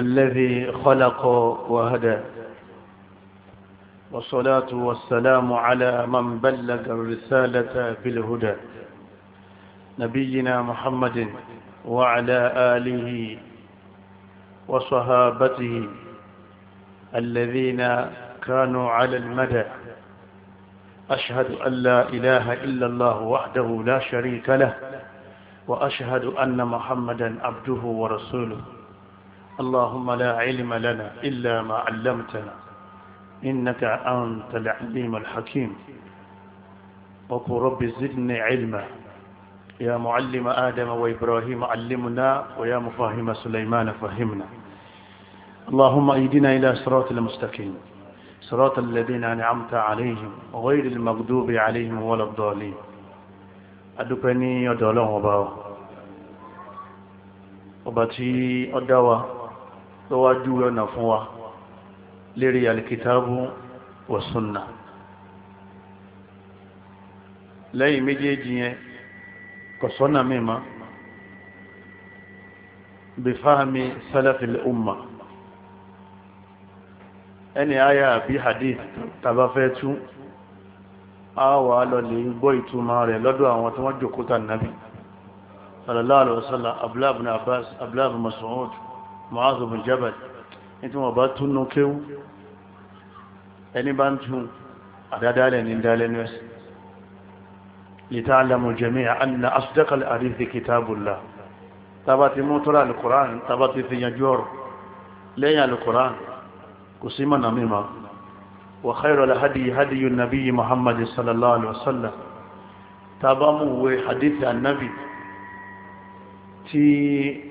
الذي خلق وهدى والصلاة والسلام على من بلغ الرسالة بالهدى نبينا محمد وعلى آله وصحابته الذين كانوا على المدى أشهد أن لا إله إلا الله وحده لا شريك له وأشهد أن محمدا عبده ورسوله اللهم لا علم لنا إلا ما علمتنا إنك أنت العليم الحكيم وقل رب زدني علما يا معلم آدم وإبراهيم علمنا ويا مفاهم سليمان فهمنا اللهم أيدنا إلى صراط المستقيم صراط الذين أنعمت عليهم غير المغضوب عليهم ولا الضالين أدوكني يدولون وباو وباتي أدوى tó wá júwe ọ̀nà fún wa lérí alikitaabu wa sunna lẹ́yìn méjèèjì yẹn kò sọ́nà mi ma bí fahmi salafil umma ẹni àyà bí hadith tàbá fẹ́ tún a wà lọ lè gbọ́ ìtumọ̀ rẹ̀ lọ́dọ̀ àwọn tí wọ́n jòkóta nàbí sallallahu alaihi wasallam abúláàbù Abbas abúláàbù Mas'ud Mu'adh bin Jabal nítorí wọn bá túnú kéwú ẹni bá ń tún àdádálẹ̀ ní dálẹ́nu ẹ̀sìn لتعلموا جميعا أن أصدق الحديث كتاب الله تباتي موترا القرآن تباتي في يجور لين القرآن قسيما نميما وخير الهدي هدي النبي محمد صلى الله عليه وسلم تبامو حديث النبي تي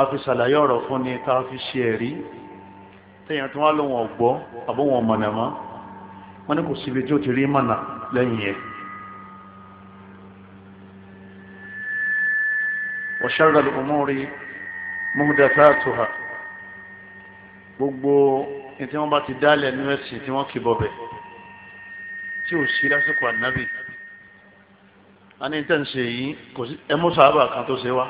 a fi ṣàlàyé ọ̀rọ̀ fún ni tá a fi ṣe ẹ̀rí tẹ̀yàn tí wọ́n lò wọ́n gbọ́ àbọ̀wọ̀n wọ́n ní kò síbi tí ó ti rí mọ̀nà lẹ́yìn yẹn. وشر الأمور محدثاتها gbogbo ètí wọn bá ti dálẹ̀ nínú ẹ̀sìn tí wọ́n kì bọ̀bẹ̀ tí ò sí lásìkò ànábì a ní tẹ̀sán yìí ẹmú sábà kan tó ṣe wá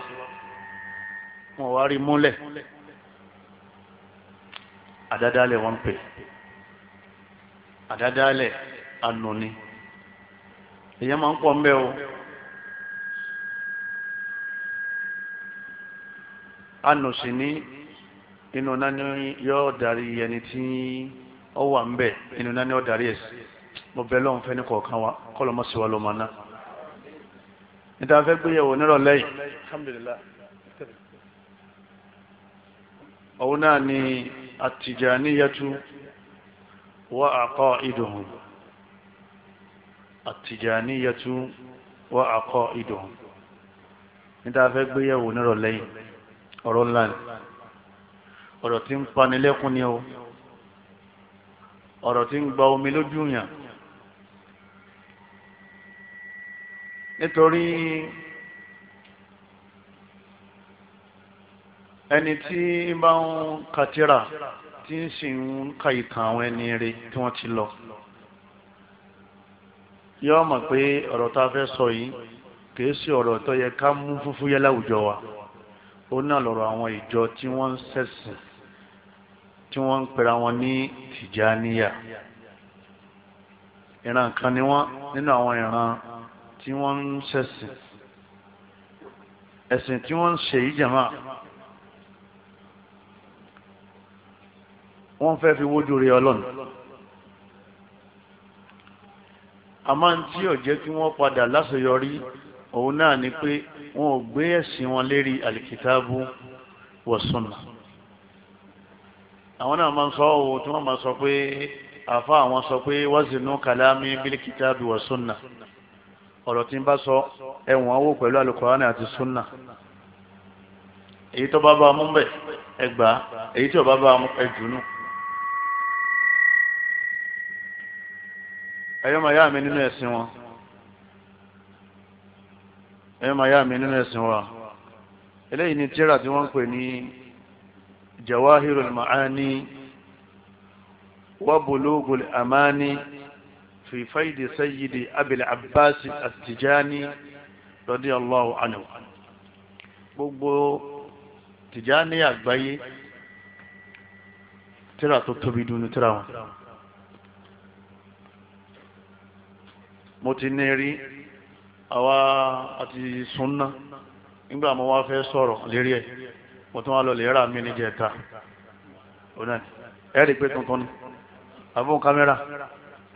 wọn wá rí múlẹ̀ àdádálẹ̀ pè àdádálẹ̀ anoni èyàn máa ń pọ̀ mbẹ́ o anu sí ní inú nání yóò darí ẹni tí ó wà mbẹ́ inú nání darí mo bẹ lọ́n ní kọ̀ọ̀kan wa kọ́ lọ́mọ́sí wa nírọ̀lẹ́yìn alhamdulilayi. òun náà ni àtìjàníyàtú wa aqaiduhum àtìjàníyàtú wa aqaiduhum níta fẹ́ gbéyàwó nírọ̀ lẹ́yìn ọ̀rọ̀ ńlá ni ọ̀rọ̀ tí ń panilẹ́kún ni o ọ̀rọ̀ tí ń gba omi lójú nítorí. ẹni tí ń bá ń katira tí ń sì ń ka ìtàn àwọn ẹni rẹ tí wọ́n ti lọ yọ mọ̀ pé ọ̀rọ̀ tá a fẹ́ sọ yìí kìí sí ọ̀rọ̀ tó yẹ ká mú fúfú yẹ láwùjọ wa ó náà lọ́rọ̀ àwọn ìjọ tí wọ́n ń ṣẹ̀sìn tí wọ́n ń pera wọn ní tìjàníyà ìran kan ni wọ́n nínú àwọn ìran tí wọ́n ń ṣẹ̀sìn ẹ̀sìn tí wọ́n ń ṣe yìí jàmáà. wọ́n fẹ́ fi wójú rí ọlọ́run àmọ́ tí ò jẹ́ kí wọ́n padà láṣeyọrí òun náà ni pé wọn ò gbé ẹ̀sìn wọn lérí àlìkìtàbù wa sunna àwọn náà máa ń sọ ọ́ tí wọ́n máa sọ pé àfa àwọn sọ pé wazinu kalami bílíkìtàbù wa sunna ọ̀rọ̀ tí ń bá sọ ẹ̀wọ̀n owó pẹ̀lú alukọ̀ránì àti sunna èyí tó bá bá mú bẹ̀ ẹgbàá èyí tí ò bá bá mú ẹjùnú. ẹ̀yọ́ máa yá mi nínú ẹ̀sìn wọn ẹ̀yọ́ máa yá mi nínú ẹ̀sìn wa eléyìí ni tíra tí wọ́n ń pè ní jawahirul ma'ani wa bulugul amani fi faydi sayyidi abil abbas at radiyallahu anhu gbogbo tijani àgbáyé tíra tó tóbi dunu tíra wọn. mo ti ní rí àwa àti súnná nígbà mo wá fẹ́ sọ̀rọ̀ lérí ẹ̀ mo tún wá lọ lè rà mí ní jẹta ọ̀nà ẹ̀ rí pé tuntun ni àbọ̀n kámẹ́rà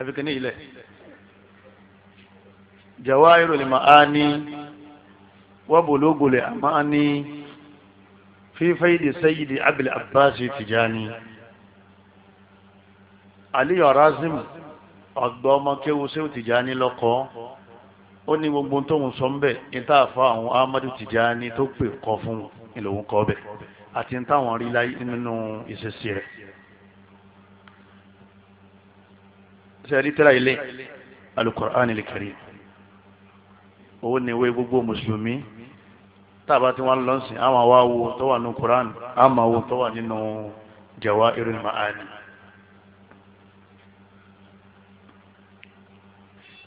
ẹ̀fi kìíní ilẹ̀ jawairul maani wa bulugul amani fi faidi sayyidi abil abbas tijani aliyu arazim ọgbà ọmọ kéwu sẹ́wù Tìjání lọ́kọ́ ó ní gbogbo tóun sọ mbẹ ní tá a fa àwọn Amadu Tìjání tó pè kọ fún ìlòun kọ bẹ àti ní táwọn rí láyé nínú ìṣesí rẹ. sẹ́ẹ̀rí tẹ́lá ilé alukur'an al-karim òun ni wé gbogbo mùsùlùmí tábà tí wọ́n lọ́sìn àwọn àwa wo tó wà nínú Qur'an àmà wo tó wà nínú jawahirul ma'ani.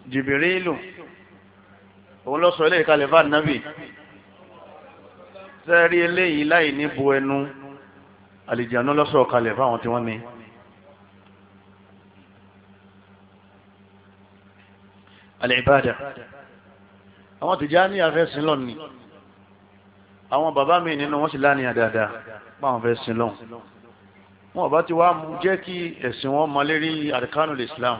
jìbìrìlù òun lọ sọ eléyìí kalẹ̀ fún ànábì sẹ́ẹ̀rí eléyìí láì ní bu ẹnu àlìjáná lọ́sọ̀ kalẹ̀ fún àwọn tí wọ́n ní. alìbádà àwọn Tìjání àfẹ́sìn lọ ni àwọn bàbá mi nínú wọn sì lánìyàn dáadáa báwọn fẹ́ sin lọ́hùn wọn bá ti wá jẹ́ kí ẹ̀sìn wọn mọ lérí àríkánù Islam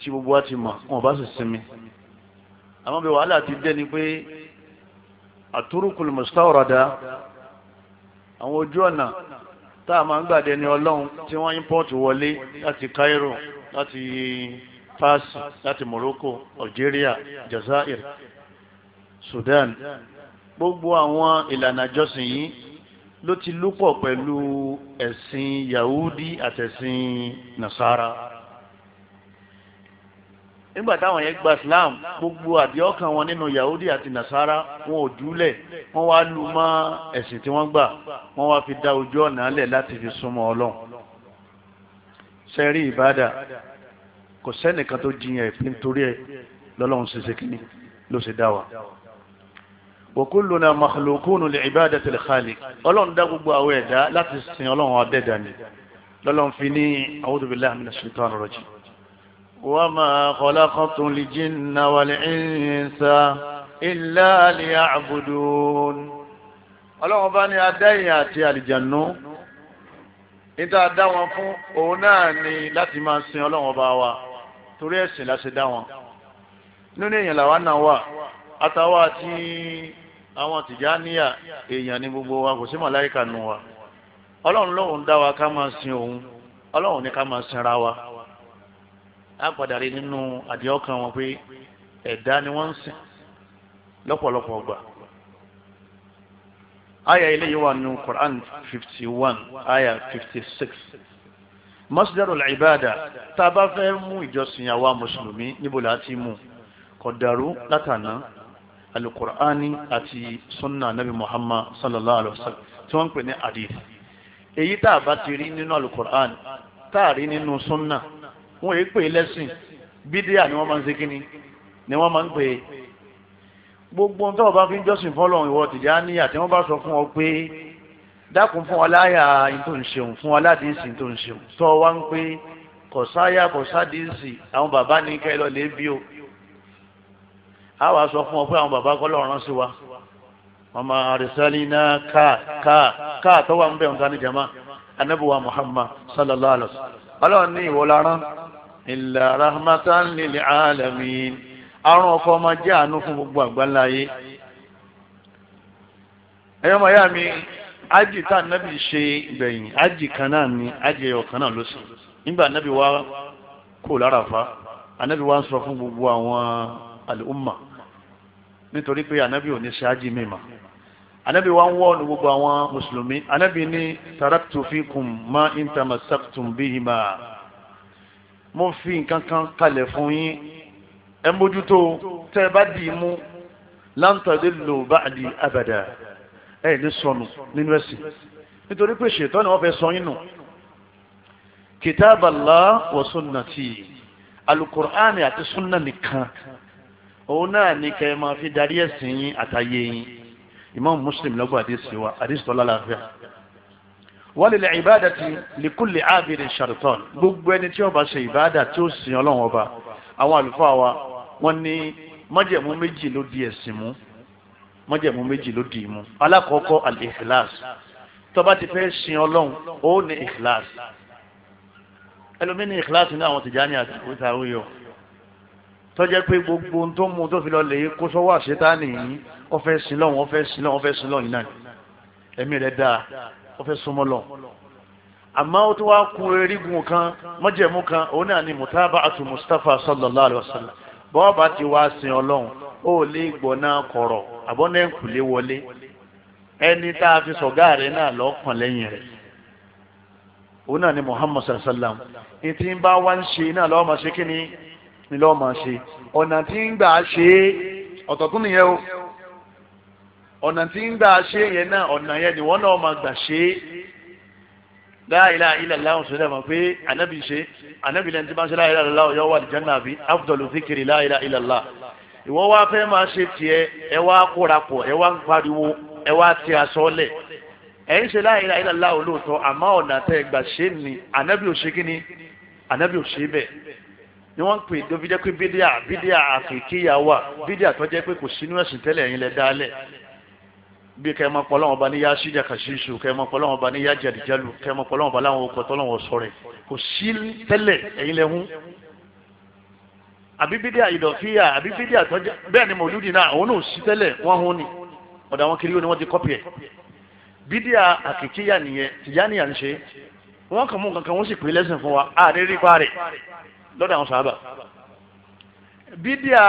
tí gbogbo wa ti mọ̀ wọn bá sì sinmi àmọ́ bí wàhálà ti dé ni pé àtúrùkùlù mùsùlùmọ́sọ́rọ̀dá àwọn ojú ọ̀nà tá a máa ń gbàdé ni ọlọ́run tí wọ́n ímpọ́ọ̀tù wọlé láti Cairo láti Fars láti Morocco Algeria Jazair Sudan gbogbo àwọn ìlànà àjọsìn yìí ló ti lúpọ̀ pẹ̀lú ẹ̀sìn Yahudi àtẹ̀sìn Nasara nígbà táwọn yẹn gba islam gbogbo àdìọ́kàn wọn nínú yahudi àti nasara wọn ò júlẹ̀ wọn wá lu mọ́ ẹ̀sìn tí wọ́n gbà wọn wá fi dá ojú ọ̀nà lẹ̀ láti fi súnmọ́ ọlọ́run sẹ́rí ìbádà kò sẹ́nìkan tó jiyàn ìpín torí ẹ̀ lọ́lọ́run ṣiṣẹ́ kínní ló ṣe dá wa. wa kulluna makhluqun li ibadatil khaliq ọlọ́run dá gbogbo àwọn ẹ̀dá láti sin ọlọ́run adẹ́dàá ni lọ́lọ́run fi ní a'udhu billahi minash shaitanir rajim وما خلقت الجن والإنس إلا ليعبدون ọlọ́run bá ní adáyìn àti àlìjànú níta dá wọn fún òun náà ni láti máa sin ọlọ́run bá wa torí ẹ̀sìn la ṣe dá wọn nínú èèyàn làwa náà wà àtàwa àti àwọn tìjàníyà èèyàn ní gbogbo wa kò sí màláìkà nù wa ọlọ́run lóun dá wa ká máa sin òun ọlọ́run ní ká máa sinra wa á padà rí nínú àdìọ́kàn wọn pé ẹ̀dá ni wọ́n ń sìn lọ́pọ̀lọpọ̀ ọgbà. aya eléyìí wà nínú Quran 51, one aya fifty six masdaru al-ibada tá a bá fẹ́ mú ìjọsìn àwa mùsùlùmí níbo la ti mú kọ̀dàrú látànà alukur'ani àti sunna nabi muhammad sallallahu alaihi wa sallam tí wọ́n ń pè ní hadith èyí tá a bá ti rí nínú alukur'ani tá a rí nínú sunna wọn èé pè é lẹ́sìn bídíà ni wọ́n máa ń ṣe kínní ni wọ́n máa ń pè é gbogbo ohun tó o bá fi ń jọ́sìn fọ́lọ́run ìwọ Tìjàní àti wọ́n bá sọ fún ọ pé dákun fún aláya ìtò ń ṣeun fún aládìsí ìtò ń ṣeun tó o wá ń pé kọ̀sáyà kọ̀sádìsí àwọn bàbá ní kẹ́ lọ lè bí o a wàá sọ fún ọ pé àwọn bàbá kọ́lọ́ rán sí wa ọmọ àrísálínà káà káà káà tó wà ń bẹ̀ ń ta ní jama anabuwa Muhammad sallallahu alaihi wa sallam ọlọ́run ní ìwọ illa rahmatan lil alamin àrùn ọkọ máa jẹ́ àánú fún gbogbo àgbáláyé. ẹ̀yọ́ màyá mi ájì tá nábì ṣe gbẹ̀yìn ájì kan náà ni ájì ẹ̀yọ̀ kan náà ló sùn nígbà nábì wá kò lára fa anábì wá ń sọ fún gbogbo àwọn àlùmà nítorí pé anábì ò ní ṣe ájì mìíràn anabi wa ń wọ́ ní gbogbo àwọn mùsùlùmí anabi ní taraktu fikum ma mo fi nǹkan kan kalẹ̀ fún yín ẹ mójútó tẹ́ ẹ bá dì í mú láǹtàdé lò báàdì abàdà ẹ ní sọnù nínú ẹ̀sìn nítorí pé ṣètọ́ ni wọ́n fẹ́ sọ yín nù kitaballah wa sunnati alukur'ani àti sunna nìkan òun náà ní kẹ́ ẹ máa fi darí ẹ̀sìn yín àtàyè yín Imam Muslim lọ́gbọ̀n àdìsí wa àdìsí tọ́lá láàfíà wọ́n lè lè ìbáàdà ti lìkúlẹ̀ ábìrì ṣàrìtọ́n gbogbo ẹni tí ó bá ṣe ìbáàdà tí ó sìn ọlọ́run ọba àwọn àlùfáà wa wọ́n ní májẹ̀mú méjì ló di ẹ̀sìn mú májẹ̀mú méjì ló di ìmú alákọ̀ọ́kọ́ al-ikhlas tó ti fẹ́ sìn ọlọ́run ó ní ikhlas ẹlòmínì ikhlas ní àwọn Tìjàní àti ìwé tọ́jẹ́ pé gbogbo ohun tó mú tó fi lọ lè kó sọ́wọ́ àṣetánì yìí ó fẹ́ sìn lọ́hùn ó fẹ́ sìn náà ẹ̀mí rẹ̀ dáa ó fẹ́ súnmọ́ lọ àmọ́ ó tún wá kan mọ́jẹ̀mú kan òun ni mutaba atu mustapha sallallahu alayhi wa sallam bọ́ọ̀bà ti wá sin ọlọ́run ó lè gbọ́ náà kọ̀rọ̀ àbọ̀nà ẹ̀kúlé wọlé ẹni tá a fi sọ̀gá rẹ̀ náà lọ́kàn lẹ́yìn rẹ̀ òun náà ni muhammad sallam ní ń bá wá ń ṣe náà máa ṣe kí ni ni máa ṣe ọ̀nà tí ń gbà ṣe ọ̀tọ̀ tún ọ̀nà tí ń gbà ṣe yẹn náà ọ̀nà yẹn ni wọ́n náà máa gbà ṣe é láìlá ilẹ̀ láwọn sọ̀rọ̀ mọ̀ pé ànábì ṣe ànábì lẹ́ni tí bá ń ṣe láìlá ilẹ̀ láwọn yọ wà lìjẹ́ náà bí afdọ́lù zikiri láìlá ilẹ̀ lá ìwọ wá fẹ́ máa ṣe tiẹ̀ ẹ wá kóra pọ̀ ẹ wá ń pariwo ẹ wá ti aṣọ lẹ̀ ẹ ń ṣe láìlá ilẹ̀ láwọn olóòótọ́ àmọ́ ọ̀nà tẹ́ gbà ṣe ni ànábì ò ṣe kí ni ànábì ò ṣe bẹ́ẹ̀ ni wọ́n ń pè tó pé bídíà bídíà àkèkéyà bídíà tó jẹ́ pé kò sínú ẹ̀sìn tẹ́lẹ̀ yín lẹ dálẹ̀ bí kẹ́ ẹ máa pọ̀lọ́wọ́n ba ní yá síjà kàṣíṣù kẹ́ ẹ máa pọ̀lọ́wọ́n ba ní yá jàdìjálù kẹ́ ẹ máa pọ̀lọ́wọ́n ba láwọn ọkọ̀ tọ́lọ́wọ́n sọ̀rẹ̀ kò sí tẹ́lẹ̀ ẹ̀yin lẹ́hún àbí bídíà ìdọ̀fíà àbí bídíà bẹ́ẹ̀ ni mòlúdì náà òun náà sí tẹ́lẹ̀ wọ́n hún ni ọ̀dà wọn kiri ni wọ́n ti kọ́pì ẹ̀ bídíà àkìkíyà nìyẹn tìjáníyà ń ṣe bídíà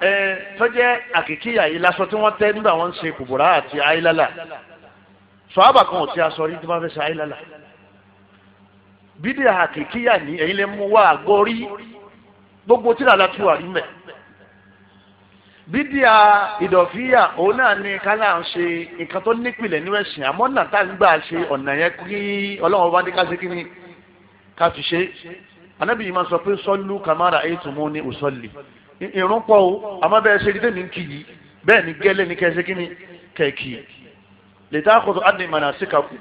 ẹ tọ́jẹ́ àkìkíyà yìí lásọ tí wọ́n tẹ́ nígbà wọ́n ń ṣe kùbùrà àti àìlálà sọ́ábà kan ò ti aṣọ rí tí wọ́n fẹ́ ṣe àìlálà bídíà àkìkíyà ní ẹ̀yin lè mú wá àgọ́rí gbogbo tí làlá tí wà rí mẹ́ bídíà ìdọ̀fíyà òun náà ni kálá ń ṣe nǹkan tó nípìnlẹ̀ ní ẹ̀sìn àmọ́ náà ń gbà ṣe ọ̀nà yẹn kí ọlọ́run bá ní ká ṣe kí ni ká fi ṣe anabi yìí máa sọ pé sọlú kàmáàrà ètùmú ní òsọlì irun pọ̀ o àmọ́ bẹ́ẹ̀ ṣe dídé mi kì í ni gẹ́lẹ́ ni kẹ́sẹ́ kí ni kẹ́kì lè tá a kọ́tọ̀ adé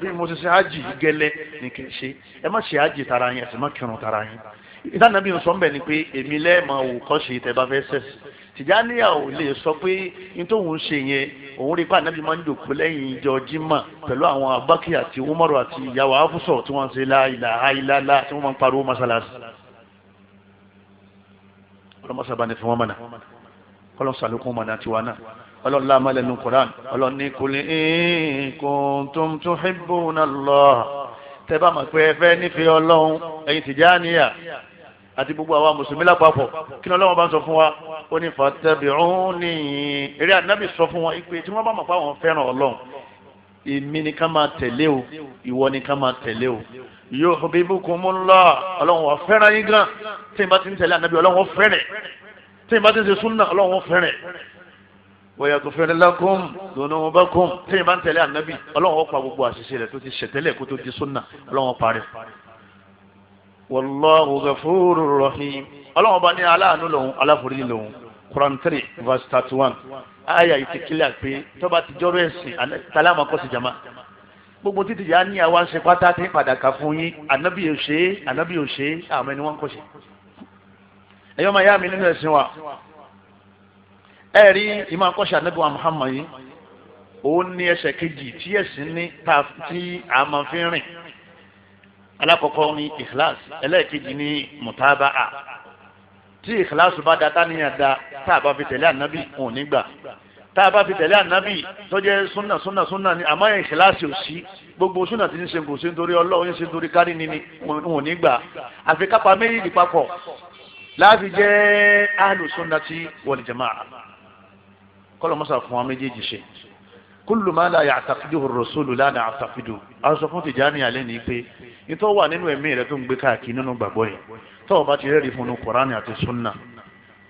bí mo ṣe ṣe ájì gẹ́lẹ́ ni kẹ́sẹ́ ẹ má ṣe ájì tara yín ẹ sì má kírun tara yín ìtànàbí sọ ń ni pé èmi lẹ́ẹ̀ máa wò kọ́ ṣe tẹ́ bá fẹ́ sẹ́sì tìjànìyà ò lè sọ pé n tóun ṣe yẹn òun rí i pé ànábì máa ń jòkó lẹ́yìn ìjọ jimá pẹ̀lú àwọn abákì àti umaru àti ìyàwó afúsọ̀ tí wọ́n ń ṣe láìlà àìlàlà tí wọ́n máa ń pariwo mọ́ṣáláṣí. ọlọ́mọ sábà ní fún wọn mọ̀nà ọlọ́mọ sàlékún mọ̀nà tiwa náà ọlọ́run láàmú lẹ́nu koran ọlọ́run ní kul in kuntum tuhibbuna Allah tẹ́ bá mọ̀ pé ẹ fẹ́ nífẹ̀ẹ́ ọlọ́run ẹ̀yin tìjànìyà àti gbogbo àwa mùsùlùmí lápapọ̀ kí ni ọlọ́wọ́n bá ń sọ fún wa ó ní fàtẹ́bìrúnì eré ànábì sọ fún wọn ìpè tí wọ́n bá mọ̀ pé àwọn fẹ́ràn ọlọ́run èmi ni ká máa tẹ̀lé o ìwọ ni ká máa tẹ̀lé o yuhibbukumullah ọlọ́run wà fẹ́ràn yín gan tí n bá ti ń tẹ̀lé ànábì ọlọ́run fẹ́rẹ̀ tí n bá ti ń ṣe súnà ọlọ́run fẹ́rẹ̀ wa yaghfir lakum dhunubakum tí n bá ń tẹ̀lé ànábì ọlọ́run pa gbogbo àṣìṣe rẹ̀ tó ti ṣẹ̀tẹ́lẹ̀ kó tó di súnà ọlọ́run parẹ́ والله غفور رحيم rahim ọlọ́run bá ní aláàánú lòun aláforíjì lòun quran three verse thirty one aya yìí ti kílẹ̀ pé tọ́ba ti jọ́rọ̀ ẹ̀sìn tàlámà kọ́sì jama gbogbo títí yà á ní àwa ń ṣe pátá tí ń padà kà fún yín ànábì ò ṣe é ànábì ò ṣe é àwọn ẹni wọ́n mi nínú ẹ̀sìn wa ẹ rí ìmọ̀ àkọ́ṣe ànábì wa Muhammad yìí òun ní ẹsẹ̀ kejì tí ẹ̀sìn ní tí a máa fi rìn alákọ̀ọ́kọ́ ni ikhlas ẹlẹ́ẹ̀kejì ni mutaba'a tí ikhlas bá da táníyàn da tá a bá fi tẹ̀lé ànábì òun nígbà tá a bá fi tẹ̀lé ànábì tó jẹ́ súnà súnà súnà ni àmọ́ ikhlas ò sí gbogbo súnà tí ń ṣe kò ṣe nítorí ọlọ́run ń ṣe nítorí kárí ni ni òun nígbà àfi kápá méjì papọ̀ láti jẹ́ ahlu sunnati wal jama'a kọ́lọ̀ mọ́sà fún wa méjèèjì ṣe kullu ma la ya'taqiduhu ar-rasulu àwọn sọ fún Tijani alẹ́ ní pé ìtọ́ wà nínú ẹ̀mí rẹ tó ń gbé káàkiri nínú gbàgbọ́ yẹn tọ́ ọba ti rẹ́ẹ̀rí fún un kọ́ránì àti sunna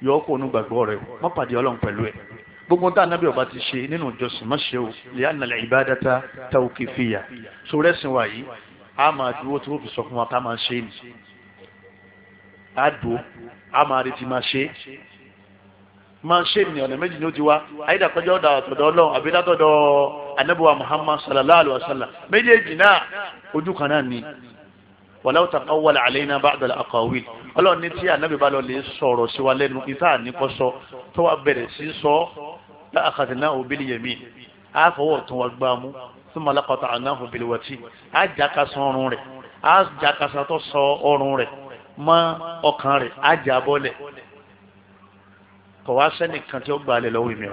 yọ ọ́ kó onú gbàgbọ́ rẹ má pàdé ọlọ́run pẹ̀lú ẹ̀ gbogbo tá anábì ọba ti ṣe nínú ìjọsìn má ṣe o li'anna al-ibadata tawqifiyya so rẹ́sìn wa yìí a máa dúró tí wọ́n fi sọ fún wa ká máa ṣe é nì á dúró a máa retí máa ṣe é máa ṣe ní ọ̀nà méjì ní ó ti wá ayédàkọjọ́ ọ̀dà àtọ̀dọ̀ ọlọ́run àbí látọ̀dọ̀ Muhammad sallallahu alayhi wa sallam méjèèjì náà ojú kan náà ni wàlá òtà kan wà láàlẹ́ iná bá àgbàlá àkàwé ọlọ́run ní tí ànábì bá lọ lè sọ̀rọ̀ sí wa lẹ́nu ìta àníkọ́ sọ tó wà bẹ̀rẹ̀ sí sọ láàkàtì náà ò bílí yẹmí á fọwọ́ tún wa gbá mú fún malakọta àná fún bílí wọ́tí á jáka san ọrùn rẹ̀ á jáka san sọ ọrùn rẹ̀ mọ́ ọkàn rẹ̀ á jà bọ́lẹ̀ kọ̀ wá sẹ́nìkan tí ó gbà lẹ̀ lọ́wọ́ ìmì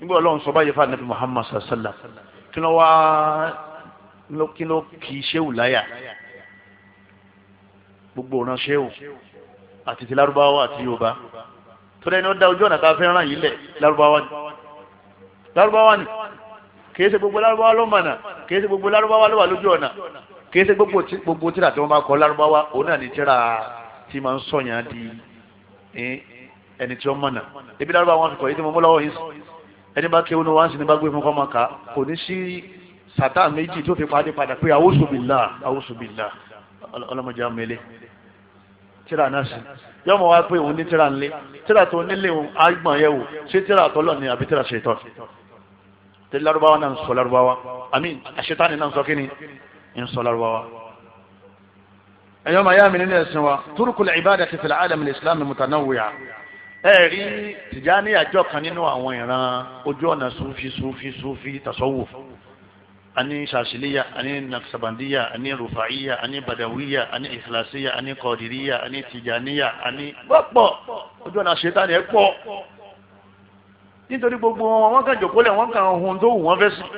nígbà ọlọ́run sọ báyìí fún anabi muhammad sallam kí ló wá kí ló kì í ṣéwù láyà gbogbo ọ̀nà ṣéwù àti ti lárúbáwá àti yorùbá tó dẹ́ni ó da ojú ọ̀nà tá a yìí lẹ̀ lárúbáwá ni lárúbáwá ni kìí ṣe gbogbo lárúbáwá ló mọ̀nà kìí ṣe gbogbo lárúbáwá ló wà lójú ọ̀nà kìí ṣe gbogbo tíra tí wọ́n bá kọ lárúbáwá òun náà ni tíra tí máa ń sọ̀yàn di ẹni tí wọ́n mọ̀nà ebi lárúbáwá wọn fi kọ̀ yìí tí mo mú lọ́wọ́ yìí sùn ẹni bá kéwọn wá sí ni bá gbé fún kọ́mọ ká kò ní sí sàtà méjì tó fi padì padà pé àwòsùbìlà àwòsùbìlà ọlọ́mọdé amẹ́lẹ́ tíra náà sí yọ mọ wá pé òun ní tíra ńlẹ tíra tó nílé òun àgbọn yẹ wò ṣé tíra tọ́lọ̀ ni àbí tíra ṣètọ́ tí larubawa náà ń sọ larubawa àmín àṣetáni náà ń sọ kí ni ń sọ larubawa. ẹ̀yọ́ màá yá mi nínú ẹ̀sìn wa turukul ibada ti fil alam al-islam mutanawwi'a ẹ rí Tìjání àjọ kan nínú àwọn ìran ojú ọ̀nà sufi sufi sufi tasawuf ani shashiliya ani naksabandiya ani rufaiya ani badawiya ani ikhlasiya ani kọdiriya ani tijaniya ani gbọ́pọ̀ ojú ọ̀nà ṣetán ẹ pọ̀ nítorí gbogbo wọn wọn kàn jòkólẹ̀ wọn kàn ohun tó wù wọn fẹ́ sùn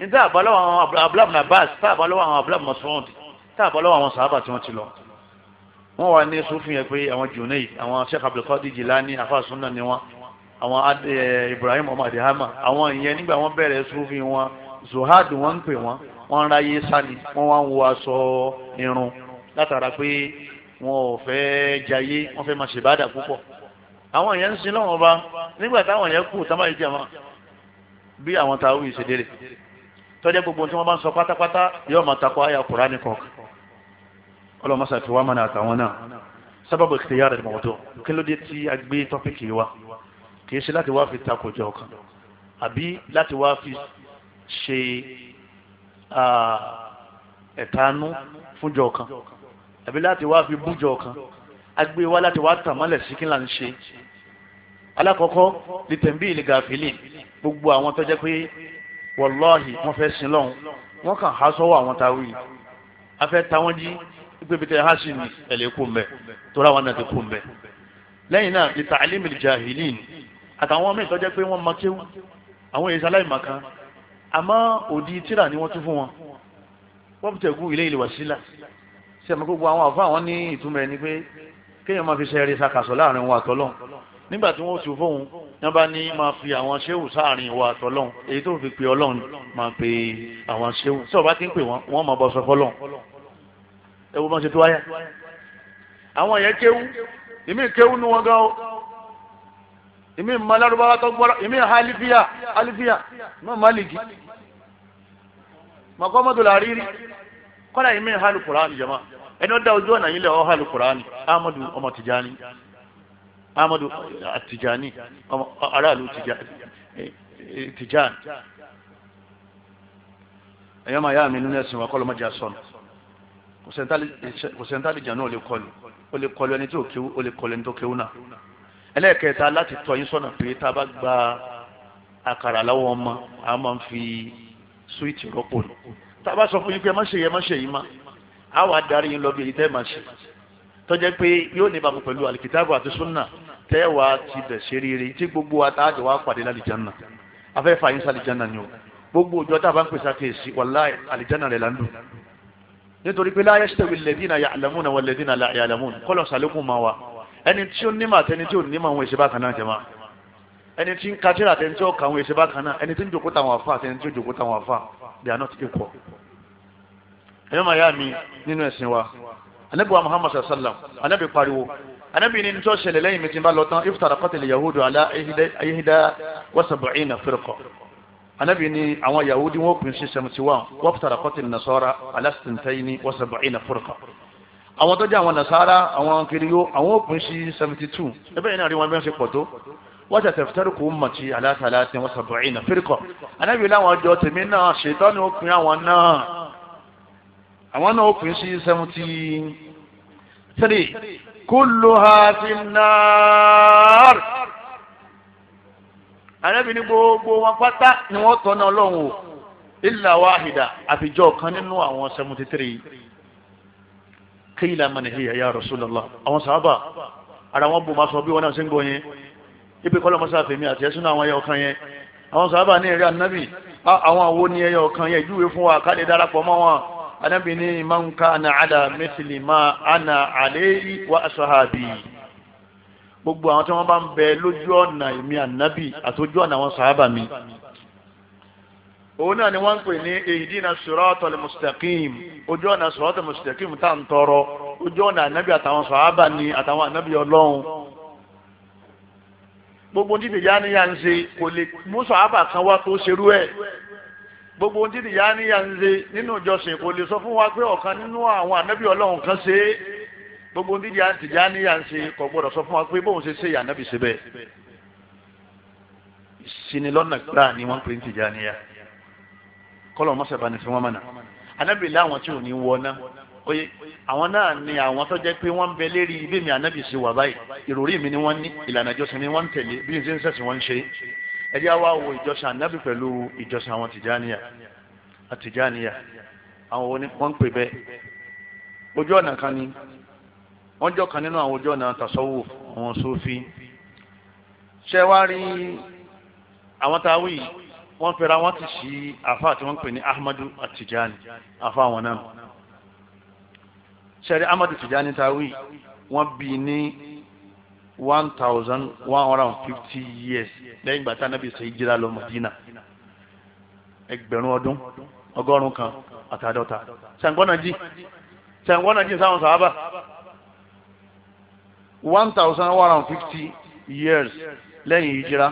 níta àbálọ́wọ́ àwọn abúlábùnà báàsì tá àbálọ́wọ́ àwọn abúlábùnà sọ́ọ̀dì tá àbálọ́wọ́ àwọn sàábà tí wọ́n ti lọ wọ́n wà ní sufin yẹn pé àwọn Junaid àwọn Sheikh Abdulkadir Jilani afasunna ni wọn àwọn eh, Ibrahim ọmọ adihama àwọn ìyẹn nígbà wọ́n bẹ̀rẹ̀ sufin wọn zuhad wọ́n ń pè wọn wọ́n ń ráyé sani wọ́n wá ń wo aṣọ irun látara pé wọn ò fẹ́ jayé wọ́n fẹ́ máa ṣèbádà púpọ̀ àwọn yẹn ń sin lọ́wọ́n bá nígbà táwọn yẹn kú tábà yìí jẹ̀mọ́ bí àwọn tàwí ìṣèdèrè tọ́jà gbogbo tí wọ́n bá ń sọ pátápátá yóò máa takọ àyà Kùránì kọ̀ọ̀kan ọlọ́mọsá fi wá mọ́nà àtàwọn náà sábàbù ìkìtìyà rẹ̀ mọ̀wọ́tọ́ kí ló dé tí a gbé tọ́pìkì wa kì í ṣe láti wá fi takò jọ kan àbí láti wá fi ṣe ẹ̀tanú fún jọ kan àbí láti wá fi bú jọ kan a gbé wá láti wá tàmọ́lẹ̀ sí kí là ń ṣe alákọ̀ọ́kọ́ lìtẹ̀mbí ìlìgàfìlì gbogbo àwọn tó jẹ́ pé wọ́lọ́ọ̀hì wọ́n fẹ́ sin lọ́hùn wọ́n kàn há sọ́wọ́ àwọn táwí afẹ́ táwọn jí ìpèbìtẹ̀ hasi ni ẹ̀lẹ́ kú mbẹ́ tóra wọn náà ti kú mbẹ́ lẹ́yìn náà ìta alimil jahilin àtàwọn míì tọ́jẹ́ pé wọ́n máa kéwú àwọn èyí sáláì máa kan àmọ́ òdi tíra ni wọ́n tún fún wọn wọ́n fi tẹ̀gú ilé ìlú wàsílà sí àmọ́ gbogbo àwọn àfa àwọn ní ìtumọ̀ ẹni pé kéèyàn máa fi ṣe eré sakasọ láàrin wa àtọ́lọ́n nígbà tí wọ́n tún fóun wọ́n bá ní máa fi àwọn ṣéwù sáàrin wa àtọ́lọ́n èyí tó fi pe ọlọ́run máa pe àwọn ṣéwù tí ọba ti ń pè wọ́n wọ́n máa bọ́ sọ ẹwọ bá ń ṣe tó wáyà àwọn yẹn kéwú ìmí kéwú nu wọn gan o ìmí malarubawa tó gbọ́ra ìmí halifiya halifiya ìmí maliki màkọ́mọ́tò làrírí kọ́lá ìmí halukurani jama ẹni ó dá ojú ọ̀nà yìí lẹ̀ ọ́ halukurani amadu ọmọ tijani amadu tijani ọmọ aráàlú tijani eh, eh, ẹ̀yọ́ máa yá mi nínú ẹ̀sìn wa kọ́ ló má jẹ́ sọnù kò sẹ́ńtálì jàn náà ó lè kọlù ó lè kọlù ẹni tí ò kéwú ó lè kọlù tó kéwú náà ẹlẹ́ẹ̀kẹta láti tọ́ yín sọ́nà pé tá a bá gba àkàrà láwọn ọmọ a máa ń fi súwìtì rọ́pò ní tá a bá sọ fún yín pé ẹ má ṣe yẹ má ṣe yín má a wà darí yín lọ bí èyí tẹ́ máa ṣe tọ́jẹ́ pé yóò ní ìbámu pẹ̀lú àlìkìtàbù àti súnà tẹ́wàá ti bẹ̀ ṣe rere tí gbogbo àtàjọ wa pàdé lálìjánà afẹ́fà yín sálìjánà ni o gbogbo òjò tá a bá ń pèsè àkèésí wàláì àlìjánà rẹ̀ là ń lù nítorí pé láyé ṣètòwì lẹ́dínà yàlámùnà wà lẹ́dínà yàlámùnà kọ́lọ̀ sàlékún máa wa ẹni tí ó nímọ̀ àtẹni tí ò nímọ̀ àwọn èsì bákan náà jẹ máa ẹni tí ń katira àtẹni tí ó kà àwọn èsì náà ẹni tí ń jòkó táwọn afa àtẹni tí ó jòkó táwọn afa they are not equal. ẹ̀yọ́ màá yá mi nínú ẹ̀sìn wa anabi wa muhammad sallam anabi pariwo anabi ni tó ṣẹlẹ̀ lẹ́yìn mi ti bá lọ tán iftaraqatil yahudu ala ihda anabi ni àwọn yahudi wọn pín sí seventy one wọ́pútàrà kọ́tìn nasara alásìntẹ́yìn wa sab'ina fúrkà àwọn tó jẹ́ àwọn nasara àwọn kiriyó àwọn pín sí seventy two ẹbẹ́ yìí náà rí wọn bí wọ́n ṣe pọ̀ tó wọ́n ti tẹ̀fẹ́tẹ́rì kò mọ̀ tí alásàlásìn wa sab'ina fúrkà anabi láwọn ọjọ́ tèmi náà ṣètọ́ ni ó pín àwọn náà àwọn náà ó pín sí seventy three kulluha fin nar arábìnrin gbogbo wọn pátá ni wọn tọ́ náà lọ́hùn o illa wahida àfijọ́ kan nínú àwọn seventy three qila man hiya ya rasulallah àwọn sábà ara wọn bò máa sọ bí wọn náà ṣe ń gbọ́ yẹn ibi kọ́lọ́ mọ́sá fèmí àti ẹ̀sùn àwọn ẹyọ kan yẹn àwọn sábà ní ẹ̀rí ànábì àwọn àwo ní ẹyọ kan yẹn ìjúwe fún wa káde darapọ̀ mọ́ wọn ànábì ní man kana ala mithli ma ana alayhi wa ashabi. gbogbo àwọn tí wọn bá ń bẹ lójú ọ̀nà èmi ànábì àtòjú ọ̀nà àwọn sàábà mi òun náà ni wọ́n ń pè ní ihdina siratal mustaqim ojú ọ̀nà siratal mustaqim tá à ń tọrọ ojú ọ̀nà ànábì àtàwọn sàábà ni àtàwọn ànábì ọlọ́run gbogbo títí ìyá níyà ń ṣe kò lè mú sàábà gbogbo títí ìyá níyà ń ṣe nínú ìjọsìn kò lè sọ fún wa gbogbo di àtijọ́ níyà ń ṣe kò gbọ́dọ̀ sọ fún wa pé bóun ṣe ṣe yà nábì ṣe bẹ́ẹ̀ ìsinilọ́nà gbáà ni wọ́n pè ń tìjà níyà kọ́lọ̀ mọ́sàbá ni fi wọ́n mọ̀nà anábì láwọn tí ò ní wọ ná oye àwọn náà ni àwọn tó jẹ́ pé wọ́n bẹ lérí ibi mi anábì ṣe wà báyìí ìròrí mi ni wọ́n ní ìlànà ìjọsìn mi wọ́n ń tẹ̀lé bí n ṣe ń sẹ̀sìn wọ́n ń ṣe ẹ jẹ́ wá wo ìjọsìn anábì pẹ̀lú ìjọsìn àwọn tìjàníyà àtìjàníyà àwọn wọn pè bẹ́ẹ̀ ojú ọ̀nà kan ni wọ́n jọ kan nínú àwọn ojú ọ̀nà tasawuf àwọn sufi ṣé wàá rí àwọn táwí wọ́n fẹ́ra wọ́n ti ṣí àfa àti wọ́n pè ní ahmadu atijani àfa àwọn náà ṣẹ́rí ahmadu atijani táwí wọ́n bí ní one thousand one hundred and fifty years lẹ́yìn ìgbà tá anábì ṣe jíra lọ Madina ẹgbẹ̀rún ọdún ọgọ́rùn-ún kan àtàdọ́ta ṣàǹgbọ́nà jí ṣàǹgbọ́nà jí sáwọn sàábà one thousand one hundred fifty years lẹ́yìn ìjìra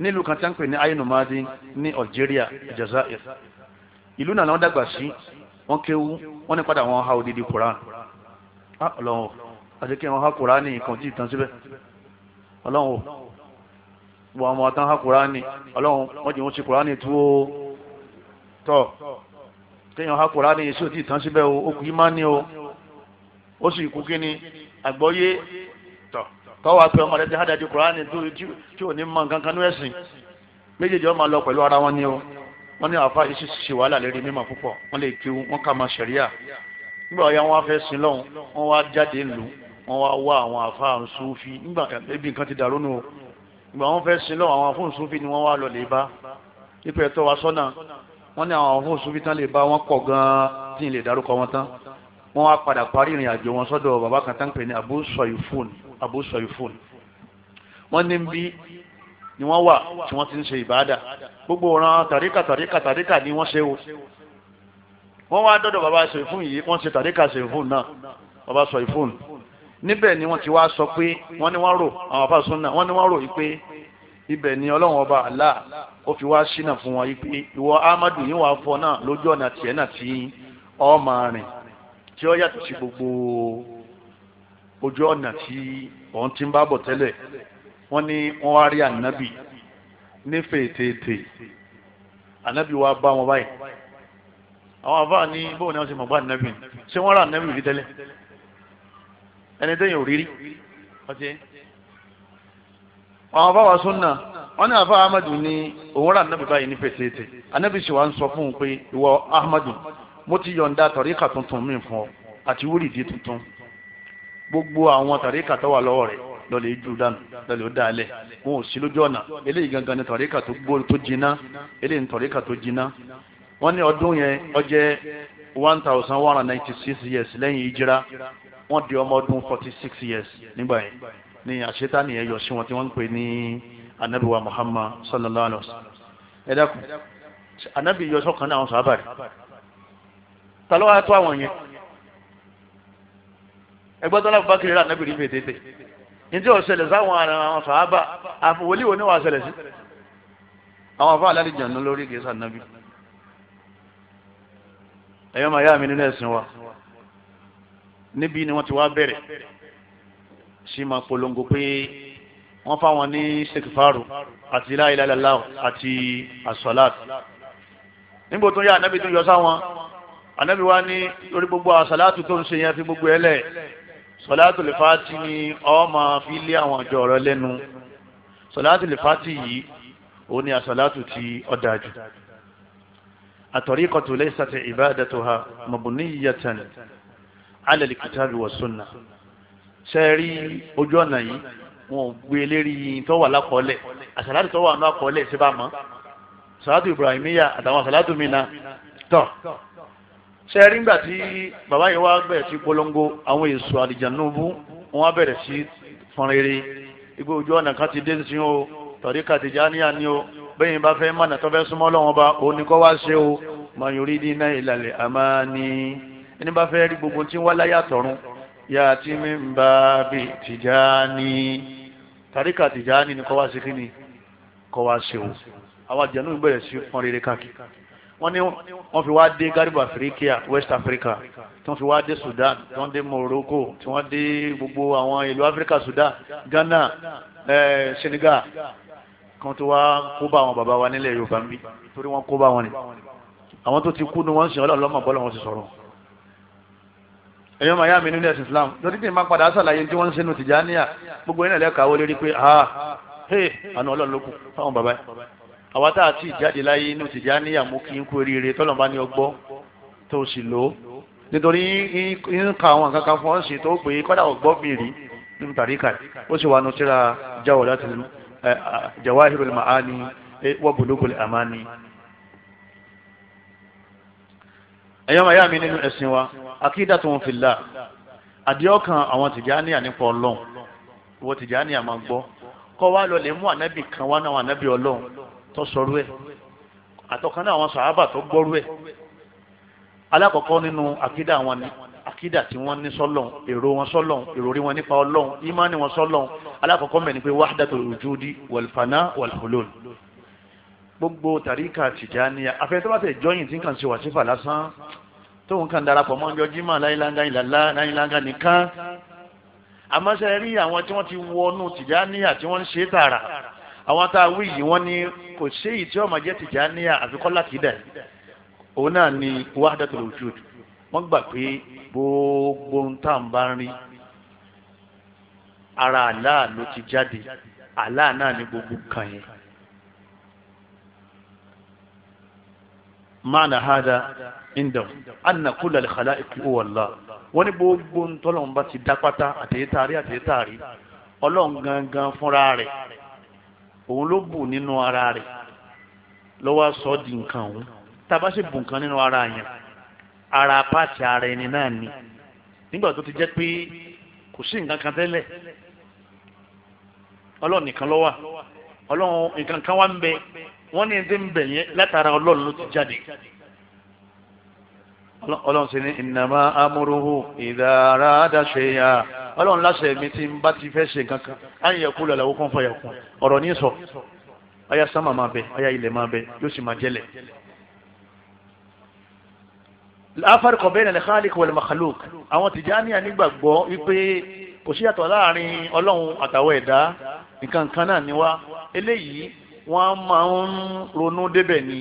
nílùú kan tí wọ́n ń pè ní ayélujáde ní Algeria Jazair ìlú náà wọ́n dàgbà sí wọ́n kéwú wọ́n ní padà wọ́n ha odidi Quran ah, ọlọ́run àti kí wọ́n ha Quran ní nǹkan tí ìtàn síbẹ̀ ọlọ́run wọ́n àwọn àtàn ha Quran ní ọlọ́run wọ́n jẹ́ wọ́n ti Quran ní tó tọ́ kéèyàn ha Quran ní èsì òtí ìtàn síbẹ̀ o ó kú ìmánì o ó sì kú kíni àgbọ́yé tọ́wọ́ àpẹ ọmọ rẹ ti hádàdì kùránì tí ò ní mọ nǹkan kan ní ẹ̀sìn méjèèjì ọmọ lọ pẹ̀lú ara wọn ni o wọ́n ní àfa iṣu ṣe wàhálà lérí mímọ̀ púpọ̀ wọ́n lè kí wọ́n kà máa ṣẹ̀ríà nígbà ọ̀yà wọn fẹ́ sin lọ́hùn wọ́n wá jáde lù wọ́n wá wá àwọn àfa àǹsúfì nígbà ebi nǹkan ti dàrú nù o nígbà wọn fẹ́ sin lọ́hùn àwọn afúnṣúfì ni wọ́n wá lọ lè bá nípa ẹ̀tọ́ wa sọ́nà wọ́n ní àwọn afúnṣúfì tán lè bá wọn pọ̀ gan tí ì lè dárúkọ wọn tán wọ́n wá padà parí ìrìn àjò wọn sọ́dọ̀ bàbá kan tán pè ní Abu Soyfun Abu Soyfun wọ́n ní bí ni wọ́n wà tí wọ́n ti ń ṣe ìbáàdà gbogbo ọ̀ràn tàríkà tàríkà tàríkà ni wọ́n ṣe o wọ́n wá dọ́dọ̀ bàbá Soyfun yìí wọ́n ṣe tàríkà Soyfun náà bàbá Soyfun níbẹ̀ ni wọ́n ti wá sọ pé wọ́n ní wọ́n rò àwọn àfáà sunna wọ́n ní wọ́n rò pé ibẹ̀ ni ọlọ́run ọba àlá ó fi wá sínà fún wọn yìí pé ìwọ Ahmadu yìí wàá fọ náà lójú ọ̀nà tiẹ̀ náà tí ọ máa rìn tí ó yàtọ̀ sí gbogbo ojú ọ̀nà tí òun ti ń bá bọ̀ tẹ́lẹ̀ wọ́n ní wọ́n wá rí ànábì nífẹ̀ẹ́ tètè ànábì wa bá wọn báyìí àwọn àbá ní bóun ni wọ́n ti mọ̀ bá ànábì ṣé wọ́n rà ànábì rí tẹ́lẹ̀ ẹni tẹ́yìn ò rí rí ọtí àwọn àbá wa súnà wọ́n ní àbá Ahmadu ní òun rà ànábì báyìí nífẹ̀ẹ́ tètè ànábì sì wá ń sọ fún un pé ìwọ Ahmadu mo ti yọ̀ǹda tọ̀ríkà tuntun mi fún ọ àti wúrìdì tuntun gbogbo àwọn tọ̀ríkà tó wà lọ́wọ́ rẹ̀ lọ́lẹ̀ jù dànù lọ́lẹ̀ ó dálẹ̀ wọn ò sí lójú ọ̀nà eléyìí gangan ni tọ̀ríkà tó gbó tó jiná eléyìí ni tọ̀ríkà tó jiná wọ́n ní ọdún yẹn ó one thousand one hundred ninety six years lẹ́yìn ìjìrá wọ́n di ọmọ ọdún forty six years nígbà yẹn ní àṣetánì yẹn yọ sí wọn tí wọ́n ń pè ní anabiwa Muhammad sallallahu alaihi wa sallam ẹ dákun anabi yọ sọ́kàn náà àwọn sábà ta ló wá tó àwọn yẹn ẹgbẹ́ tó lábùbá kiri rà nábìrì ń fètètè ntí ó ṣẹlẹ̀ sáwọn ara àwọn sàábà àfọwọ́lì wo ni wàá ṣẹlẹ̀ sí àwọn afọ alẹ́ jẹun lórí kìí sàn nábì ẹ̀yọ́ yá mi nínú ẹ̀sìn wa níbi ni wọ́n ti wá bẹ̀rẹ̀ sí máa polongo pé wọ́n fáwọn ní sèkìfàrò àti láìláìláìláì àti àsọ̀láàtì níbo tó yá ànábì tó yọ sáwọn anabi wa ní lórí gbogbo àwọn sàlátù tó ń ṣe yẹn fi gbogbo ẹ lẹ sàlátù lè fàtì ni ọ máa fi lé àwọn àjọ ọ̀rọ̀ lẹ́nu sàlátù lè fàtì yìí òun ni àsàlátù ti ọ̀dà jù àtọ̀ríkọ̀tù lẹ́sàtì ìbádàtúhà mọ̀bùníyàtàn alẹ́ kìtàbí wà súnà sẹ́ẹ̀rí ojú ọ̀nà yìí wọn ò gbé e lérí tó wà lákọọ́lẹ̀ àsàlátù tó wà ní àkọọ́lẹ̀ síbámọ́ sàlátù ibrahimiya àtàwọn àsàlátù mìíràn tọ̀ ṣe rí nígbà tí bàbá yìí wá bẹ̀rẹ̀ sí polongo àwọn èso àlìjànúbù wọn á bẹ̀rẹ̀ sí fọnrere igbó ojú ọ̀nà kan ti dé sí o tọ̀rí kàtìjà níyà ni o bẹ́yìn bá fẹ́ mọ̀nà tó fẹ́ súnmọ́ lọ́wọ́n bá òun ni kọ́ wá ṣe o mà yòrí ní iná ìlàlẹ̀ àmà ni ẹni bá fẹ́ rí gbogbo tí wọ́n láyà tọ̀run yà á ti mi ń bá bí tìjà ni tọ̀rí kàtìjà ni kọ́ wá ṣe kí ni kọ́ wá ṣe o àwọn àjẹnú ìbẹ̀rẹ̀ sí fọnrere káàkiri wọ́n ní wọ́n fi wá dé Garib Africa West Africa tí wọ́n fi wá dé Sudan tí wọ́n dé Morocco tí wọ́n dé gbogbo àwọn ìlú Africa Sudan Ghana eh, Senegal kan tó wá kó bá àwọn bàbá wa nílẹ̀ Yorùbá ń bí torí wọ́n kó bá wọn ni àwọn tó ti kú ni wọ́n ń sìn ọlọ́run lọ́mọ bọ́lá wọn sì sọ̀rọ̀ èèyàn màyà mi nílẹ̀ Islam lórí tí màá padà sàlàyé tí wọ́n ń sinú Tìjàníyà gbogbo yẹn lẹ́ka wọlé rí pé ah hey àná ọlọ́run ló kù fáwọn bàbá yẹn àwa tá a ti jáde láyé inú tìjà níyàmú kí n kú eríire tọ́lọ̀ bá ní ọgbọ́ tó sì lò ó nítorí ń ka àwọn kankan fún ọ̀sìn tó pé kọ́dà ọgbọ́ mi rí nínú tàríkà ó sì wà nù tíra jáwọ́ láti jawahirul ma'ani wa bulugul amani. ẹ̀yọ́ màá yá mi nínú ẹ̀sìn wa akidatun fillah àdìọ́kan àwọn tìjà níyà nípa ọlọ́run ìwọ tìjà níyà máa gbọ́ kọ́ wa lọ lè mú ànábì kan wá náà ànábì ọlọ́run tó sọrú ẹ̀ àtọ̀kan náà àwọn sàhábà tó gbọ́rú ẹ̀ alákọ̀ọ́kọ́ nínú àkídà wọn ni àkídà tí wọ́n ní sọ́lọ́n èrò wọn sọ́lọ́n ìròrí wọn nípa ọlọ́run ìmánì wọn sọ́lọ́n alákọ̀ọ́kọ́ mẹ́ni pé wahdatul wujudi wàlfànà wàlhulul gbogbo tàríkà tìjàníyà afẹ́tọ́bàtẹ̀ jọyìn tí kàn ṣe wà sífà lásán tóun kàn darapọ̀ mọ́ ọjọ́ jimá láyéláńgá ìlàlá láyéláńgá nìkan àmọ́ sẹ́rí àwọn tí wọ́n ti wọnú tìjàníyà tí wọ́n ń ṣe tààrà àwọn tá a wí yìí wọ́n ní kò sí èyí tí ọmọ jẹ́ Tìjàníyà àfikọ́ láti dẹ̀ òun náà ni wahdatul wujud wọ́n gbà pé gbogbo ń tà ń bá ń rí ara Allah ló ti jáde Allah náà ni gbogbo kan yẹn. maana hada indam anna kulla li khalaiq huwa wọ́n ní gbogbo ń tọ́lọ́run ti dá pátá àtẹ̀yẹ́tàrí àtẹ̀yẹ́tàrí ọlọ́run gangan fúnra rẹ̀ òun ló bù nínú ara rẹ̀ lọ́wọ́ sọ di nǹkan òun tába ṣe bù nǹkan nínú ara yẹn ara pàṣẹ ara ẹni náà ni nígbà tó ti jẹ́ pé kò sí nǹkan kan tẹ́lẹ̀ ọlọ́run nìkan ló ọlọ́run nǹkan kan wà ń bẹ wọ́n ní ẹni ń bẹ yẹn látara ọlọ́run ló ti jáde ọlọ́run sì ní innama amruhu idha arada ọlọ́run láṣẹ mi tí n bá ti fẹ́ ṣe kankan ayé yẹ kú lọ́la ó kún fọyà kún ọ̀rọ̀ ní sọ ọyá sámà máa bẹ ọyá ilẹ̀ máa bẹ yóò sì máa jẹlẹ̀. láfàrìkọ̀ bẹ́ẹ̀ nàlẹ́ khaliq wal makhluq àwọn Tìjàníyà nígbàgbọ́ wípé kò sí yàtọ̀ láàrin ọlọ́run àtàwọn ẹ̀dá nǹkan kan náà ni wá eléyìí wọ́n máa ń ronú débẹ̀ ni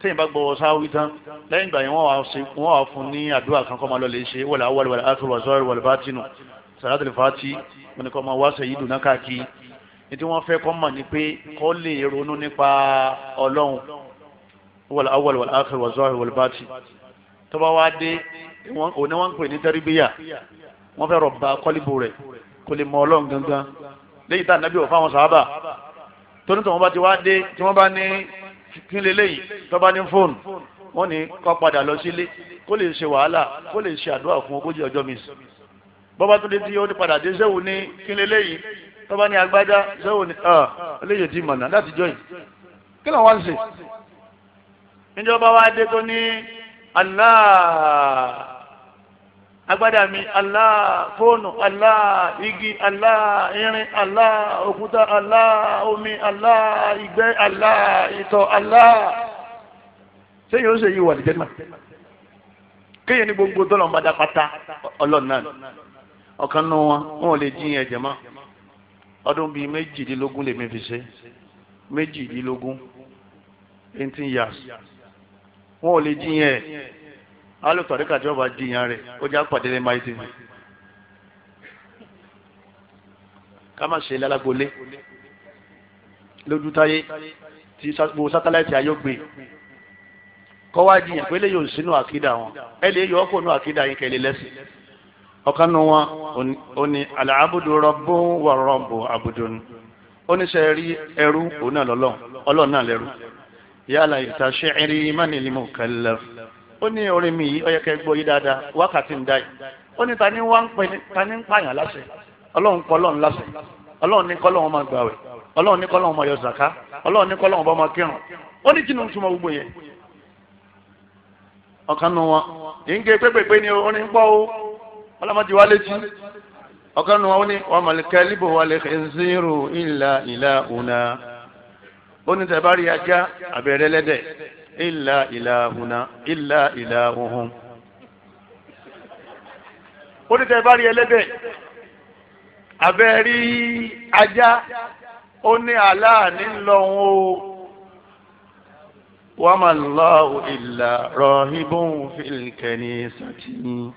tẹ́yìn bá gbọ́ sáwí tán lẹ́yìn ìgbà yẹn wọ́n wà fún ní àdúrà kan máa lọ lè ṣe wọ́n làá wọ́n lè wọ́n lè sàrádìlì fati wọn ni kò máa wá sẹ́yìn dùn náà káàkiri ní tí wọ́n fẹ́ kọ́ mọ̀ ni pé kọ́ lè ronú nípa ọlọ́run wal awwal wal akhir wal zahir wal batin tó bá wá dé òní wọ́n ń pè ní tẹ́rìbíyà wọ́n fẹ́ rọ̀bà kọ́líbù rẹ̀ kò lè mọ ọlọ́run gangan léyìí tá ànábì òfin àwọn sàábà tóní tó wọ́n bá ti wá dé tí wọ́n bá ní kí lè léyìí tó bá ní fóònù wọ́n ní kó padà lọ sílé kó lè ṣe wàhálà kó lè ṣe àdúrà fún ogójì ọjọ́ mìíràn bọ́bá tó lé tí ó ní padà dé sẹ́wọ̀n ní kílé léyìí tọ́ba ní agbájá sẹ́wọ̀n ní ah, eléyìí ti mọ̀nà láti jọ yìí kí ló wá ń ṣe. níjọba wa dé tó ní Allah agbádá mi Allah fóònù Allah igi Allah irin Allah òkúta Allah omi Allah ìgbẹ́ Allah ìtọ̀ Allah ṣé yóò ṣe yí wà ní jẹ́nà kéèyàn ní gbogbo tọ́lọ̀ ń bá dá pátá ọlọ́run náà ọ̀kan náà wọn wọn ò lè jiyàn ẹ̀jẹ̀ mọ́ ọdún bíi méjìdínlógún lèmi fi ṣe méjìdínlógún eighteen years wọn ò lè jiyàn ẹ̀ alùpàdékà tí wọn bá jiyàn rẹ̀ ó jẹ́ àpàdé lẹ́ẹ̀ máa tẹ̀lé ká má ṣe lálágbólé lójú táyé tí gbogbo sátáláìtì ayọ́gbé kọ́ wá jiyàn pé lè yóò sínú àkídà wọn ẹ lè yọ ọ́ kó nù àkídà yín kẹ́ lẹ́sìn. ọ̀kan nu wọn ó ní alàbùdù rọ̀bù abu àbùdù ni ó ní sẹ́ rí ẹrú òun náà lọ́lọ́ ọlọ́run náà lẹ́rú yálà ìtàṣẹ́ ẹ̀rí mánìlímù kẹlẹ́ ó ní orin mi yìí ọyẹ kẹgbọ́ yìí dáadáa wákàtí ń dá yìí ó ní tani wá ń pè ní tani ń pààyàn láṣẹ ọlọ́run kọ́ ọlọ́run láṣẹ ọlọ́run ní kọ́ yọ zaka, ọlọ́run ní kọ́ ọlọ́run bá máa kírun ó ní gbogbo yẹn wọn ni ọlọ́mọdé wa létí ọ̀kan nu wọn ní wọn mọ̀lẹ́kẹ́ líbò wà lè khinziru ìlà ìlà ònà ó ní tẹ̀ bá rí ajá àbẹ̀rẹ̀ lẹ́dẹ̀ ìlà ìlà ònà ìlà ìlà òhun ó ní bá rí ẹlẹ́dẹ̀ àbẹ̀rí ajá ó ní aláàní lọ́hún o wàmàlá ìlà rọ̀hìbùn fìlìkẹ́ni sàtìyìn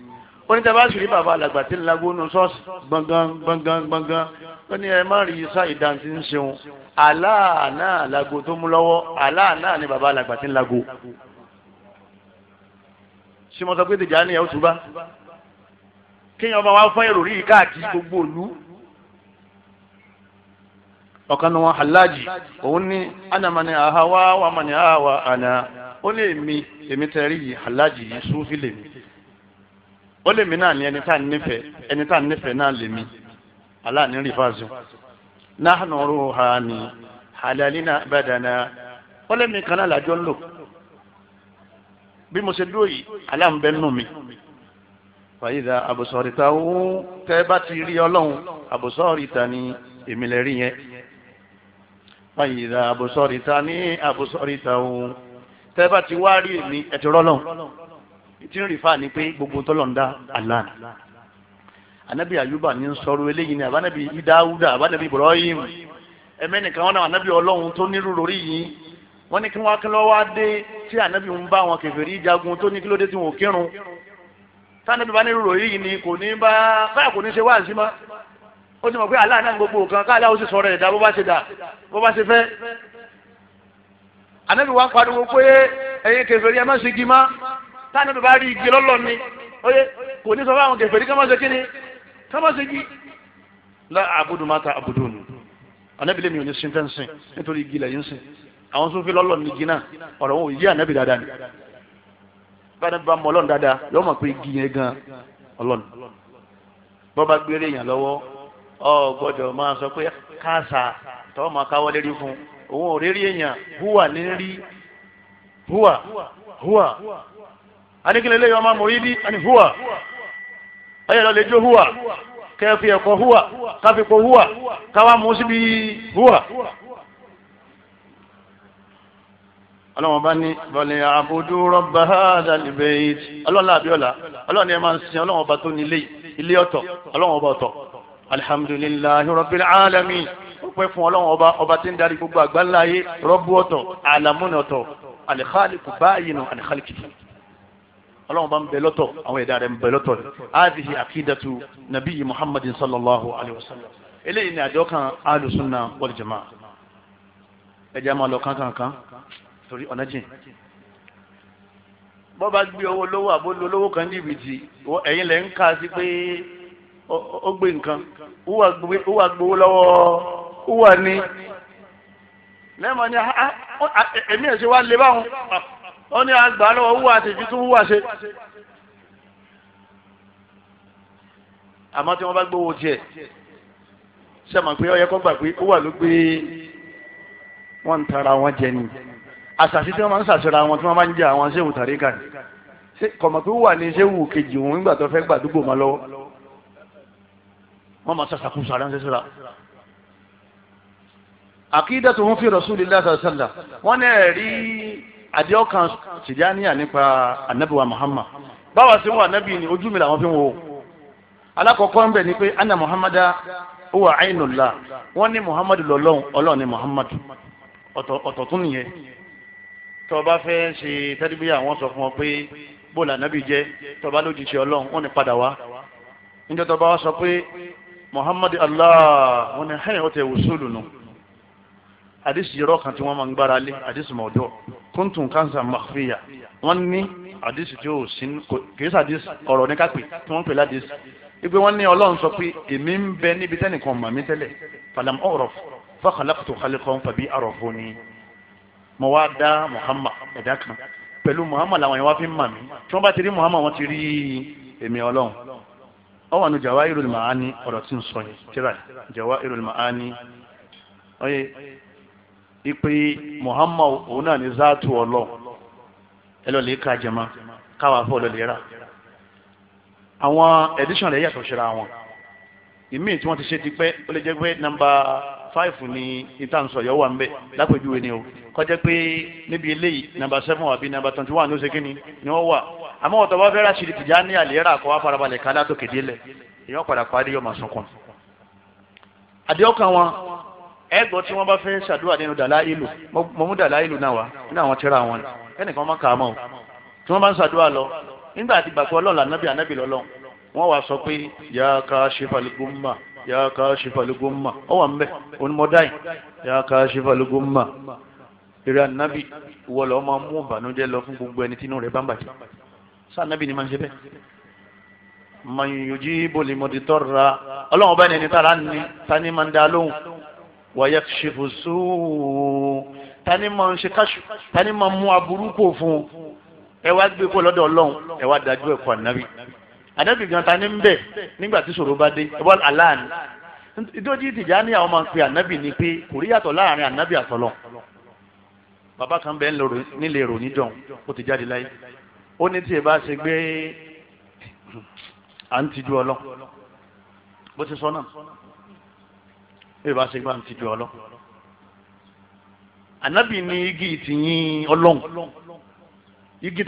onítàbá sì rí bàbá àlàgbà tí ń lagbó nu ṣọ́ọ̀ṣì gbọ̀ngàn gbọ̀ngàn gbọ̀ngàn ó ní ẹ má rí sá ìdán tí ń ṣeun aláàánà lago tó mú lọ́wọ́ aláàánà ni bàbá àlàgbà tí ń lago. simọ́tò pé tìjà ni ẹ̀ ó túbá kéèyàn ọba wa fún èrò rí káàkiri gbogbo òlu ọ̀kan wọn aláàjì òun ní anamani ahawa wàmani ahawa àná ó ní èmi èmi tẹ̀rí yìí aláàjì yìí mi. ó lè mí náà ní ẹni tá ń nífẹ̀ẹ́ ẹni tá ń náà lè mí rí fáṣọ halalina badana ó lè mí kan náà bí mo ṣe dúró yìí nù mí fàyídà àbùsọ̀rìtà òun tẹ́ bá ti rí ọlọ́run àbùsọ̀rìtà ni èmi lè rí yẹn fàyídà àbùsọ̀rìtà ní àbùsọ̀rìtà òun tẹ́ bá ti wá tí ń rìfà ní pé gbogbo tọ́lọ̀ǹda Allah anabi ayuba ní ń sọ̀rọ̀ eléyìí ni abanabi idawuda abanabi ibrahim ẹmẹ́nìkan wọn náà anabi ọlọ́run tó nírú lórí yìí wọ́n ní kí wọ́n akẹ́lọ́ wá dé tí anabi ń bá wọn kèfèrí jagun tó ní kí ló dé tí wọn ò kírun tánàbí bá nírú lórí yìí ni kò ní bá káyà kò ní ṣe wá àǹsí mọ́ ó ti mọ̀ pé Allah náà gbogbo kan káàlá ó sì sọ̀rọ̀ ẹ̀dá bó bá ṣe dà bó bá ṣe fẹ́ anabi wa pariwo pé ẹ̀yin kèfèrí ẹ má ṣe gí má táwọn ẹbí bá rí igi lọ́lọ́ ni oye kò ní sọ fún àwọn kẹfẹ́ ní kọ́mọ́sẹ̀ kí ni kọ́mọ́sẹ̀ igi lọ àbùdù máa ta àbùdù nù anábìlẹ̀ mi ò ní sin fẹ́ǹsìn nítorí igi lẹ́yìn sìn àwọn sófin lọ́lọ́ ni igi náà ọ̀rọ̀ wọn ò yí anábì dáadáa ni báyìí bá mọ ọlọ́run dáadáa yóò mọ̀ pé igi yẹn gan ọlọ́run bọ́ bá gbére èèyàn lọ́wọ́ ọ gbọ́dọ̀ máa sọ pé káàsà tọ́ máa káwọ́ lérí fún òun ò rírí èèyàn húwà ní rí húwà húwà anikele lè yọmọ muridi ani huwa ọyẹ lọ lè jó huwa kẹfì ẹkọ huwa káfíkọ huwa káwa mú síbi huwa. ọlọ́wọ́n bá ní bọ̀lẹ̀ àbùdú rọ́bà hádà lìbẹ̀yìt ọlọ́ọ̀lá àbíọ́lá ọlọ́ọ̀ ni ẹ máa ń sin ọlọ́wọ́n ọba tó ní ilé ilé ọ̀tọ̀ ọlọ́wọ́n ọba ọ̀tọ̀ alihamudulilayi rọ́bìlì alami ó pẹ́ fún ọlọ́wọ́n ọba ọba tí ń darí gbogbo àgbáńlá ayé rọ́bù ọ̀tọ̀ alamúnì ọ̀tọ̀ alihaliku báyìí nù alihalikiki ọlọ́run bá ń bẹ lọ́tọ̀ àwọn ẹ̀dá rẹ̀ ń bẹ lọ́tọ̀ rẹ̀ áàdìhì àkídàtú nàbí muhammadin sallallahu alayhi wa sallam eléyìí ni àjọ kan alùsùnà wal jamaa ẹja máa lọ kankankan torí ọ̀nà jìn bọ́ bá gbé owó lówó àbólú olówó kan jìbìtì ẹ̀yin lẹ́ ń kà sí pé ó gbé nǹkan wúwà gbowó lọ́wọ́ wúwà ní lẹ́mọ̀ ni ah, ah, ah, ẹ̀mí ẹ̀ ṣe wá lé báwọn ó ní àgbà lọ́wọ́ wúwà àti ìfi tún wúwà ṣe. àmọ́ tí wọ́n bá gbowó tiẹ̀ ṣe mọ̀ pé ó yẹ kó gbà pé ó wà ló gbé wọ́n ń tara wọn jẹ ni àṣàṣì tí wọ́n máa ń ṣàṣìra wọn tí wọ́n máa ń jẹ àwọn ṣéwù tàríkà ni kọ̀mọ̀ pé wúwà ní ṣéwù kejì òun nígbà tó fẹ́ gbàdúgbò máa lọ́wọ́ wọ́n máa ṣàṣàkóso àránṣẹ́ síra àkídà tó ń fi Rasulillah sallallahu alaihi wasallam wọ́n ní ẹ̀rí àdéhọ́kan tìjáníyà nípa anabi wa muhammad báwa sí wà nábì ni ojú mi làwọn fi ń wo alákọ̀ọ́kọ́ ń bẹ̀ ni pé anna muhammada huwa ainullah wọ́n ní muhammad lọ́lọ́hun ọlọ́run ní muhammad ọ̀tọ̀ tún nìyẹn tó bá fẹ́ ṣe tẹ́lifíyà wọ́n sọ fún ọ pé bóòlù ànábì jẹ́ tó bá lójú ṣe ọlọ́run wọ́n ní padà wá níjọ́ tó bá wá sọ pé muhammad allah wọ́n ní hẹ́yìn ó ti wùsùlù nù àdìsí yọrọ kan tí wọ́n máa ń gbára lé àdìsí mọ̀ọ́dọ́ kúntùn kánsà màfíyà wọ́n ní àdìsí tí ó sí kìí sàdìsí ọ̀rọ̀ ní kápẹ́ tí wọ́n pè ládìsí ipe wọ́n ní ọlọ́run sọ pé èmi ń bẹ níbi tẹ́nìkan mà mí tẹ́lẹ̀ falam ọ̀rọ̀f fàkàlàkùtù kálíkan fàbí àròfó ni mo wá dá Muhammad ẹ̀dá kan pẹ̀lú Muhammad làwọn yẹn wá fi ń tí wọ́n bá ti rí Muhammad wọ́n ti rí èmi ọlọ́run ọwọ́ àná Jawahirul Ma'ani ọ̀rọ̀ tí ń sọ yẹn tíra Jawahirul Ma'ani ọyẹ ipe muhammad òun náà ní zaatu ọlọ ẹ lọ lè ka jẹma káwa fọ lọ lè àwọn edition rẹ yàtọ̀ síra wọn ìmíì tí wọ́n ti ṣe ti pẹ́ ó lè jẹ́ pé nọ́mbà fáìfù ni ìtànsọ̀ yọ wà ń bẹ̀ ni o kọjá pé níbi eléyìí nọ́mbà seven àbí nọ́mbà twenty one ló ṣe kíni ni wọ́n wà àmọ́ ọ̀tọ̀ bá fẹ́ràn ṣì tìjà ní àlèrà kọ́ afárabalẹ̀ ká látòkè délẹ̀ èèyàn padà parí yọ màsùn kan àdéhùn kan wọn ẹgbọ́ tí wọ́n bá fẹ́ ṣàdúrà nínú dàlá ìlú mo mú dàlá ìlú náà wá nínú àwọn tẹ́ra wọn ẹnìkan má kàá mọ́ o tí wọ́n bá ń ṣàdúrà lọ nígbà àti gbàgbọ́ ọlọ́run ànábì ànábì lọ́lọ́run wọ́n wá sọ pé yà ká ṣe falùgùnmà yà ká ṣe falùgùnmà ọ wà mbẹ onímọ̀dáì yà ká ṣe falùgùnmà eré ànábì wọ́n lọ́ máa mú ìbànújẹ́ lọ fún gbogbo ẹni tínú rẹ̀ bá ń bàjẹ́ sáà ni máa ń ṣe bẹ́ẹ̀ mọ̀nyìnyín yìí bò lè mọ̀ wàyàkṣìfò sóò tani máa ń ṣe káṣù tani máa mú aburú kò fún un ẹ wá gbé kó lọ́dọ̀ ọlọ́run ẹ wá dájú ẹ̀kọ́ ànábì ànábì gan tani ń bẹ̀ nígbà tí ṣòro bá dé ẹ bọ́ aláàánú ìdójì tìjà ní àwọn máa ń pe ànábì ni pé kò rí yàtọ̀ láàrin ànábì àtọ̀lọ́ bàbá kan bẹ́ẹ̀ nílé èrò níjọ́ ó ti jáde láyé ó ní tí ẹ bá ṣe gbé à ń tijú ọlọ́ bó ti sọ náà bẹ́ẹ̀ bá ṣe gbà ń tijú ọlọ́ ànábì ní igi ìtìyín ọlọ́run igi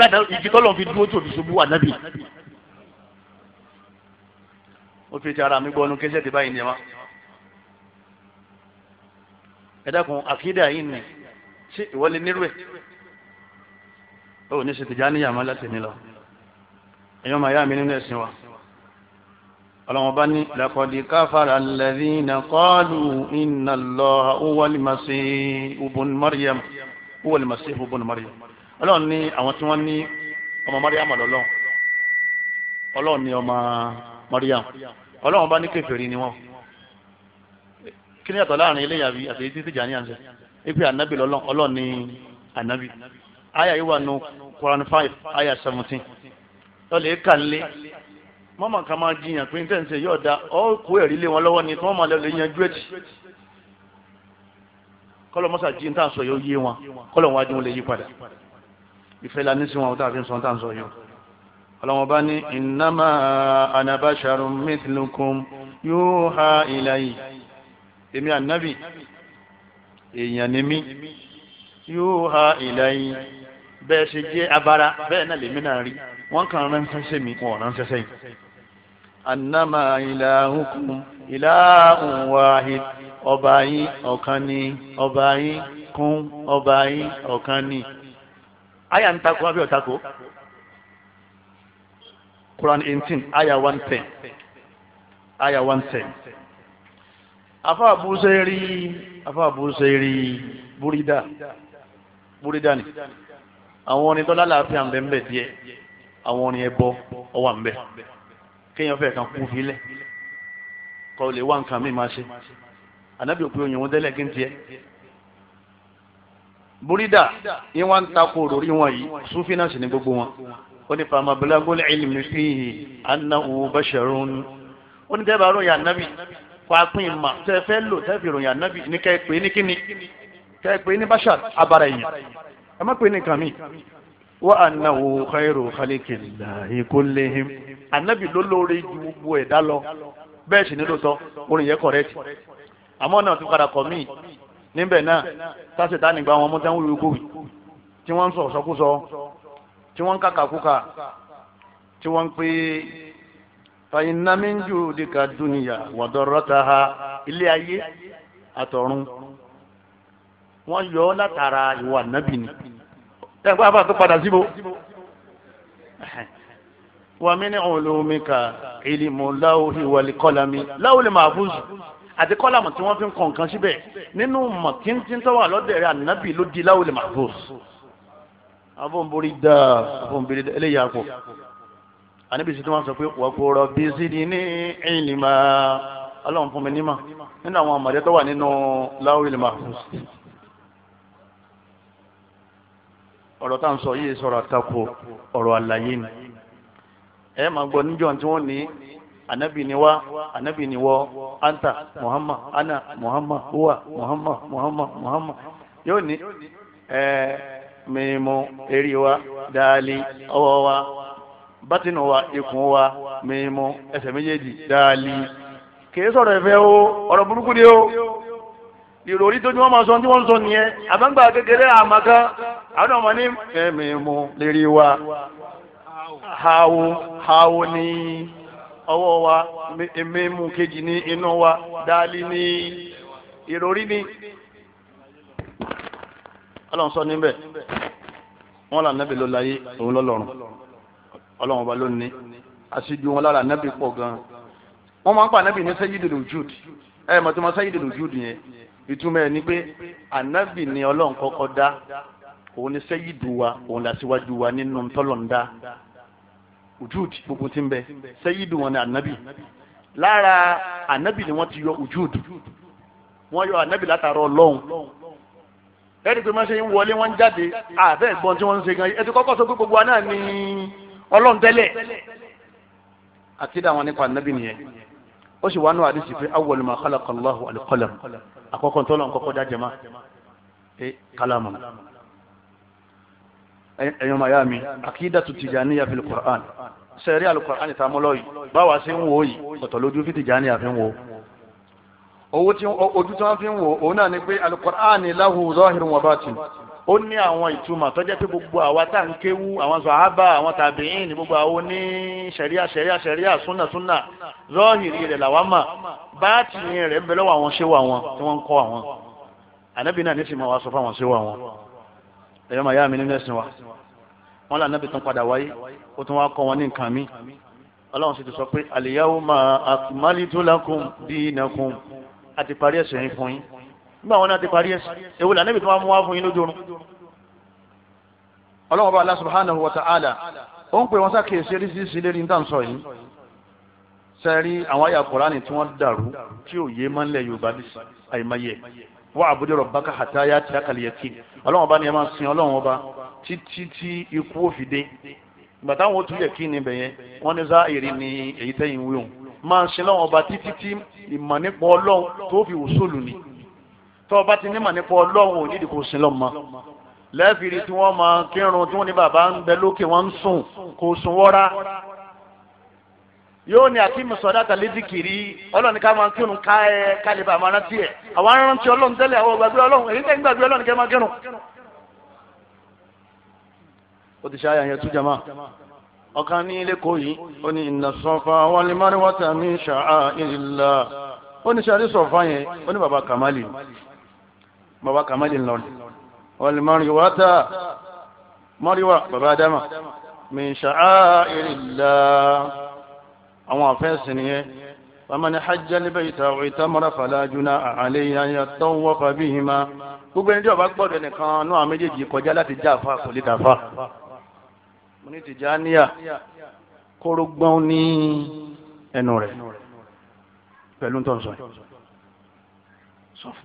tọ́lọ́run fi dúró tòbí ṣubú ànábì ó fi ti ara mi gbọ́ ọ́nú kẹ́sẹ̀ ti báyìí ní ẹ̀ wá ẹ dákun àkídà yìí ni ṣé ìwọlé nírú ẹ̀ ó ní ṣe tìjà níyàmá láti nílọ ẹ̀yọ́ màá yá mi nínú ẹ̀sìn wa ọlọ́wọ́n bá ní laqad kafara alladhina qalu inna Allaha huwa al-masihu ibn Maryam huwa al-masihu ibn Maryam ọlọ́run ní àwọn tí wọ́n ní ọmọ Maryam lọ́lọ́run ọlọ́run ní ọmọ Maryam ọlọ́run bá ní kèfèrí ni wọ́n kí ni yàtọ̀ láàrin eléyàwí àti títí jà ní àǹsẹ̀ ipe ànábì lọ́lọ́run ọlọ́run ànábì aya wà nù Quran five aya seventeen lọ́lẹ̀ kànlé mọ́mọ́ kan máa jiyàn pé tẹ̀sán yóò da ọ́ kó ẹ̀rí lé wọn lọ́wọ́ ni tí wọ́n máa lè yanjú ẹ̀ tì kọ́lọ̀ mọ́sá jí ń tà sọ yóò yé wọn kọ́lọ̀ wọn adé wọn lè yí padà ìfẹ́ la ní sí wọn tá a fi sọ ń tà sọ yóò ọlọ́wọ́n bá ní innama ana basharun mithlukum yuha ilayya èmi ànábì èèyàn ni mí yuha ilayya bẹ́ẹ̀ ṣe jẹ́ abara bẹ́ẹ̀ náà lèmi náà rí wọ́n kàn ránṣẹ́ sí mi wọ́n ránṣẹ́ sẹ́yìn annama ilahukum ilahun wahid ọba yín ọ̀kan ni ọba yín kún ọba yín ọ̀kan ni. aya ń takò àbí ọ̀takò Quran eighteen aya one ten aya one ten afa abuseri afa abuseri burida burida ni àwọn orin tó ń bẹ ń bẹ díẹ̀ àwọn orin ẹbọ ọwà ń bẹ kéèyàn fẹ́ kan kú filẹ̀ kọ́ lè wá nǹkan mi máa ṣe ànábì òpin òyìnbó tẹ́lẹ̀ kí n tiẹ̀. búrídà yín wá ń takò òròrí wọn yìí súfínàṣì ní gbogbo wọn ó ní fama balagol ilmi fihi annahu basharun ó ní tẹ́bàá ròyìn ànábì kó a pín in mà tẹ́ fẹ́ lò tẹ́ fi ròyìn ànábì ní kẹ́ pé ní kíni kẹ́ pé ní bashar abara èèyàn ẹ má pé ní kàmí wa annahu khairu khalqillahi kullihim anabi ló lóore ju gbogbo ẹ̀dá lọ bẹ́ẹ̀ sì ni sọ orin yẹn kọ̀rẹ́tì àmọ́ náà tún padà kọ̀ míì níbẹ̀ náà sásìtá nígbà wọn mọ́tẹ́ ń wíwí tí wọ́n sọ sọkúsọ tí wọ́n tí dúnìyà ha ilé ayé àtọ̀run wọ́n yọ ọ́ látara ìwà ni. ẹ̀ pé àbá tó padà síbo. wa min ulumika ilmu lawhi wal qalami lawul mahfuz àti kọ́làmù tí wọ́n fi ń kọ nǹkan síbẹ̀ nínú mọ̀ tíntín tó wà lọ́dẹ̀ rẹ̀ ànábì ló di lawul mahfuz. abóńborí dáa abóńborí dáa eléyà pọ̀ ànábì sì tí wọ́n sọ pé wa qur rabbi zidni ilma ọlọ́run fún mi nímọ̀ nínú àwọn àmọ̀dé tó wà nínú lawul mahfuz. ọ̀rọ̀ tá à ń sọ yìí sọ̀rọ̀ àtakò ọ̀rọ̀ àlàyé ni ẹ máa gbọ́ níjọ́ tí wọ́n ní anabi ni wa anabi ni wọ anta muhammad ana muhammad uwa muhammad muhammad muhammad yóò ní ẹ̀ẹ́ mímu eré wa dáálí ọwọ́ wa bátínù wa ikùn wa mímu ẹsẹ̀ méjèèjì dáálí kì sọ̀rọ̀ ẹ̀fẹ́ o ọ̀rọ̀ burúkú ni o ìròrí tó ní wọ́n máa sọ tí wọ́n sọ nìyẹn àbẹ́ngbà kékeré àmàkà àwọn ọmọ ní ẹ̀mí mu lérí wa hawo hawo ní ọwọ́ wa ẹ̀mí mu kejì ní inú wa dálí ní ìròrí ní. ọlọ́run sọ níbẹ̀ wọ́n là nẹ́bí ló láyé òun lọ́lọ́run ọlọ́run ọba ló ní àṣìjú wọn lára nẹ́bí pọ̀ gan wọ́n máa ń pa nẹ́bí ní sẹ́yìn dèlò jùd ẹ̀ mọ̀tí sẹ́yìn dèlò jùd yẹn ìtumọ̀ ẹ̀ ni pé ànábì ni ọlọ́run kọ́kọ́ dá òun ni sẹ́yìdù wa òun là síwájú wa nínú tọ́lọ̀ǹda ujúd gbogbo tí ń bẹ sẹ́yìdù wọn ni anabi, lára anabi ni wọ́n ti yọ ujúd wọ́n yọ ànábì látara ọlọ́run ẹni pé máa ṣe ń wọlé wọ́n ń jáde àfẹ́ ìgbọ́n tí wọ́n ń ṣe gan ẹ kọ́kọ́ sọ pé gbogbo wa náà ni ọlọ́run tẹ́lẹ̀ àkídà wọn nípa ànábì nìyẹn ó sì wá nù àdìsí pé awwal ma khalaqa Allahu al àkọ́kọ́ tọ́lọ̀ kọ́kọ́ dá jẹma e kalamu ẹ̀yọ́ miami akídàtù Tijaniyya fil Qur'an sẹ́rí alukur'an ta mọ́lọ́ yìí báwa sí ń wo yìí ọ̀tọ̀ lójú fi Tijaniyya fi ń wo owó tí ojú tí wọ́n fi ń wo òun náà ni pé alukur'an lahu zahirun wa batin ó ní àwọn ìtumọ̀ tó jẹ́ pé gbogbo àwa tá à ń kéwú àwọn sàhábà àwọn tàbíìn ní gbogbo àwọn ní sẹ̀ríà sẹ̀ríà sẹ̀ríà súnà súnà zọ́ọ̀hìrì rẹ̀ làwa mà báàtì rẹ̀ ń bẹ lọ́wọ́ àwọn ṣéwà wọn tí wọ́n ń kọ́ àwọn ànábì náà ní sì máa sọ fáwọn ṣéwà wọn ẹ̀yọ́ màá yá mi nínú ẹ̀sìn wa wọn là nábì tún padà wáyé ó tún wá kọ́ wọn ní nǹkan mi ọlọ́run sì ti sọ pé al yawma akmaltu lakum dinakum àti parí ẹ̀sìn yín fún yín nígbà wọn náà ti parí ẹsẹ ewu lànà ibi tí wọn mú wá fún yín lójú oorun ọlọ́wọ́n bá Allah subhanahu wa ta'ala ó ń pè wọn sákèésí eréṣiríṣi lérí ní tàǹsọ̀ yìí sẹ́rí àwọn àyà Kùránì tí wọ́n dàrú tí ò yé máa ń lẹ̀ Yorùbá bí àìmáyé wọ́n àbújá rọ̀ bákà hatta ya'tiya al-yaqin ọlọ́wọ́n bá ẹ máa sin ọlọ́wọ́n títí tí ikú òfìdé ìgbà táwọn ó tún yẹ kí ni bẹ̀yẹn wọ́n ní záàìrí ni èyí tẹ́yìn wíwọ̀n máa sin ọlọ́wọ́n títí tí ìmọ̀ nípa ọlọ́wọ́n tó fi wùsùlù ni tó o bá ti nímọ̀ nípa ọlọ́run ò nídìí kò sí lọ́mọ lẹ́ẹ̀fìrí tí wọ́n máa kírun tí wọ́n ní bàbá ń bẹ lókè wọ́n ń sùn kò sùn wọ́ra yóò ní akíní sọ̀dá tàlẹ́ dìkìrí ọlọ́run ká máa kírun ká ẹ kálí bàbá rántí ẹ̀ àwọn arántí ọlọ́run tẹ́lẹ̀ àwọn gbàgbé ọlọ́run èyí tẹ́ ń gbàgbé ọlọ́run kẹ́ máa kírun. ó ti ṣe àyàyàn tún jama ọ̀kan ní ilé kò yìí ó ní inna safa wal marwata min sha'a'illah ó ní sàrí sọ̀fà yẹn ó ní bàbá kàmálì bàbá kàmáàdì ńlọrin wal mariwata mariwa bàbá adama min sha'airillah àwọn àfẹ́sìn nìyẹn famani hajjali bayta aw itamara fala juna alayhi an yatawafa bihima gbogbo ẹni tí ó bá gbọ́dọ̀ nìkan náà méjèèjì kọjá láti já àfa kò lè dàfa mo ní Tìjàníyà kórógbọ́n ní ẹnu rẹ̀ pẹ̀lú tó yìí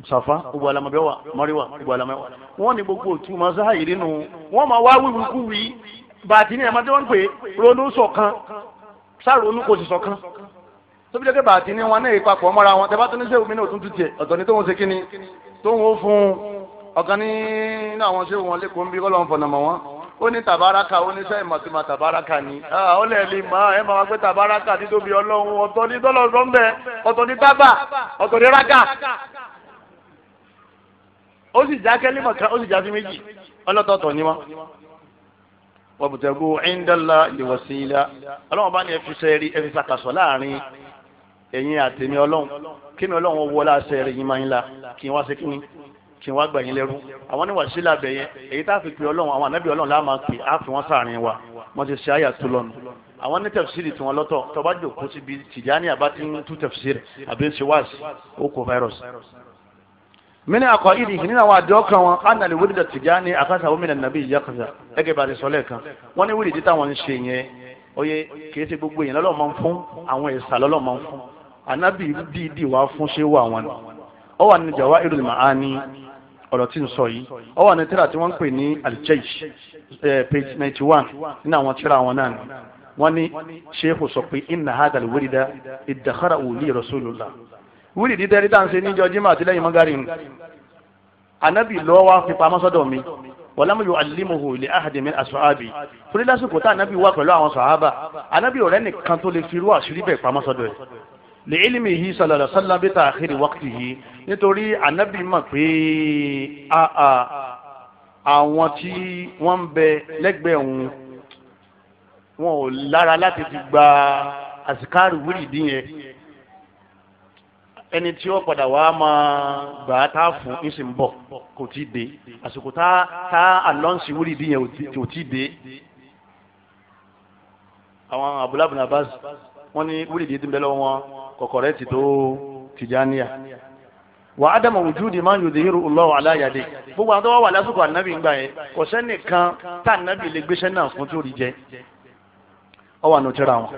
sàfá gbogbo alamọbẹ wa mọríwá gbogbo alamẹ wa wọn ní gbogbo òtún máa sáà yìí nínú wọn máa wá wíwí kú wí bàtí ní ẹ̀ma tí wọ́n ń pè ronú ṣọ̀kan sáronú kò sì ṣọ̀kan tóbi jẹ́ pé bàtí ní wọn náà ipa pọ̀ mọ́ra wọn tẹ́bá tó ní sẹ́wọ̀n mi náà tún tutù ẹ̀ ọ̀tọ̀ ní tóun ṣe kíni tóun ó fún ọ̀kan ní inú àwọn sẹ́wọ̀n wọn lẹ́kọ̀ọ́ ń bí kọ́lọ́ ń fọ̀nà mọ́ wọn ó ní tàbáraka ó ní sẹ́yìn màtúmà tàbáraka ni ó lẹ̀ lè mọ ẹ máa gbé tàbáraka títóbi ọlọ́run ọ̀tọ̀ ní tọ́lọ́sọ́ ń ọ̀tọ̀ ní tábà ọ̀tọ̀ ní rákà ó sì já kẹ́límọ̀ kan ó sì já sí méjì ọlọ́tọ̀ọ̀tọ̀ ni wọ́n. wọ́bùtẹ́gù ẹ̀ńdọ́là ìwọ̀síìlà ọlọ́run bá ní ẹ fi sẹ́ẹ̀rí ẹ fi sàkàsọ̀ láàrin ẹ̀yin àtẹ̀mí ọlọ́run kíni ọlọ́run wọ láṣẹ rẹ̀ yín máa ń la kí n wá sí kíni kí n wá gbà yín lẹ́rú àwọn ní wàsílà bẹ̀ yẹn èyí tá a fi pe ọlọ́run àwọn ànábì ọlọ́run láà máa pè á fi wọ́n sáàrin wa wọ́n ti ṣe àyà tó lọ́nu àwọn ní tẹ̀fsírì tiwọn lọ́tọ̀ tọ́ba jòkó síbi tìjáni àbá ti ń tú tẹ̀fsírì àbí ń ṣe wáàsì ó kó fáírọ̀sì mini akọ idi nínú àwọn àdéhùn kan wọn á nàlẹ wíìdì tìjà ní àkàtà omi nàbí ìyàkàtà ẹgẹ bá ti sọ lẹ́ẹ̀kan wọn ní wíìdì táwọn ń ṣe yẹn oyè kìí ṣe gbogbo yẹn lọlọ máa ń fún àwọn ẹsà lọlọ máa ń fún anabi dídì wá fún ṣé wà wọn ni ó wà ní Jawahirul Ma'ani ọ̀rọ̀ tí ń sọ yìí ó wà ní tíra tí wọ́n ń pè ní aljaish page ninety one nínú àwọn tíra wọn náà ni wọ́n ní sheikh sọ pé inna hadal wíìdà ìdàkárà òwúlì rasulullah wúlì dídẹ́ dídá ń ṣe níjọ jimá àti lẹ́yìn mọ́gàrí nù anabi lọ́wọ́ fi pamọ́ sọ́dọ̀ mi wàlámù yóò alimuhu ilé ahadimin asọ́ábì torí lásìkò tá anabi wà pẹ̀lú àwọn sọ̀hábà anabi ọ̀rẹ́ nìkan tó lè fi irú àṣírí bẹ́ẹ̀ pamọ́ sọ́dọ̀ ẹ̀ lè ilimi yìí sọlọ́dọ̀ sọ́lá bí tá a kiri wákìtì yìí nítorí anabi mọ̀ pé àwọn tí wọ́n ń bẹ lẹ́gbẹ̀ẹ́ òun wọn ò lára láti fi gba àsìkárù wúrì dín yẹn ẹni tí ó padà wá máa gbà á tá fún ń sì ń bọ̀ kò tí ì dé àsìkò tá tá àlọ́ǹsì wúlì dì yẹn kò tí ì dé àwọn abúlábùnà bá wọn ní wúlì dì í ti ń bẹ lọ́wọ́ wọn kọ̀kọ̀rẹ́ ti tó tìjànìyà wà á dàmà wùjúdi máa ń yòdì hírù Allahu ala yadi gbogbo àwọn tó wà wà lásìkò ànábì ń gbà yẹn kò sẹ́nìkan tá ànábì lè gbéṣẹ́ náà fún tó rí jẹ ọ wà nù tíra wọn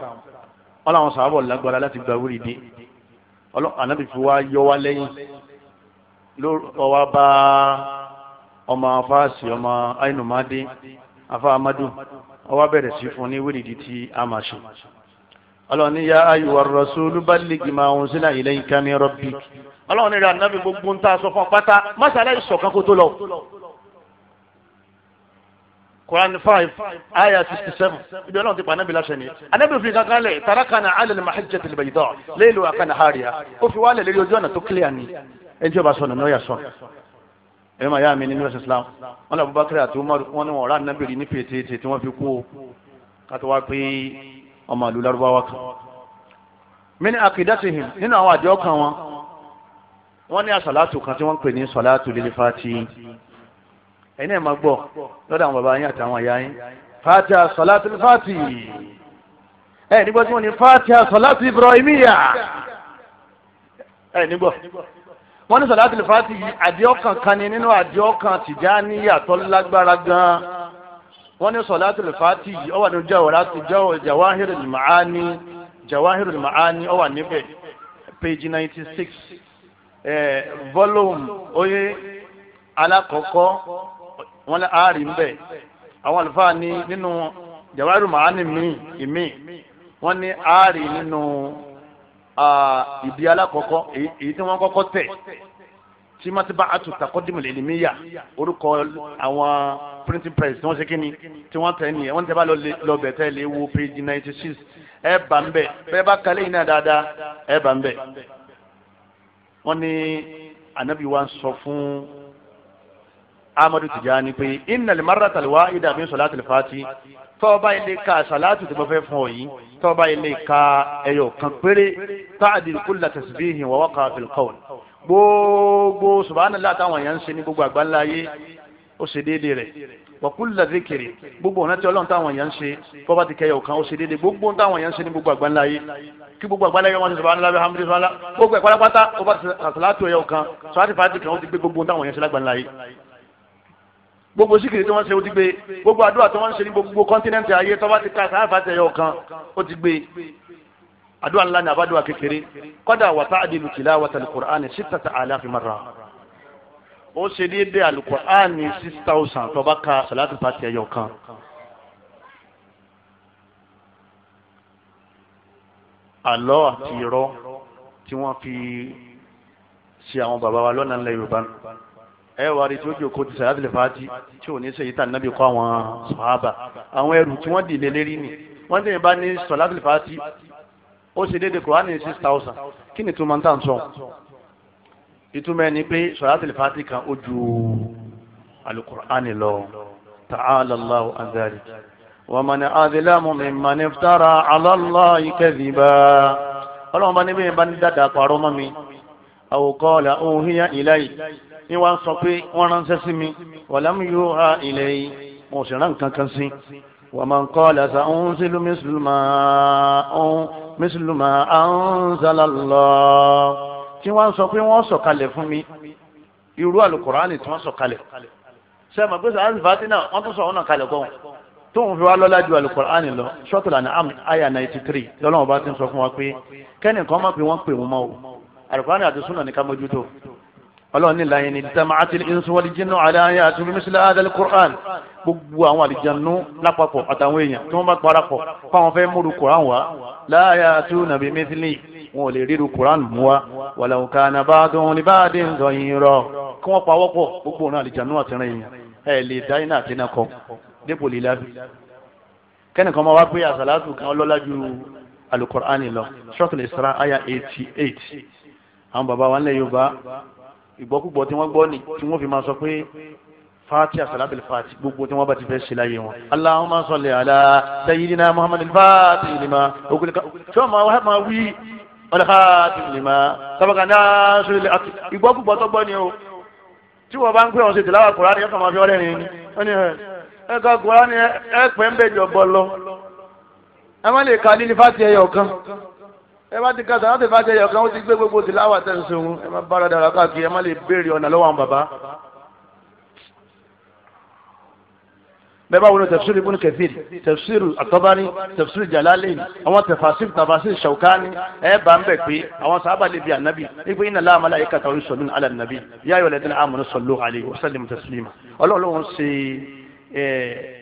wọn làwọn sàábọ̀ lágbára láti gba wúrì dé ànábì fi wá yọ wá lẹ́yìn lọ́wọ́ bá ọmọ afáàsì ọmọ àìnùmádé afáàmádù ọwọ́ bẹ̀rẹ̀ sí fún ní wíìdì tí a máa ṣe ọlọ́run ní ya ayyuhar rasulu balligh ma unzila ilayka min rabbik ọlọ́run ní rẹ̀ ànábì gbogbo ń ta sọ fún ọ pátá má ṣàlàyé ìṣọ̀kan kó tó lọ. Quran five ayah sixty seven ibi ọlọ́run ti pa anábì láṣẹ ni anábì fi kankan lẹ̀ tarakana alẹ́lẹ́ mahajjẹ́ tẹlifẹ̀ yìí dán léèlú akana hariya ó fi wálẹ̀ lérí ojú ọ̀nà tó kílíà ni ẹni tí ó bá sọnù ní ó yà sọnù ẹ̀rọ màá yá mi nínú ẹ̀sìn Islam wọn lọ Abubakar àti Umar wọn ni wọn rà anábì rí ní pètè tí wọn fi kú o kátó wá pé ọmọ àlù Lárúbáwá kan mini akidatihim nínú àwọn àjọ kan wọn wọn ní àsàlátù kan tí wọn pè ní sàlátù lílifáàtì ẹ̀yin ẹ̀ máa gbọ́ lọ́dọ̀ àwọn bàbá yín àtàwọn ìyá yín fati asolati fati ẹ̀ nígbà tí wọ́n ní fati asolati ibrahimiya ẹ̀ nígbà wọ́n ní solati fati yìí àdìọ́kàn kan ni nínú àdìọ́kàn tìjáníyà tó lágbára gan-an wọ́n ní solati fati yìí ó wà nínú jawarati jawahirul maani jawahirul maani ó wà níbẹ̀ page ninety six volume oye alakọ̀kọ́ wọn lẹ àárín ń bẹ àwọn àlùfáà ní nínú jawaru maani míì ìmíì wọn ní àárín nínú ìdí alákọ̀ọ́kọ́ èyí tí wọ́n kọ́kọ́ tẹ̀ tí matiba atu takọ́dìmọ̀ lè ní yà orúkọ àwọn printing press tí wọ́n ṣe kíni tí wọ́n tẹ̀ nìyẹn wọ́n tẹ̀ bá lọ bẹ̀ tẹ́ lè wo page ninety six ẹ̀ bá ń bẹ̀ bẹ́ẹ̀ bá kalẹ̀ yìí náà dáadáa ẹ̀ bá ń bẹ̀ wọ́n ní anabi wa ń sọ fún amadu tijani pé innal marrata alwahida min salati alfati tọ́ọ̀bá ilé ka salatu tí mo fẹ́ fún ọ yìí tọ́ọ̀bá ilé ka ẹyọ kan péré ta'dil kulla tasbihin wa waqa fil qawl gbogbo subhanallah táwọn èèyàn ń ṣe ní gbogbo àgbáńlá ayé ó ṣe déédéé wa kulla dhikri gbogbo ọ̀nà tí ọlọ́run táwọn èèyàn ń ṣe tọ́ọ̀bá ti kẹyọ kan ó ṣe déédéé gbogbo táwọn èèyàn ń ṣe ní gbogbo àgbáńlá ayé kí gbogbo àgbáńlá ayé subhanallah alhamdu subhanallah gbogbo ẹ̀kọ́ lápátá ó bá ṣe salatu ẹyọ kan salatu fati kan ó ti gbé gbogbo táwọn èèyàn ṣe lágbàńlá gbogbo síkìrì tí wọ́n ṣe ó ti gbé gbogbo àdúrà tí wọ́n ṣe ní gbogbo kọ́ńtínẹ́ǹtì ayé tó bá ti ka sáà fàtẹ̀ yọ kan ó ti gbé àdúrà ńlá ní àbádùà kékeré kọ́dà wàtá àdìlù tìlá wàtà alukur'ani sítàtà àláfi mara ó ṣe déédéé alukur'ani six thousand tó bá ka sàlátì fàtẹ̀ yọ kan. àlọ́ àti irọ́ tí wọ́n fi ṣe àwọn bàbá wa lọ́nà ńlẹ̀ yorùbá nù ẹ wà rí tí ó jòkó ti sàyà tìlẹ̀ fàájì tí ò ní sèyí tà nàbí kọ́ àwọn sọ̀hábà àwọn ẹrù tí wọ́n dìlé lérí ni wọ́n tẹ̀yìn bá ní sọ̀lá tìlẹ̀ ó ṣe déédéé kùránì six thousand kí ni túmọ̀ ń tà ń sọ ìtumọ̀ ẹni pé sọ̀lá tìlẹ̀ kan ó ju alukur'ani lọ ta'ala Allahu wa man adlamu mimman iftara ala Allahi kadhiba ọlọ́run níbi ìbánidàdà pàrọ́ mọ́ mi aw qala uhiya ilayya ní wọ́n sọ pé wọ́n ránṣẹ́ sí mi wàlámù yóò ha ilẹ̀ yìí mo sì rán nǹkan kan sí wọ́n máa ń kọ́ lẹ́sà ń sílu mísìlùmá ń mísìlùmá ń zàlálọ́ tí wọ́n sọ pé wọ́n sọ̀kalẹ̀ fún mi irú àlùkùránì tí wọ́n sọ̀kalẹ̀ sẹ́mi pé sọ àti fàtínà wọ́n tún sọ ọ̀nà kalẹ̀ kọ́ tóun fi wá lọ́la ju àlùkùránì lọ ṣọ́tò lànà am aya ninety three lọ́lọ́wọ́n bá ti ń sọ fún wa pé kẹ́nìkan má pé wọ́n pè wọ́n mọ́ o àlùkùránì àti súnà ní ká mójútó ọlọ́run ní ìlànà ní tamati ìsúwọ́lì jìnnà aláya àti mímísílẹ̀ adàlẹ́ Qur'an gbogbo àwọn àlìjánu lápapọ̀ àtàwọn èèyàn tí wọ́n bá parapọ̀ fáwọn fẹ́ múru Qur'an wá láàyà àti nàbí mísílì wọn ò lè ríru Qur'an mú wa walau kana ba'dun li ba'din zahira kí wọ́n pa wọ́pọ̀ gbogbo òun àlìjánu àtìrìn èèyàn ẹ̀ lè dá iná àti iná kọ dépò lílá kẹ́nìkan máa wá pé àsàlátù kan ọlọ́lá ju alukur'ani lọ Suratul Isra aya eighty eight àwọn bàbá wa ń lẹ́ Yorùbá ìgbọ́kúgbọ́ tí wọ́n gbọ́ ni tí wọ́n fi máa sọ pé fati asalatu alfati gbogbo tí wọ́n bá ti fẹ́ ṣe láyé wọn. Allahumma salli ala sayyidina Muhammad fati lima ogunleka tí wọ́n máa máa wí alfati lima sábàkà náà sórí àti ìgbọ́kúgbọ́ tó gbọ́ ni o tí wọ́n bá ń pè wọ́n ṣe tìláwà Kùránì ẹ̀ka máa fi ọ́rẹ́ rìn ní ẹ̀ka Kùránì ẹ̀pẹ́ ń bẹ̀jọ̀ bọ́ lọ ẹ ẹ bá ti ka sàrán ti fa jẹyọ kan ó ti gbé gbogbo ti láwà tẹ̀ ń sunun ẹ má bára dàrá káàkiri ẹ má lè béèrè ọ̀nà lọ́wọ́ àwọn bàbá. bẹ́ẹ̀ bá wọlé tafsir ibn kathir tafsir atọ́bárí tafsir jalalain àwọn tafasir tafasir shaukani ẹ bá ń bẹ̀ pé àwọn sábà lè bi ànábì ipe inna Allaha malaikatahu yusalluna ala nabi ya ayyuhalladhina amanu sallu alayhi wa sallimu taslima ọlọ́run ṣe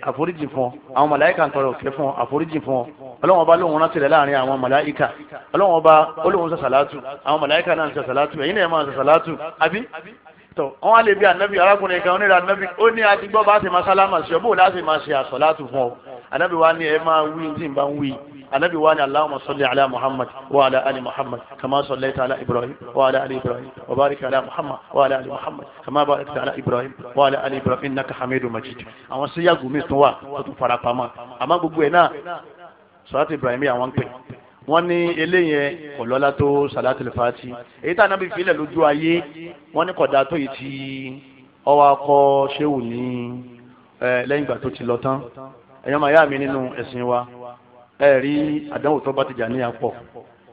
àforíjì fún àwọn màláìka ń tọrọ òkè fún àforíjì fún ọlọ́wọ́n ọba lóun rántí rẹ̀ láàrin àwọn màláìka ọlọ́wọ́n ọba ó lóun sàṣàlátù àwọn màláìka náà sàṣàlátù ẹ̀yin náà máa sàṣàlátù àbí tọ wọn wá lè bí anabi arákùnrin kan onírà anabi ó ní adigbọ́ bá ti máa sálámà sí ọ bó láti máa ṣe àsàlátù fún ọ anabi wa ni ẹ máa wí tí n bá ń wí anabi wa ni allahumma salli ala muhammad wa ala ali muhammad kama sallaita ala ibrahim wa ala ali ibrahim wa barik ala muhammad wa ala ali muhammad kama barakta ala ibrahim wa ala ali ibrahim innaka hamidum majid àwọn síyàgùn mi tún wà tó tún farapamọ́ àmọ́ gbogbo ẹ̀ náà sọ̀rọ̀ ti ibrahim yà wọ́n pè wọ́n ní eléyẹn kò lọ́lá tó salatul fati èyí tá ànábì filẹ̀ lójú ayé wọ́n ní kódà tó yìí ti ọwọ́ akọ ṣéwù ní lẹ́yìn ìgbà tó ti lọ tán ẹ̀yọ́ màá yá mi nínú ẹ̀sìn wa ẹ̀ rí àdánwò tó bá ti jà ní apọ̀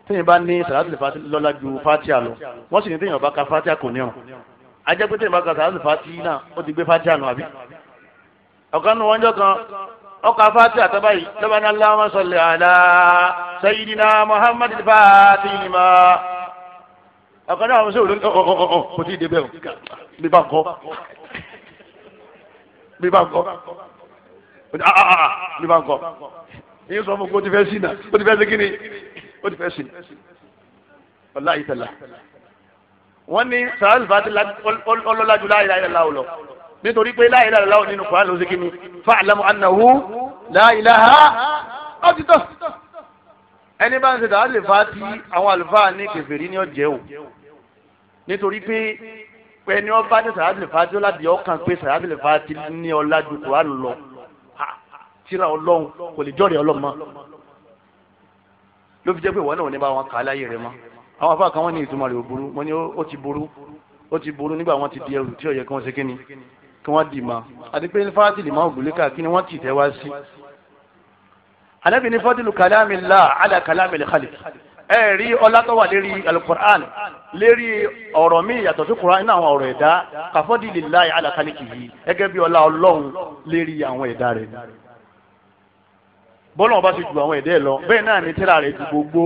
téèyàn bá ní salatul fati lọ́lá ju fatia lọ wọ́n sì ní téèyàn bá ka fatia kò ní ọ̀ ajẹ́ pé téèyàn bá ka salatul fati náà ó ti gbé fatia nù àbí ọ̀kan ọkà fati àtàbà yìí lọ́bàánà Allahumma salli ala sayyidina Muhammad fati yìí ma. ọ̀kan náà ṣe òun ọ̀ọ̀ kò tí ì débẹ̀ o bí bá ń kọ́ bí bá ń kọ́ bí bá ń kọ́ ìyẹn sọ fún kó o ti fẹ́ sí náà o ti fẹ́ sí kíni o ti fẹ́ sí ọ̀la ìtàlá wọ́n ní sàrẹ́lì fati ọlọ́lájú láyé láyé láwùlọ́ nítorí pé la ilaha illallah nínú Kùránì ló ṣe kí ni fa'lamu annahu la ilaha ọ̀títọ́ ẹni bá ń ṣe tàà lè fa ti àwọn àlùfáà ní kèfèrí ní ọ̀jẹ́ o nítorí pé ẹni ọba ní tàà lè fa ti ọ̀làdì ọkàn pé tàà lè fa ti ní ọ̀làdì Kùránì lọ tíra ọlọ́run kò lè jọ́rìí ọlọ́run mọ́ ló fi jẹ́ pé ìwọ náà ò ní bá wọn kà á láyé rẹ mọ́ àwọn afáà kan ní ìtumọ̀ rẹ̀ ò burú wọ́n ní ó ti burú ó ti burú nígbà wọn ti di ẹrù tí ó kí wọ́n ṣe kí ni kí wọ́n dì ma àti pé fáti lè máa gùlé ká kí ni wọ́n ti tẹ́ wá sí. ànábì ní fọ́dúlù kàlámì là àlà kàlámì lè khalif ẹ rí ọlá tó wà lérí alukur'an lérí ọ̀rọ̀ mi yàtọ̀ sí kur'an nínú àwọn ọ̀rọ̀ ẹ̀dá kàfọ́dì lè láyé àlà kálíkì yìí gẹ́gẹ́ bí ọlá ọlọ́run lérí àwọn ẹ̀dá rẹ̀ ni bọ́lá wọn ti ju àwọn ẹ̀dá ẹ̀ lọ bẹ́ẹ̀ náà ni tírà rẹ̀ ju gbogbo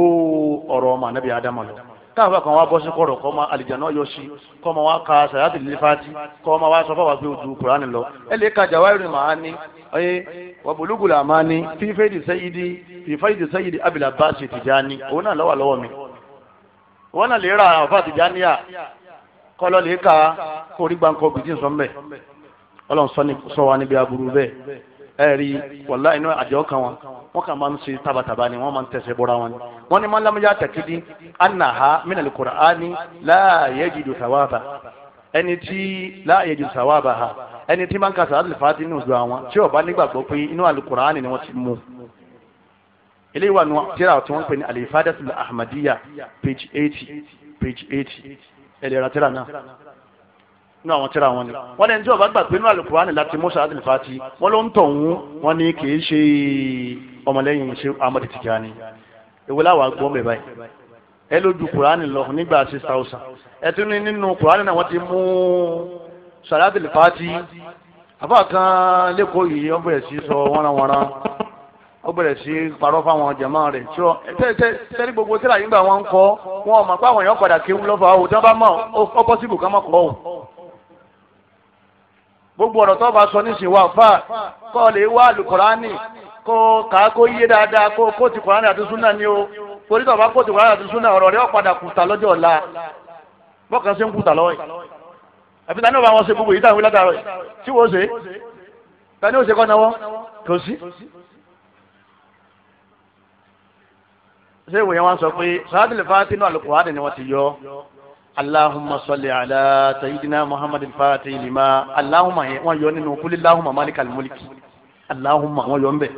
ọ̀rọ̀ ọmọ ànábì ádámù lọ káwọn bá kan wá bọ́ sí kọ̀rọ̀ kọ́ ma àlìjáná yọ sí kọ́ ma wá ka sàyàtì lífàtì kọ́ ma wá sọ fáwọn pé o ju kùránì lọ ẹ lè ka jàwáìrì màá ní ọyẹ wàbùlùgùlà màá ní fífẹ́ẹ̀dì sẹ́yìdì fífẹ́ẹ̀dì sẹ́yìdì abìlà báṣì tìjáni òun náà lọ́wọ́ lọ́wọ́ mi wọn náà lè ra àfà tìjáníyà kọ́lọ́ lè ka kórìgbàǹkọ́ bìtì sọ́mbẹ̀ ọlọ́run sọ wa níbi aburú bẹ́ẹ̀ ẹ̀rí wàlá inú àjọ kan wọn wọn kàn máa ń ṣe tabataba ni wọn máa ń tẹsẹ̀ bọ́ra wọn ni wọn ni máa ń lamuya takidi anaha minali kur'ani láàyè jìdù sawaba ẹni tí láàyè jìdù sawaba ha ẹni tí máa ń kasa alifati ní ojú àwọn tí ó nígbàgbọ́ pé inú alukur'ani ni wọ́n ti mú eléyìí wà ní tíra tí wọ́n pè ní alifadatul ahmadiyya page eighty page eighty ẹ̀lẹ́ra tíra náà nínú àwọn tíra wọn ni wọn ní ẹni tí ó bá gbà pé nínú àlùkùránì láti musa àti nìfàtì wọn ló ń tọ̀ ń wọn ní kì í ṣe ọmọlẹ́yìn ṣe Ahmad Tijani èwo láwa gbọ́ mẹ́ báyìí ẹ lójú kùránì lọ nígbà six thousand ẹ tún ní nínú kùránì náà wọ́n ti mú sàlátì nìfàtì àbá kan lẹ́kọ̀ọ́ yìí wọ́n bẹ̀rẹ̀ sí sọ wọ́nranwọ́nran ó bẹ̀rẹ̀ sí parọ́ fáwọn jàmáà rẹ̀ tí ó tẹ́lẹ̀ gbogbo tíra yìí gbà kọ́ wọn ò mọ̀ pé padà kéwú lọ́fà ó tí wọ́n bá mọ̀ ó pọ́sibù ká mọ̀ kọ́ ò gbogbo ọ̀rọ̀ tó bá sọ nísìnyí wà fà kọ́ lè wá alukurani kó kàá kó yé dáadáa kó kó ti kurani àti sunna ni o torí tó bá kó ti kurani àti sunna ọ̀rọ̀ rẹ̀ ọ̀padà kùtà lọ́jọ́ ọ̀la bọ́ọ̀kan ṣe ń kùtà lọ́wọ́ yìí àfi tani ó bá wọn ṣe gbogbo yìí táwọn ìlànà rẹ̀ tí wọ́n ṣe tani ó ṣe kọ́ náwọ́ kò sí. ṣé ìwòye wọn sọ pé sàádìlì fàtínú àlùkò اللهم صل على سيدنا محمد الفاتح لما اللهم wọ́n yọ nínú kúlí اللهم مالك الملك اللهم wọ́n yọ ń bẹ̀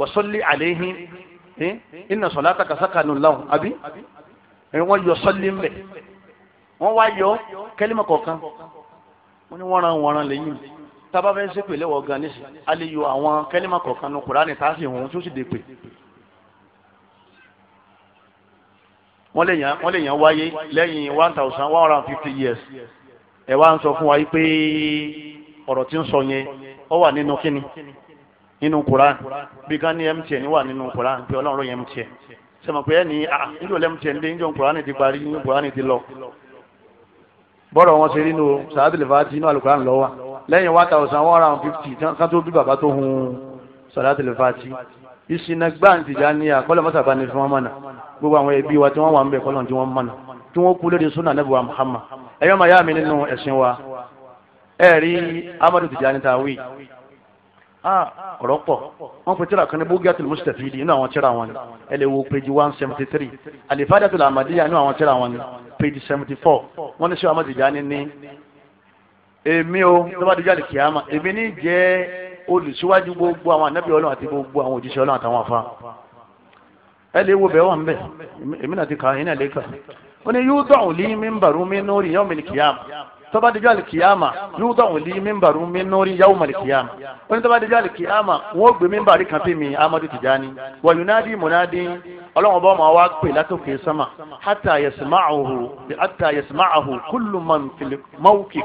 وصل عليهم إن صلاتك سكن لهم àbí wọ́n yọ sọ́lí ń bẹ̀ wọ́n wá yọ kẹ́límọ̀ kọ̀ọ̀kan wọ́n ní wọ́nran wọ́nran lẹ́yìn tábà fẹ́ sépè lẹ́wọ̀ gan nísì a lè yọ àwọn kẹ́límọ̀ kọ̀ọ̀kan ní Kùránì tá a sì hùn tó sì dé pè wọ́n lè yàn wọ́n lè yàn wáyé lẹ́yìn one thousand one hundred and fifty years ẹ wá ń sọ fún wa yìí pé ọ̀rọ̀ tí ń sọ yẹn ó wà nínú kíni nínú Quran bí ká ní MTN wà nínú Quran pé ọlọ́run yẹn MTN sọmọ pé ẹ ní à ah, nílò MTN dé níjọ Quran ti parí níjọ Quran ti lọ bọ́rọ̀ wọn ṣe nínú sàádìlì fàájì inú alukuran lọ́wọ́ lẹ́yìn one thousand one hundred and fifty kan tó bí bàbá tó hun sàádìlì fàájì ìṣìnà gbáǹtì já ní àkọlẹ̀ mọ́sàbá ní fún wọn mọ́nà gbogbo àwọn ẹbí wa tí wọ́n wà ń bẹ̀ kọ́lọ̀ tí wọ́n mọ́nà tí wọ́n kú lórí súnà nẹ́bùwà Muhammad ẹ̀yọ́ màá yá mi nínú ẹ̀sìn wa ẹ rí Amadu Tijani tàwí ọ̀rọ̀ pọ̀ wọ́n pe tíra kan ní bógíà tìlú mustafidi inú àwọn tíra wọn ni ẹ lè wo page one seventy three alifada tìlú amadiya inú àwọn tíra wọn ni page seventy four wọ́n ní sọ Amadu Tijani ní èmi o tó bá dijá lè kíyàmá èmi ní jẹ́ olùsíwájú gbogbo àwọn ànábì ọlọ́run àti gbogbo àwọn òjíṣẹ́ ọlọ́run àtàwọn afa ẹ lè wo bẹ́ẹ̀ wà ń bẹ̀ èmi náà ti kà á yín náà lè kà ó ní yóò dọ̀hùn lí mímbàrú mi tọ́ba dẹjọ́ alikiyama yóò dán wòlí mímbàrú mi nórí yawm alikiyama wọ́n ní tọ́ba dẹjọ́ alikiyama wọ́n gbé mímbàrí kan fi mi amadu tijani wa yunadi munadi ọlọ́wọ́n bá wọn wá pè látòkè sama hata yasma'ahu hata yasma'ahu kullu man fil mawqif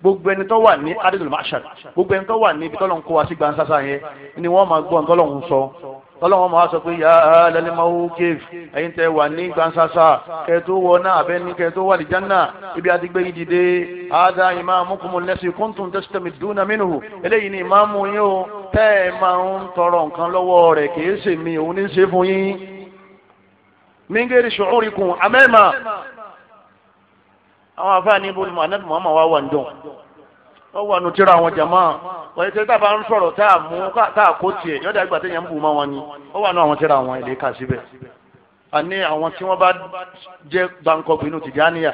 gbogbo ẹni tó wà ní adidul mashar gbogbo ẹni tó wà ní ibi wa sí gbansasa yẹn ni wọ́n máa gbọ́ ń sọ tọ́lọ́wọ́n máa sọ pé yà á lẹ́lẹ́mọ́wó kéf ẹ̀yin tẹ́ wà ní gbansasa kẹ́ẹ̀tó wọ náà abẹ́ ní kẹ́ẹ̀tó wà lìjánà ibi àti gbé yìí dìde ádá ìmáàmùkùmù lẹ́sì kúntùn tẹ́sítẹ́mì dúnà mínú eléyìí ni ìmáàmù yín o tẹ́ ẹ máa ń tọrọ nǹkan lọ́wọ́ rẹ̀ kìí ṣe mi òun ní ṣe fún yín. mingeri ṣùgbọ́n àwọn àfáà ní wọ́n wà nù tíra àwọn jàmá ọ̀yẹ́ tẹ́lẹ̀ tábà ń sọ̀rọ̀ tá a mú tá a kó tiẹ̀ yọ̀dà ìgbà téèyàn ń bù mọ́ wọn ni wọ́n wà nù àwọn tíra àwọn ilé kà síbẹ̀ àní àwọn tí wọ́n bá jẹ́ gbàǹkọ̀gbìn inú Tìjàníyà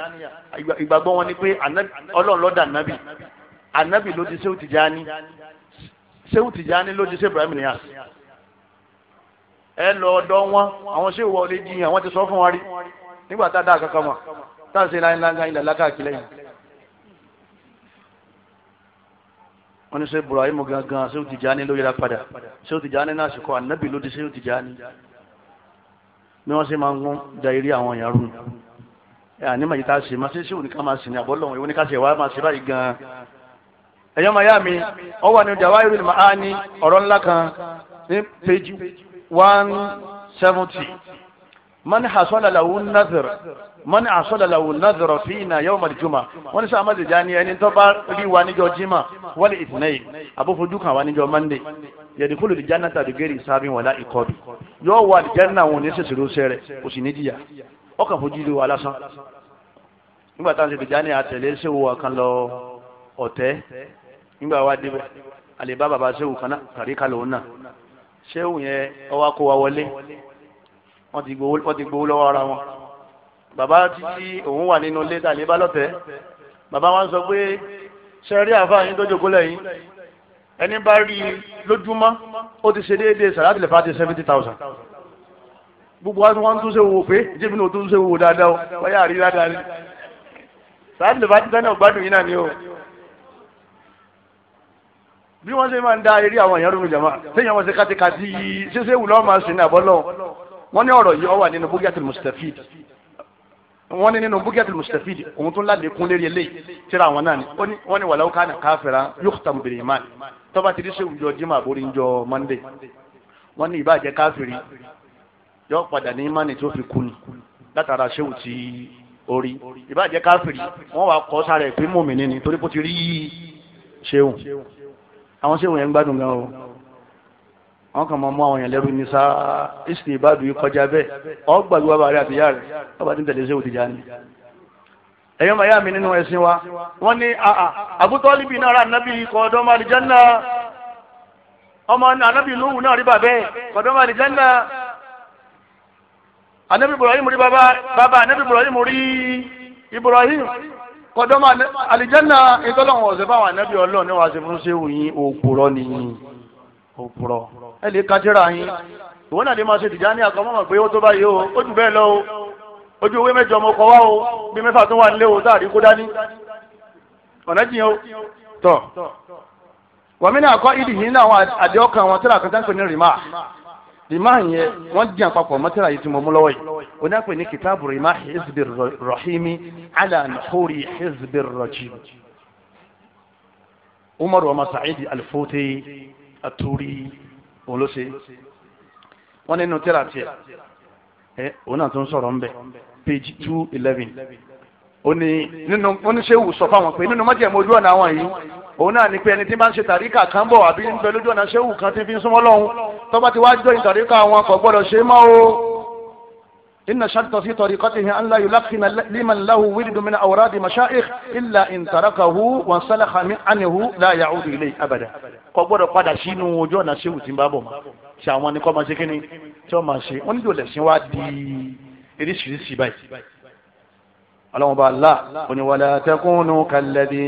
ìgbàgbọ́ wọn ni pé Ọlọ́run ló dá ànábì ànábì ló di Ṣéhù Tìjàní Ṣéhù Tìjàní ló di Ṣéhù Ibrahim Niyas ẹ lọ ọ̀dọ̀ wọn àwọn ṣé ìwọ jiyàn wọ́n ti sọ fún wa rí nígbà tá a dá àkàkọ́ mọ̀ tá a ṣe wọ́n ní sọ Ibrahim gangan ṣé ó Tijani ló yẹra padà ṣé ó Tijani náà sì kọ́ ànábì ló di ṣé ó Tijani ni wọ́n ṣe máa ń da eré àwọn èèyàn rú ní màjí tá a ṣe máa ṣe ṣé òní ká máa ṣe ní àbọ́lọ́wọ́n ìwé ní ká ṣe wá máa ṣe báyìí gan ẹ̀yọ́ màá mi ọ wà ní Jawahirul Ma'ani ọ̀rọ̀ ńlá kan ní page one seventy man hasola lahu nazar mọ́ni àsọ̀dàlàwò nàzọ̀rọ̀ sí iná yẹ́wò màdìjúmà wọ́n ní sáàmà dìjà ni ẹni tó bá rí wa níjọ́ jimá wọ́n lè ìtìnẹ́yìn àbófojú kan wa níjọ́ mande yẹ̀dìkúlù dìjà náà tàbí gẹ́rì sábì wọ̀lá ìkọ́bì yóò wà dìjà náà wọn ní sèṣirò sẹ́rẹ̀ kò sì ní jìyà ọkàn fojú rí wa lásán nígbà táwọn ṣe dìjà ni àtẹ̀lé ṣéwò wa kan lọ ọ̀tẹ́ nígbà wa débẹ̀ àlèbá bàbá ṣéwò kan kàrí kalẹ̀ òun náà ṣéwò yẹn ọwọ́ kó wa wọlé wọ́n ti gbowó lọ́wọ́ ara wọn Baba, Titi, òun wà nínú ilé tàlẹ́ bá lọ́tẹ̀ bàbá wa ń sọ pé sẹ́rí àfáàní tó jókòó lẹ́yìn ẹni bá rí lójúmọ́ ó ti ṣe déédéé sàrátì lè fàájì seventy thousand gbogbo wa wọn tún ṣe wò pé jébìnrin ò tún ṣe wò dáadáa o wọ́n yà rí dáadáa rí sàrátì lè fàájì sẹ́ni ọ̀gbádùn yìí náà ni o bí wọ́n ṣe máa ń dá eré àwọn èèyàn lóru jama téèyàn wọ́n ṣe kátikáti ṣíṣe wù lọ́ọ́ máa sìn ní àbọ́lọ́ wọ́n ní ọ̀rọ̀ yìí ó nínú bókíyàtì mustafid wọ́n ní nínú bukiyat mustafid òun tún lálẹ́kún lérí eléyìí tíra àwọn náà ni wọ́n ní wàláwó kánà káfẹ́ra yókùtàmù bèrè ìmáà tọ́ba ti rí sèwù jọ jimá àbórí ń jọ mọ́ndé wọ́n ní ìbàjẹ́ káfìrí yọ padà ní ìmánì tó fi kú ni látara sèwù ti orí ìbàjẹ́ káfìrí wọ́n wà kọ́ sára ẹ̀ pé mùmínì ni torí kó ti rí sèwù àwọn sèwù yẹn ń gbádùn gan o àwọn kan máa mú àwọn èèyàn lẹ́rú ní sáà ìsìn ìbádù yìí kọjá bẹ́ẹ̀ ọgbà ló wà bá rẹ àti ìyá rẹ ọba tí ń tẹ̀lé sí òtìjà ni. ẹ̀yọ́ màá yá mi nínú ẹ̀sìn wa wọ́n ní Abu Talib náà rà nábì kọ́ ọ̀dọ́ máa lè jẹ́nà ọmọ anábì lóhùn náà rí bàbẹ́ kọ́ ọ̀dọ́ máa lè jẹ́nà anábì Ibrahim rí bàbá bàbá anábì Ibrahim rí Ibrahim kọ́ ọ̀dọ́ máa lè jẹ́nà ẹ lè ka tírà yín ìwọ náà lè máa ṣe tìjáni àkọ́mọ́mọ́ pé ó tó báyìí o ó jù bẹ́ẹ̀ lọ o ojú owó mẹ́jọ ọmọ kọ wá o bí mẹ́fà tó wà nílé o táàrí kó dání ọ̀nà jìyàn o tọ̀ wọ́n mi náà kọ́ ìdí yìí ní àwọn àdé ọkàn wọn tíra kan tán pè ní rìmá rìmá yẹn wọ́n jẹ́ àpapọ̀ mọ́ yìí tí mo mú lọ́wọ́ yìí o náà pè ní kìtàbù rìmá hizbi òun ló ṣe wọ́n nínú tírà tiẹ̀ ẹ òun náà tó ń sọ̀rọ̀ ń bẹ̀ page two eleven ó ní nínú ó ní ṣéwù sọ fáwọn pé nínú májèmó ojú ọ̀nà àwọn yìí òun náà ní pé ẹni tí bá ń ṣe tàríkà kan bọ̀ àbí ń bẹ lójú ọ̀nà ṣéwù kan ti fi ń súnmọ́ lọ́hùn tó bá ti wá jọyìn tàríkà wọn kò gbọ́dọ̀ ṣe é mọ́ o. إن شرط في طريقته أن لا يلقن لمن له ولد من أوراد مشائخ إلا إن تركه وانسلخ عنه لا يعود إليه أبدا kọgbọ́dọ̀ padà sínú ojú ọ̀nà ṣéwù tí ń bá bọ̀ mọ́ ṣe àwọn ni kọ́ máa ṣe kí ni tí wọ́n máa ṣe wọ́n nílò lẹ́sìn wá di eríṣiríṣi báyìí ọlọ́run bá là oníwàlẹ̀ àtẹkùnú kàlẹ́bí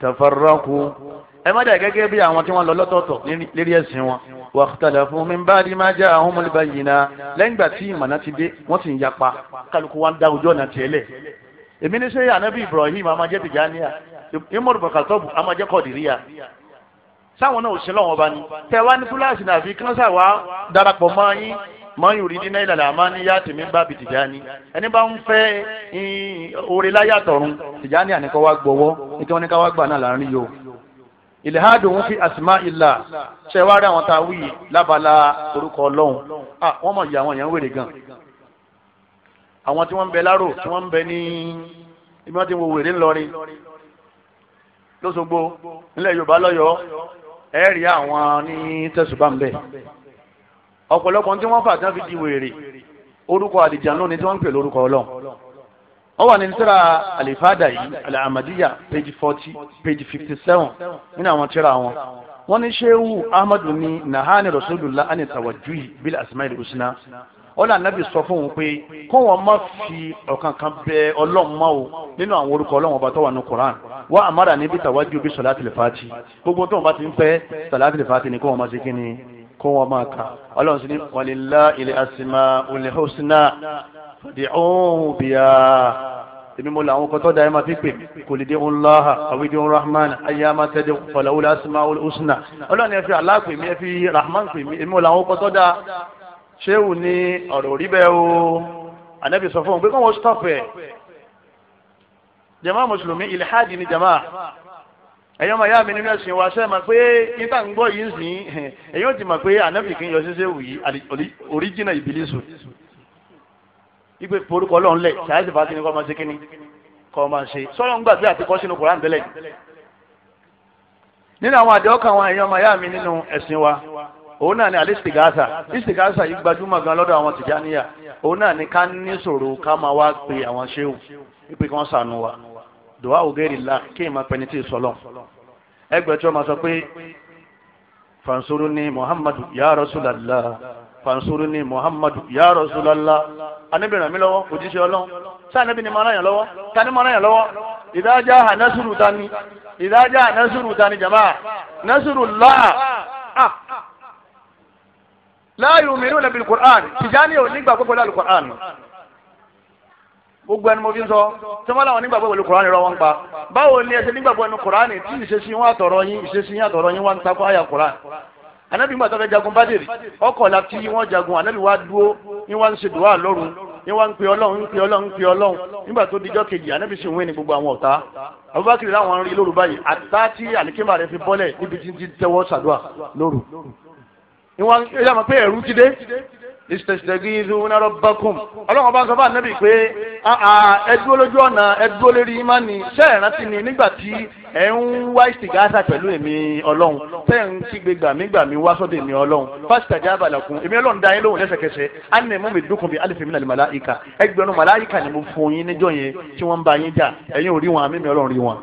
tẹ̀fọ́rọ́kù ẹ má dà gẹ́gẹ́ bí àwọn tí wọ́n lọ lọ́tọ̀ọ̀tọ̀ lérí ẹ̀sìn wọn wakhtalafu min ba'di ma ja'ahumul bayyina lẹ́yìn ìgbà tí ìmọ̀nà ti dé wọ́n sì ń yapa kálukú wa ń da ojú ọ̀nà tiẹ̀ lẹ̀ èmi ní sẹ́yìn anabi ibrahim amajẹ́ tìjànìyà imọ̀rù bàkàtọ́bù amajẹ́ kọ̀dìríyà sáwọn náà ò sí lọ́wọ́ bá ní tẹ́ wá ní fúláàsì náà fi kánṣà wá darapọ̀ mọ́ yín mọ́ yìí rí nínú ìlànà àmọ́ ní yá tèmi bá bi ìlẹ́hàdùn fi àsìmá ìlà ṣẹ̀wárí àwọn tá a wí lábala orúkọ ọlọ́run wọ́n mọ̀ yí àwọn èèyàn wèrè gan àwọn tí wọ́n ń bẹ láró tí wọ́n ń bẹ ní ibi wọ́n ti wo wèrè ńlọrin lọ́sọ̀gbọ́ nílẹ̀ yorùbá lọ́yọ̀ọ́ ẹ̀ẹ́rì àwọn ní tẹ̀sùbá ń tí wọ́n fà tí wọ́n fi di wèrè orúkọ àlìjànú ni tí wọ́n ń pè lórúkọ ọlọ́run ó wà nínú tíra àlìfáàdà yìí alàmàdíyà page forty page fifty seven nínú àwọn tíra wọn wọn ní sehu ahmadu ní nahani rasulullah ani tawajjuhi bil asma'il husna ọlọ anabi sọ fún òun pé kó wọn má fi ọ̀kan kan bẹ ọlọ́run má o nínú àwọn orúkọ ọlọ́run ọba tó wà ní koran wà àmàrà níbi tawajjuhi bí salatil fati gbogbo tó wọn bá ti ń fẹ́ salatil fati ni kó wọn má ṣe kí ni kó wọn má ka ọlọ́run sì ní walillahi al asma'ul husna fàdí ọ̀hún bíyà èmi mo làwọn kọ́tọ́ da ẹ máa fi pè kò lè dé ń láha àwọn ìdí ń rahman ayé a máa tẹ́lẹ̀ fọlọ́wọ́ lásìmá olùsùnà ọlọ́run ẹ fi Allah pè mí ẹ fi rahman pè mí èmi mo làwọn kọ́tọ́ da ṣéwù ni ọ̀rọ̀ rí bẹ́ẹ̀ o ànábì sọ fún un pé kọ́ wọ́n stop ẹ̀ jama mùsùlùmí ilhadi ni jama ẹ̀yọ́ máa yá mi nínú ẹ̀sìn wa ṣe máa pé níta ń gbọ́ yìí sìn ẹ̀yọ́ ti máa pé ànábì kì í yọ sí ṣéwù yìí oríjìnà ìbílísù igbe forúkọ ọlọ́run lẹ̀ ṣáàtì fàtí ni kọ́ máa ṣe kíní kọ́ máa ṣe sọ́yọ́ ń gbàgbé àti kọ́ sínú koran tẹ́lẹ̀ nínú àwọn àdéhùn kan àwọn èèyàn ọmọ ayá mi nínú ẹ̀sìn wa òun náà ni alẹ́ sìgáàsà sìgáàsà yìí gbajúmọ̀ gan lọ́dọ̀ àwọn tìjáníyà òun náà ni ká ní ṣòro ká máa wá pe àwọn ṣéwù pípé kí wọ́n sànù wa dùwà ògèrè la kí n máa pẹni tí ì sọlọ ẹgbẹ́ tí wọ́n máa sọ pé fansuru ni muhammadu ya rasulallah fansuru ni muhammadu ya rasulallah anabi ràn mí lọ́wọ́ òjíṣẹ́ ọlọ́run sáà anabi ni mara yàn lọ́wọ́ tani mara yàn lọ́wọ́ ìdájà anasuru tani ìdájà anasuru tani jama nasuru laa ah láàyò mìíràn lẹ́bi qur'an tìjáni ò nígbà gbogbo lálù qur'an gbogbo ẹni mo fi ń sọ tí wọn làwọn nígbàgbọ́ qur'an rọ wọn pa báwo ni ẹsẹ̀ nígbàgbọ́ ẹnu qur'an tí ìṣesí wọn àtọ̀rọ̀ yín ìṣesí yín àtọ̀rọ̀ yín wọn ń takò qur'an anabi ma tọ́fẹ́ jagun bádìrì ọkọ̀ọ̀la tí wọ́n jagun anabi wa dúró ní wọ́n ń ṣe dùwà lọ́rùn ní wọ́n ń pe ọlọ́run ń pe ọlọ́run ń pe ọlọ́run nígbà tó dijọ́ kejì anabi sì ń wé ní gbogbo àwọn ọ̀tá abubakar làwọn ń rí lóru báyìí àtá tí alikima rẹ fi bọ́lẹ̀ níbi tí ń ti tẹ́wọ́ ṣàdúà lóru. ìwọ̀n ìyá mọ̀ pé ẹ̀rú ti dé istastaghithuna rabbakum ọlọ́run bá ń sọ fún ànábì pé ẹdúró lójú ọ̀nà ẹdúró lérí ìmánì sẹ́ẹ̀ rántí ni nígbà tí ẹ ń wá ìsìgáàsà pẹ̀lú èmi ọlọ́run sẹ́ẹ̀ ń kígbe gbàmí gbàmí wá sọ́dọ̀ èmi ọlọ́run fastajaba lakum èmi ọlọ́run dá yín lóhùn lẹ́sẹ̀kẹsẹ̀ ánì mú mi dúkùn bí alifin mi nà lè màláìka ẹgbẹ̀rún màláìka ni mo fún yín níjọ́ yẹn tí wọ́n ń bá yín jà ẹ̀yin ò rí wọn àmì mi ọlọ́run rí wọn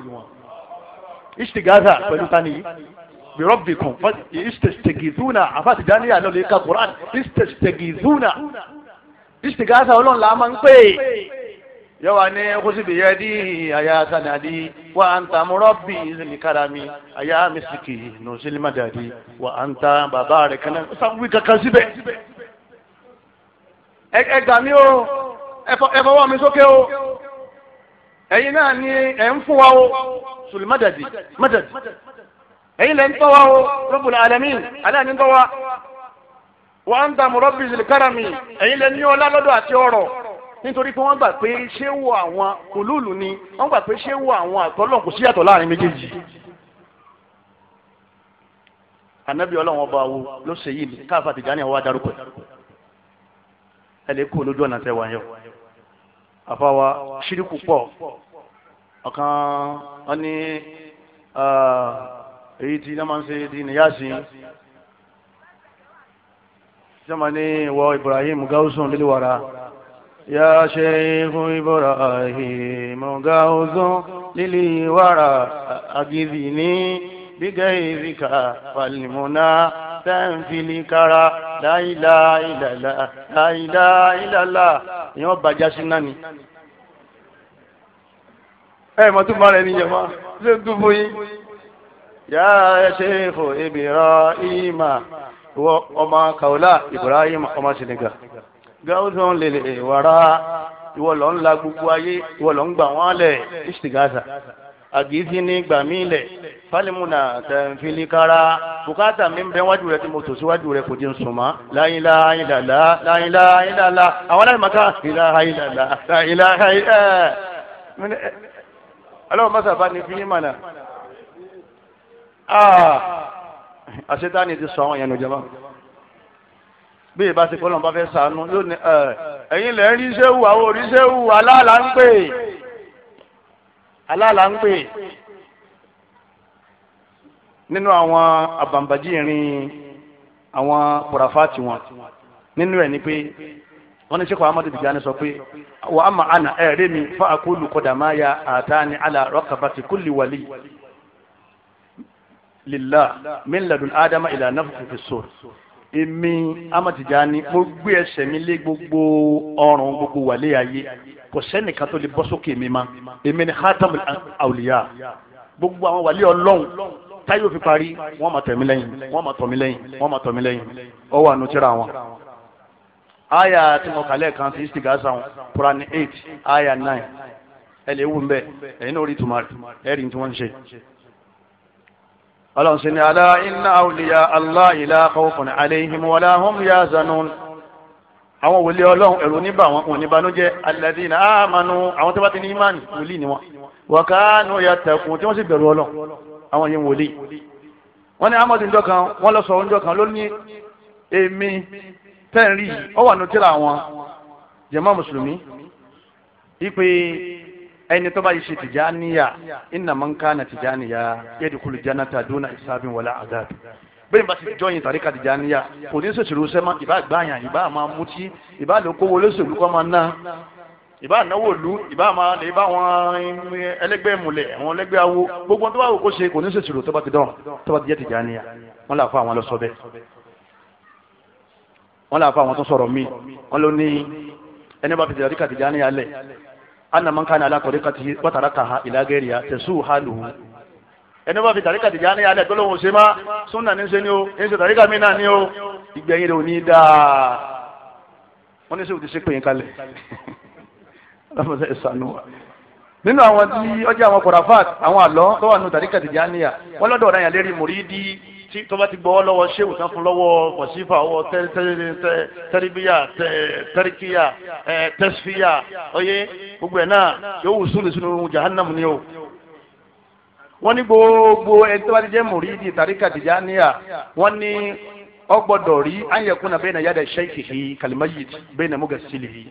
ìsìgáàsà pẹ̀lú tani yìí birọ́bìkùn ìṣtẹ̀gìzúnà àfàtì dáníyà náà lè ka Quran ìṣtẹ̀gìzúnà ìṣtẹ̀gàsà ọlọ́run là máa ń pè é yọ̀wá ní kùsìbì yẹ dí àyà sanadi wà á ń ta mọ́rọ́bì ìzìnìkàrami àyà mísìkì nùsílímàdàdì wà á ń ta bàbá rẹ̀ kanáà sáwùí kankan síbẹ̀ ẹ gbà mí o ẹ fọwọ́ mi sókè o ẹ̀yin náà ni ẹ̀ ń fún wa o sùlùmádàdì mádàdì ẹ̀yin lẹ́ ń tọ́ wa o Rabbul Alamin aláàánú tọ́ wa wa anta murabbi zil karami ẹ̀yin lẹ́ ní ọlá lọ́dọ̀ àti ọ̀rọ̀ nítorí pé wọ́n gbà pé ṣé wo àwọn olóòlù ni wọ́n gbà pé ṣé wo àwọn àtọ́lọ̀ kò sí láàrin méjèèjì. anabi ọlọ́run ọba wo ló ṣe yìí káfa tìjáni àwọn adarúkọ ẹ lè kú olójú ọ̀nà tẹ́wàá yọ àfàwà ṣírí púpọ̀ ọ̀kan ọ ní. Ah, èyí tí wọ́n máa ń ṣe di nìyáàsì jọ́mà ní ìwọ Ibrahim gáúsùn lílúwàrà ya ṣeéhù Ibrahim gáúsùn lílúwàrà àgìzì ní bígẹ́ ìzìkà falimuna tẹ́ǹfìlì kára láìláìlàlá ìyọ́n bàjá sí náà ni ẹ̀ mọ̀ tó máa rẹ̀ níyẹn máa ṣe ń dúbò yá ṣéfò ibrahima wọ ọmọ kaula ibrahima ọmọ senegal gáúsùn lèlè ìwàrà ìwọ lọ ń la gbogbo ayé ìwọ lọ ń gbà wọn lẹ ìṣìgáṣà àgìsí ní gbàmílẹ fálímùnà tẹnfilikara bùkátà mi ń bẹ wájú rẹ tí mo tò síwájú rẹ kò di nsùnmọ láyínlá ayínlàlá láyínlá ayínlàlá àwọn aláìmọ̀ká ìlà ayínlàlá ìlà ayínlá ọlọ́run mọ́sàbá ni fi yín mọ̀nà. Ah! àṣetáni ti sọ àwọn yẹn nìjọba bí ìbá ti kọ́ lọ́n bá fẹ́ sànú yóò ní ẹ̀yin lẹ́ ń rí sẹ́wù àwọn oríṣẹ́wù aláàlá ń pè aláàlá ń pè nínú àwọn àbàǹbàjì ìrìn àwọn kùràfáàtì wọn nínú ẹ̀ ni pé wọ́n ní sẹ́kọ̀ amadu tijani sọ pé wà á mà ánà ẹ̀rẹ́ mi fún akólukọ̀dàmáyà àtàní alà rọ́kàbàtì kúlì lillah min ladun adama ila nafsi fi sur èmi amatijani mo gbé ẹsẹ̀ mi lé gbogbo ọrùn gbogbo wàlẹ́ ayé kò sẹ́nìkan tó lè bọ́ sókè mi ma èmi ni khatamul awliya gbogbo àwọn wàlẹ́ ọlọ́run táyọ̀ fi parí wọ́n máa tẹ̀mí lẹ́yìn wọ́n máa tọ̀mí lẹ́yìn wọ́n máa tọ̀mí lẹ́yìn ọ wà nùtírà wọn. aya tí mo kàlẹ́ kan sí istigasa wọn Quran eight aya nine ẹ lè wù mbẹ ẹ̀yin náà rí tùmọ̀ ẹ̀rí tí wọ́n ọlọ́run sì ni ala inna awliya allah la khawfun alayhim wala hum yazanun àwọn wòlé ọlọ́run ẹ̀rù níbà wọn kò ní banújẹ́ alladhina amanu àwọn tó bá ti ní imáni wòlí ni wọn wa kanu yattaqun tí wọ́n sì bẹ̀rù ọlọ́run àwọn yẹn wòlí wọ́n ní amadu njọ́ kan wọ́n lọ sọ njọ́ kan ló ní èmi tẹ́ẹ̀rì ọwọ́ ànútìrà àwọn jàmá mùsùlùmí ipe ẹni tó bá yìí ṣe tìjáníyà iná máa ń ká na tìjáníyà yẹ di kulu jánata dúnà ìsábìn wàlá àdáàbì bẹ́ẹ̀ ni bá ti jọ yin tàríkà tìjáníyà kò ní sòṣèlú sẹ́mà ìbá gbáyàn ìbá máa mutí ìbá lè kówó lóṣèlú kọ́ máa ná ìbá náwó lu ìbá máa lè bá wọn ẹlẹgbẹ́ múlẹ̀ àwọn ẹlẹgbẹ́ awo gbogbo tó bá wò kó ṣe kò ní sòṣèlú tó bá ti dán tó bá ti jẹ́ tìjáníyà wọ́n là fún àwọn lọ sọ bẹ́ẹ̀ wọ́n là fún àwọn tó sọ̀rọ̀ mí wọ́n ló ní ẹni fi tàríkà tìjáníyà lẹ̀ anna man kana ala tariqatihi wa tarakaha ila ghayriha tasu haluhu ẹni bá fi tàríkà tìjà ní alẹ́ gbọ́lọ́hùn ṣe má súnà ní ṣe ni o ní ṣe tàríkà mí náà ni o ìgbẹ̀yìn rẹ̀ ò ní dáa wọ́n ní sèwọ́n ti ṣe pé yín kalẹ̀ wa nínú àwọn tí ọjà àwọn kọ̀ràfáàt àwọn àlọ́ tó wà nù tàríkà tìjà níyà wọ́n lọ́dọ̀ ọ̀dà yàn lérí mùrídìí tí tó bá ti gbọ́ lọ́wọ́ ṣéwù tán fún lọ́wọ́ wọ̀sífà ọwọ́ tẹ́ríbíyà tẹ́ríkíyà tẹ́sífíyà ọyẹ gbogbo ẹ̀ náà yóò wù sùn lùsùn lùhùn jahannam ni o. wọ́n ní gbogbo ẹni tó bá ti jẹ́ mùrídìí tàríkà tìjàníyà wọ́n ní ọgbọ́dọ̀ rí ayẹ̀kún náà bẹ́ẹ̀ náà yáda ṣẹ́kìhì kalimayit bẹ́ẹ̀ náà mugasilihi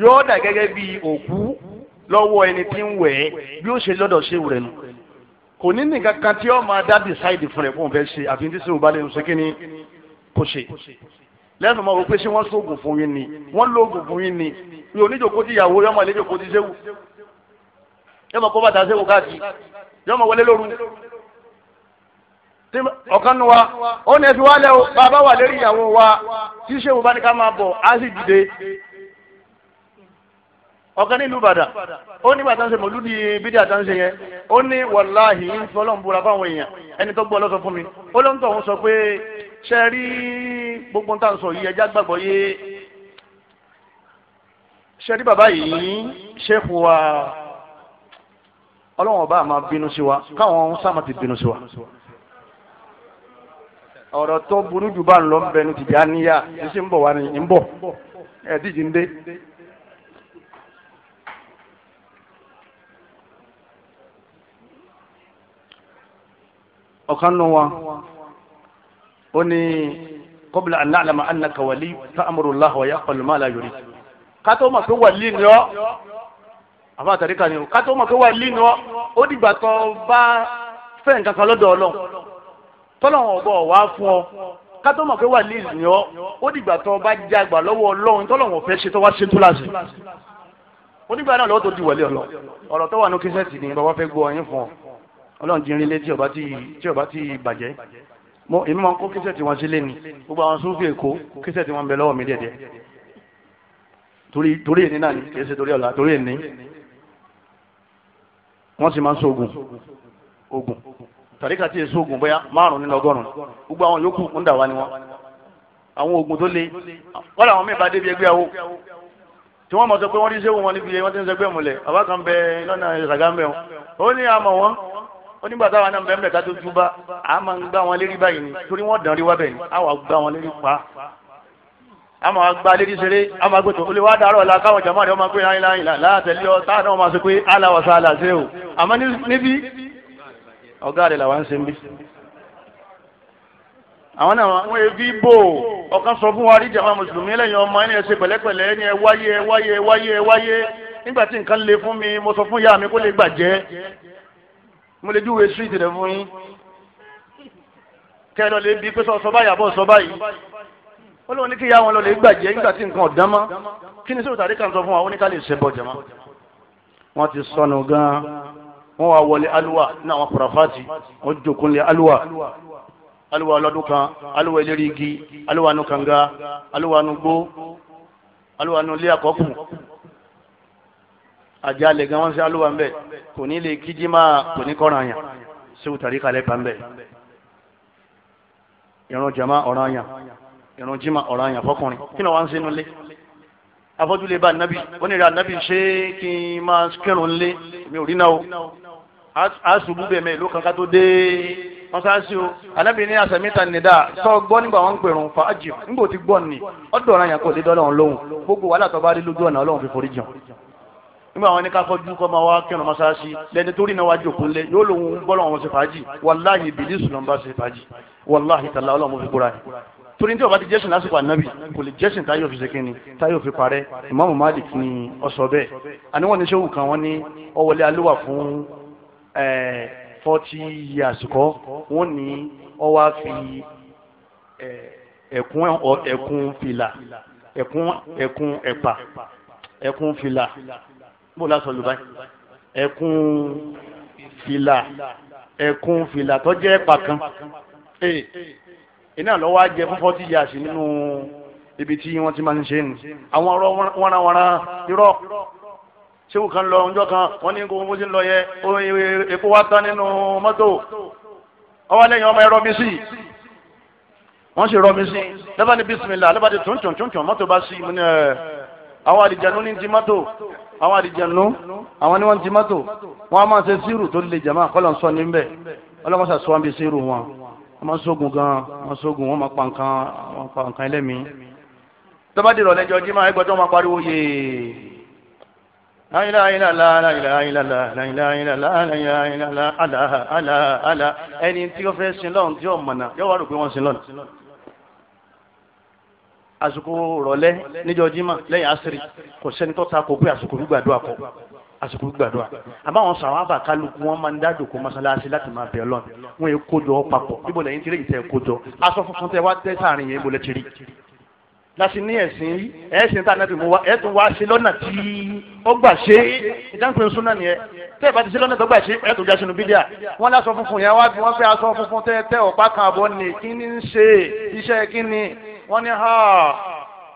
yóò dà gẹ́gẹ́ bí òkú lọ́wọ́ ẹni tí ń wẹ̀ bí ó ṣe lọ́dọ̀ ṣéwù rẹ̀ nù kò ní nìkan kan tí ó máa dá decide fún rẹ̀ kó n fẹ́ ṣe àfi ní sèwọ́n balẹ̀ ṣe kí ni kò ṣe lẹ́nu ma wo pé ṣé wọ́n sóògùn fún yín ni wọ́n lóògùn fún yín ni mi ò ní jòkó ti ìyàwó yọ́mọ lé jòkó ti séwu yọ́mọ kó bàtà séwu káàkiri yọ́mọ wọlé lóru ọ̀kan nu wa ó ní ẹ fi wá lẹ́ bàbá wà lérí ìyàwó wa tí sèwọ́n bá ní ká máa bọ̀ á sì dìde ọ̀kan nílùú Ìbàdàn ó ní bàtà ń ṣe mọ̀lú ní bídí àtà ń ṣe yẹn ó ní wàláhì ń fi ọlọ́run búra fáwọn èèyàn ẹni tó gbọ́ lọ́sọ fún mi ó ló ń tọ̀ ń sọ pé ṣe rí gbogbo tá à ń sọ yìí ẹjá gbàgbọ́ yé ṣe rí bàbá yìí ṣéèkù wa ọlọ́run ọba àmà bínú sí wa káwọn sáàmà ti bínú sí wa ọ̀rọ̀ tó burú jù bá ń lọ ń bẹnu tìjà níyà ní sí ń bọ̀ wá ní ń bọ̀ ẹ̀ẹ́díjì ń dé ọ̀kan nù wọn ó ní kọ́bìlà aláàlámà annaka wàlí ta'amuru Allah wa yaqbalu ma la yurid kátó mọ̀ pé wàlí ni ọ́ àbá àtàríkà ni ọ́ kátó mọ̀ pé wàlí ni ọ́ ó dìgbà tó bá fẹ́ nǹkan kan lọ́dọ̀ ọlọ́run tọ́lọ́run ọ̀bọ̀ wá fún ọ kátó mọ̀ pé wàlí ni ọ́ ó dìgbà tó bá jẹ́ àgbà lọ́wọ́ ọlọ́run tọ́lọ́run ọ̀fẹ́ ṣe tó wá ṣe tó láṣẹ onígbà náà lọ́wọ́ tó di wàlí ọlọ́run ọ̀rọ̀ tó wà ní kíṣẹ́ẹ̀tì ni bàbá fẹ́ gbọ́ ọyìn fún ọ ọlọ́run ti rinlé tí ọba ti bàjẹ́ mo èmi máa ń kó kíṣẹ́ tí wọ́n ṣe lé ni gbogbo àwọn súnfì èkó kíṣẹ́ tí wọ́n ń bẹ lọ́wọ́ mi dẹ̀dẹ̀ torí èní náà ni kìí ṣe torí ọ̀la torí èní wọ́n sì máa ń ṣoògùn oògùn tàríkà tí èso oògùn bóyá márùn-ún nínú ọgọ́rùn-ún gbogbo àwọn yòókù ń dà wá ni wọ́n àwọn oògùn tó le wọ́n làwọn mẹ́ta débi ẹgbẹ́ àwọ̀ tí wọ́n mọ̀ sọ pé wọ́n rí sẹ́wọ̀n wọn níbi wọ́n ti ń sẹgbẹ́ mọ̀lẹ̀ àbá kan bẹ lọ́nà ìṣàgámbẹ̀ wọn ó ní àmọ̀ wọn onígbà táwọn náà bẹ́ẹ̀ mẹ́ta tó túbá a máa ń gbá wọn lérí báyìí ni torí wọ́n dàn rí wá bẹ́ẹ̀ ni a wà gbá wọn lérí pa a máa gbá lérí ṣeré a máa gbé tó olè wá dàrọ̀ la káwọn jàmáà rẹ̀ ọmọ pé láyé láyé látẹ̀lé ọ táwọn náà máa sọ pé aláwọ̀sá aláṣẹ o àmọ́ níbi ọ̀gá rẹ̀ làwọn ń ṣe ń bí àwọn náà wọn ebi bò ọkàn sọ fún wa rí jàmá mùsùlùmí lẹ́yìn ọmọ ẹni ẹsẹ pẹ̀lẹ́pẹ̀lẹ́ ẹni ẹ wáyé ẹ wáyé ẹ wáyé nígbà tí nǹkan le fún mi mo sọ fún ìyá mi kó lè gbàjẹ́ mo lè júwe street rẹ fún yín kẹ́ ẹ lọ lè bí pé sọ sọ báyìí àbọ̀ sọ báyìí ó lóun ní kí ìyá wọn lọ lè gbàjẹ́ nígbà tí nǹkan ọ̀dán mọ́ kí ni sóòtà àríkà ń sọ fún wa ó ní ká lè ṣẹbọ jẹ̀mọ́ wọ́n ti sọnù gan-an wọ́n wá wọlé alúwà ní àwọn kùràfáàtì wọ́n jókòó lé alúwà alúwà ọlọ́dún kan alúwà elérígi alúwà nù kànga alúwà nù gbó alúwà nù lé àkọ́kù àjálẹ̀ gan wọ́n sí alúwa ń bẹ̀ kò ní lè kí jímá kò ní kọ́ra yàn síwù tàrí kalẹ̀ bá ń bẹ̀ ìrun jama ọ̀ràn yàn ìrun jímá ọ̀ràn yàn fọkùnrin kí ni wọ́n ń sinú lé afọ́jú lè bá nábì ó ní ra nábì ṣé kí n máa kírun lé mi ò rí náà o a ṣubú bẹ̀ mẹ́ ìlú kankan tó dé wọ́n sá sí o anábì ní àṣẹmíta nìdá sọ gbọ́ nígbà wọn ń pèrún fàájì nígbò tí gbọ́ ni ọ̀dọ̀ ọ̀ràn yàn kò lè dọ́lọ́run lóhùn gbogbo wàhálà tó bá rí lójú ọ̀nà ọlọ́run fi forí jàn nígbà wọn ní ká fọjú kọ́ máa wá kírun mọ́ṣáláṣí lẹ́ni torí náà wá jókòó ńlẹ̀ yóò lòun bọ́lọ̀ wọn ṣe fàájì wàláhì ìbílísù náà ń bá ṣe fàájì wàláhì tàlà ọlọ́run fi kúra ẹ̀. torí tí o bá ti jẹ́sìn lásìkò ànábì kò lè jẹ́sìn táyọ̀ fi ṣe kínni táyọ̀ fi parẹ́ ìmáàmù Malik ni ọ̀sọ̀ bẹ́ẹ̀ àní ní ṣéwù kan wọ́n ní ọwọ́lé alúwà fún forty bó lásán yorùbá ẹkún fìlà ẹkún fìlà tó jẹ́ ẹ̀pà kan iná lọ́wọ́ á jẹ fún forty years nínú ibi tí wọ́n ti máa ń ṣe nù àwọn ọ̀rọ̀ wọ́nrawọ́nra irọ́ ṣéwù kan lọ ọjọ́ kan wọ́n ní gbogbo sí lọ yẹ epo wá tán nínú mọ́tò ọwọ́ lẹ́yìn ọmọ ẹ̀rọ mi sí wọ́n sì rọ mi sí lẹ́bàá ní bísímìlà lẹ́bàá ní tùntùntùntùn mọ́tò bá sí mi ní ẹ̀ àwọn àdìjànú ní ti mọ́tò àwọn àdìjànú àwọn ni wọ́n ti mọ́tò wọ́n á máa ṣe sírù tó lè jàmá kọ́lọ̀ ń sọ níbẹ̀ ọlọ́kọ́ sà sọ wọn bí sírù wọn wọ́n máa sógun gan wọ́n sógun wọ́n máa pa nǹkan wọ́n pa nǹkan ẹlẹ́mi tọ́ba dìrọ̀ lẹ́jọ́ jí máa ẹgbẹ́ tó máa pariwo yé ẹni tí ó fẹ́ sin lọ́run tí ó mọ̀nà yóò wá rò pé wọ́n sin lọ́run àsìkò rọ̀lẹ́ níjọ́ jimá lẹ́yìn asiri kò sẹ́ni tó ta kò pé àsìkò gbígbàdúrà kọ àsìkò gbígbàdúrà àmọ́ àwọn sàwábà kálukú wọn máa ń dádòkó mọ́sálásí láti máa bẹ̀rẹ̀ lọ́nà wọn èkó jọ papọ̀ níbo lẹ́yìn tí lè tẹ̀ kó jọ aṣọ funfun tẹ wá tẹ́ sáàrin yẹn níbo lẹ́ láti ní ẹ̀sìn yìí ẹ̀sìn tá a nàbì mú wa ẹ̀ tún wá ṣe lọ́nà tí ó gbà ṣe ìdáhùn súnà nìyẹn tẹ́ ẹ̀ bá ti ṣe lọ́nà tó gbà ṣe ẹ̀ tún já sínú bídíà wọ́n láṣọ funfun yẹn wá bí wọ́n fẹ́ aṣọ funfun tẹ́ tẹ́ ọ̀pá kan àbọ̀ ni kí ni ń ṣe iṣẹ́ kí ni wọ́n ní ha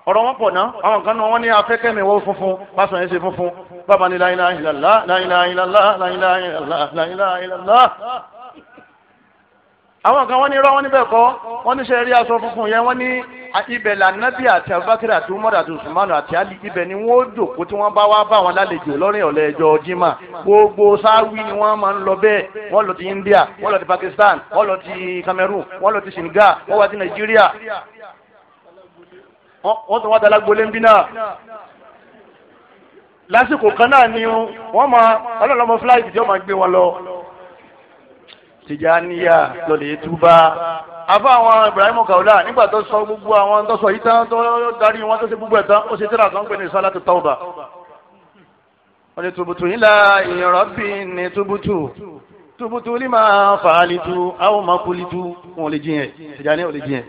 ọ̀rọ̀ wọn pọ̀ náà àwọn kan náà wọ́n ní afẹ́kẹ́ mi wọ́n funfun pásọ̀ yẹn ṣe funfun bàbá ni láyìnláyìnlá àwọn kan wọ́n ní irọ́ wọ́n ní kọ́ wọ́n ní sẹ́ẹ̀rí aṣọ funfun yẹn wọ́n ní ibẹ̀ lànàbí àti abubakar àti umar àti usman àti ali ibẹ̀ ni wọ́n jòkó tí wọ́n bá wá bá wọn lálejò lọ́rìn ọ̀lẹ́ ẹjọ́ jimá gbogbo sáwí ni wọ́n máa ń lọ bẹ́ẹ̀ wọ́n lọ ti india wọ́n lọ ti pakistan wọ́n lọ ti cameroon wọ́n lọ ti senegal wọ́n wá ti nàìjíríà wọ́n tún wá dá lágbolé ń bí náà lásìkò kan náà ni wọ́n máa ọlọ́lọ́mọ tìjànìyà lọlẹ túbà afa àwọn ibrahim kaula nígbà tó sọ gbogbo àwọn tó sọ yìí tán tó darí wọn tó ṣe gbogbo ẹ tán ó ṣe tíra kan pé ní sálátù tauba wọn ni tubutu ila rabbi ni tubutu tubutu lima fa'alitu aw ma qulitu wọn lè jiyàn tìjànìyà ò lè jiyàn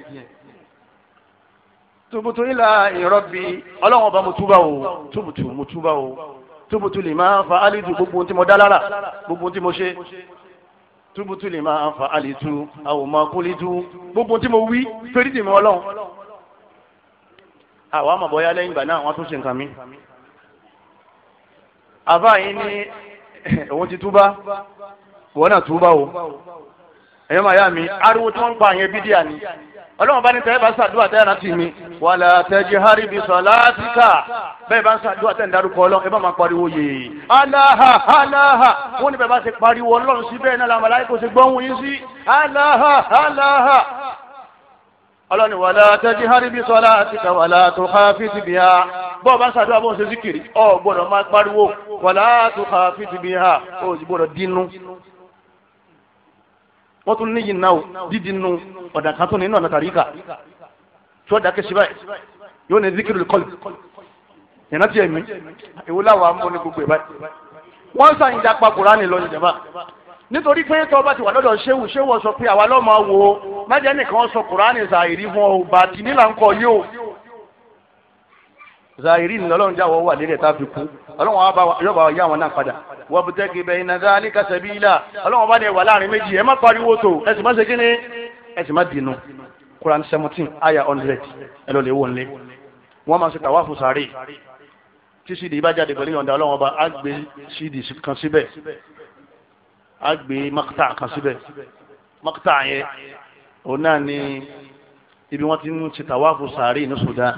tubutu ila rabbi ọlọ́wọ́n bá mo túbà o tubutu mo túbà o tubutu lima fa'alitu gbogbo ohun tí mo dá lára gbogbo ohun tí mo ṣe túbútú lè máa fa àlètú àwòmọ akólítú gbogbo tí mo wí torí tèmi ọlọ́run àwa àmọ̀ bọ́yá lẹ́yìn ìgbà náà wọ́n tún ṣe nǹkan mi. àbá yìí ní òun ti túbá wọ́n náà túbá o ẹ̀yọ́ màá yá mi ariwo tí wọ́n ń pa àyẹn ni ọlọ́run bá ní tẹ́ ẹ bá ṣàdúrà tẹ́ ẹ rántí mi wàlà tajhari bi salatika bẹ́ẹ̀ bá ń ṣàdúrà tẹ́ ẹ ń darúkọ ọlọ́run ẹ bá máa pariwo yèè aláha aláha wọ́n ní bẹ́ẹ̀ bá ṣe pariwo ọlọ́run sí bẹ́ẹ̀ náà làwọn aláìkò ṣe gbọ́hùn yín sí aláha aláha ọlọ́run ni wàlà tajhari bi salatika wàlà tukhafit biha bọ́ọ̀ bá ń ṣàdúrà bó ṣe zikiri ọ̀ gbọ́dọ̀ máa pariwo wàlà tukhafit biha ó wọ́n tún níyì náà dídì nu ọ̀dà kan tó nínú ọ̀nà tàríkà tí wọ́n dákẹ́ síbáyì yóò ní zikiru kọlù ìrántí tiẹ̀ mí èwo láwa ń bọ́ ní gbogbo ìbáyì. wọ́n sàn ìjà pa kùránì lọ ìjàmbá nítorí pé tó bá ti wà lọ́dọ̀ ṣéwù ṣéwù sọ pé àwa lọ́mọ wo májẹ́ nìkan sọ kùránì zàìrí fún ọ bàtì nílà ń kọ yóò zahiri ni ọlọ́run jáwọ́ wà lórí ẹ̀ta fi kú ọlọ́run yóò bá wa yá wọn náà padà wọ́n bu tẹ́kì bẹ́ẹ̀ iná dá ní kásẹ̀bílà ọlọ́run bá ní ẹ̀wà láàrin méjì ẹ̀ má pariwo tó ẹ̀ sì má ṣe kíni ẹ̀ sì má dìnnú Quran seventeen aya hundred ẹ̀ lọ́ọ́ lè wọ̀ nílé wọ́n máa ṣe tàwa fún sàárè tí sídìí bá jáde pẹ̀lú ìyọ̀ǹda ọlọ́run ọba á sídìí kan síbẹ̀ á makta kan síbẹ̀ makta yẹn òun náà ni ibi wọ́n ti ń ṣe tàwa fún sàárè ní Sudan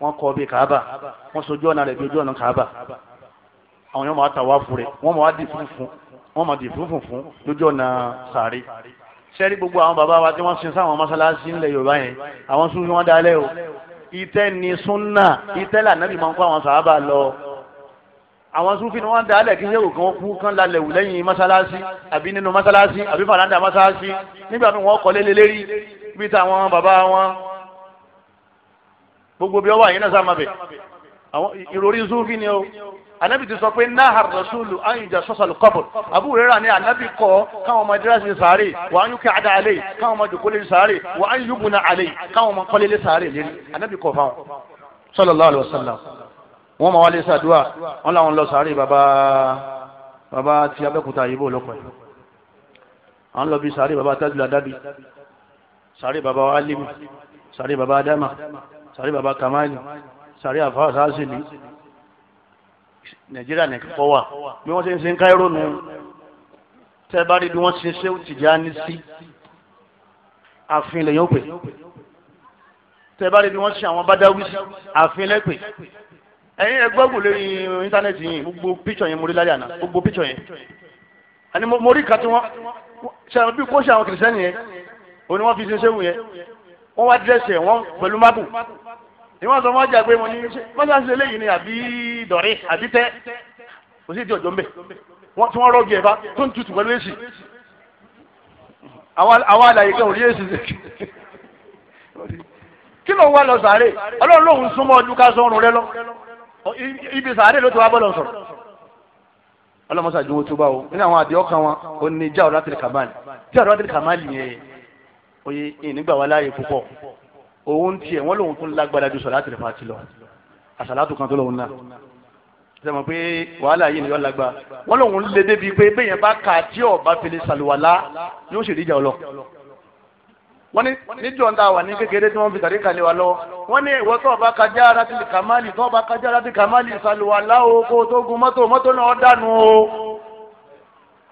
wọ́n kọ́ bí kàába wọ́n sojú ọ̀nà rẹ̀ bí ojú ọ̀nà kàába àwọn yóò máa ta wá fún rẹ̀ wọ́n máa di funfun wọ́n máa di funfun fún lójú ọ̀nà sàárè sẹ́rí gbogbo àwọn bàbá wa tí wọ́n sin sáwọn mọ́sálásí ńlẹ̀ Yorùbá yẹn àwọn sunsun wọn dalẹ̀ o ìtẹ́ ni súnà ìtẹ́ lànàbì máa ń kó àwọn sàábà lọ àwọn sunfin ni wọ́n dalẹ̀ kí yẹ́wò kan kú kan lálẹ́ wù lẹ́yìn mọ́sálásí àbí nínú mọ́sálásí àbí fàlàndà mọ́sálásí nígbà tí wọ́n kọ́ lé gbogbo bí ọwọ́ àyínà sáà má bẹ̀ àwọn ìròrí zufi ni o anabi ti sọ pé náà rasulu ayinja sọsọlù kọbù abu rira ni anabi kọ káwọn ọmọ dírẹ́sì sáré wà á yúkẹ́ adá alẹ́ káwọn ọmọ jòkó sáré wà á yúbu na káwọn ọmọ kọ́lé sáré lérí anabi kọ fáwọn sallallahu alaihi wasallam wọn ma wá lé sàdúà wọn làwọn lọ sáré baba baba ti abẹ́kúta yìí bò yìí àwọn lọ bí sáré baba tajula dábì sáré baba alimi sáré baba adama sàrí baba kamali sàrí àfáà sàásìlì nàìjíríà nìkan kọ́ wà bí wọ́n ṣe ń ṣe ń káírò nù tẹ́ bá rí bí wọ́n ṣe ṣe ó ti já ní sí àfin lèyàn pè tẹ́ bá rí bí wọ́n ṣe àwọn bádáwí sí àfin lẹ́pẹ̀ ẹ̀yin ẹ gbọ́gbò lórí íńtánẹ́ẹ̀tì yìí gbogbo píṣọ̀ yẹn mo rí lálẹ́ àná gbogbo píṣọ̀ yẹn àní mo rí kan tí wọ́n ṣe àwọn bí kó ṣe àwọn kìrìsẹ́nì yẹn òní wọ́n fi ṣe ṣéwù yẹn wọ́n wá dírẹ́sì ẹ̀ pẹ̀lú mábù ni wọ́n sọ wọ́n jà pé mo ní mọ́sánsì eléyìí ni àbí dọ̀rẹ́ àbí tẹ́ kò sí ti ọ̀jọ́ ń bẹ̀ wọ́n tí wọ́n rọ́ọ̀gì ẹ̀ bá tó ń tutù pẹ̀lú èsì àwọn àlàyé kan ò rí èsì kí ló ń wá lọ sàárè ọlọ́run lòun súnmọ́ ọdún ká sọ́run rẹ lọ ibi sàárè ló ti wá bọ́lọ̀ sọ̀rọ̀ ọlọ́mọsàdúnwó tó bá o nínú àwọn àdéhọ́kan wọn ò ní oye ìnígbà wa láàyè púpọ̀ òun tiẹ̀ wọ́n lòun tún lágbára ju sọ̀láàtì rẹ̀ fàtí lọ àṣàlátù kan tó lòun náà sẹ́mọ̀ pé wàhálà yìí nìyọ́ lágbá wọ́n lòun lè débi pé bẹ́yẹn bá kà tí ọba fele ṣàlùwàlá yóò sì ríjà ọlọ wọ́n ní níjọ́ ń ta wà ní kékeré tí wọ́n fi tàrí kalẹ̀ wa lọ wọ́n ní ìwọ tó ọba kájá ara kàmáàlì tó ọba kájá ara kàmáàlì ṣàlùwàlá o kó tó gun mọ́tò mọ́tò náà dànù o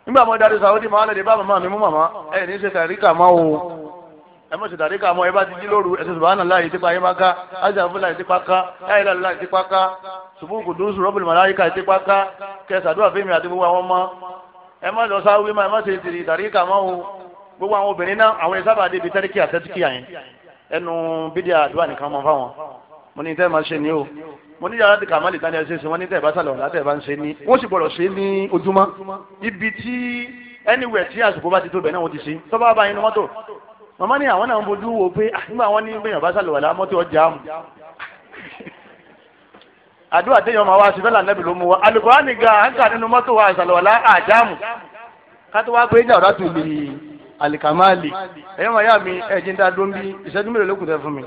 nígbà mọ́ dáadé sàwọ́dì máa lè dé bá màmá mi mú màmá ẹ̀ ní ṣe tàrí kàmá o ẹ mọ̀ sí tàríkà mọ́ ẹ bá ti jí lóru ẹ̀sìn subahana láàyè tipa yín bá ká ájà fúlà yìí tipa ká láyìlá láyìí tipa ká ṣùgbọ́n kò dúró sùn rọ́bìnrin màláyíkà yìí tipa ká kẹsàdúrà fíìmù àti gbogbo àwọn ọmọ ẹ má lọ sáwé má ẹ má ṣe tìrì tàríkà mọ́ o gbogbo àwọn obìnrin náà àwọn ìsábà débi tẹ́ríkì àtẹ́tíkì yẹn ẹnu bídíà àdúrà nìkan mọ́ fáwọn mo ní tẹ́ máa ṣe ni o mo ní yàrá kàmá lè tán ẹ ṣe ṣe ní tẹ́ ẹ bá sàlọ̀ ọ̀la bá ń ṣe ní wọ́n sì gbọ́dọ̀ ṣe ní ojúmọ́ ibi tí anywhere tí àsìkò bá ti tó bẹ̀ náà wọ́n ti ṣe tọ́ bá bá ní mọ́tò màmá ní àwọn náà ń bójú wo pé ah, nígbà wọn ní bẹyàn bá sàlùwàlà mọ́tò ọjà mu àdúrà téèyàn máa wá sí fẹlẹ ànábì ló mú wa alùpùpù ní ga à ń kà nínú mọ́tò wa sàlùwàlà àjàmù kátó wá pé ìjà ọ̀dà tó lè alikamali ẹ̀yọ́ màá yá mi ẹ̀jẹ̀ ń dá dó ń bí ìṣẹ́jú mélòó ló kù tẹ́ fún mi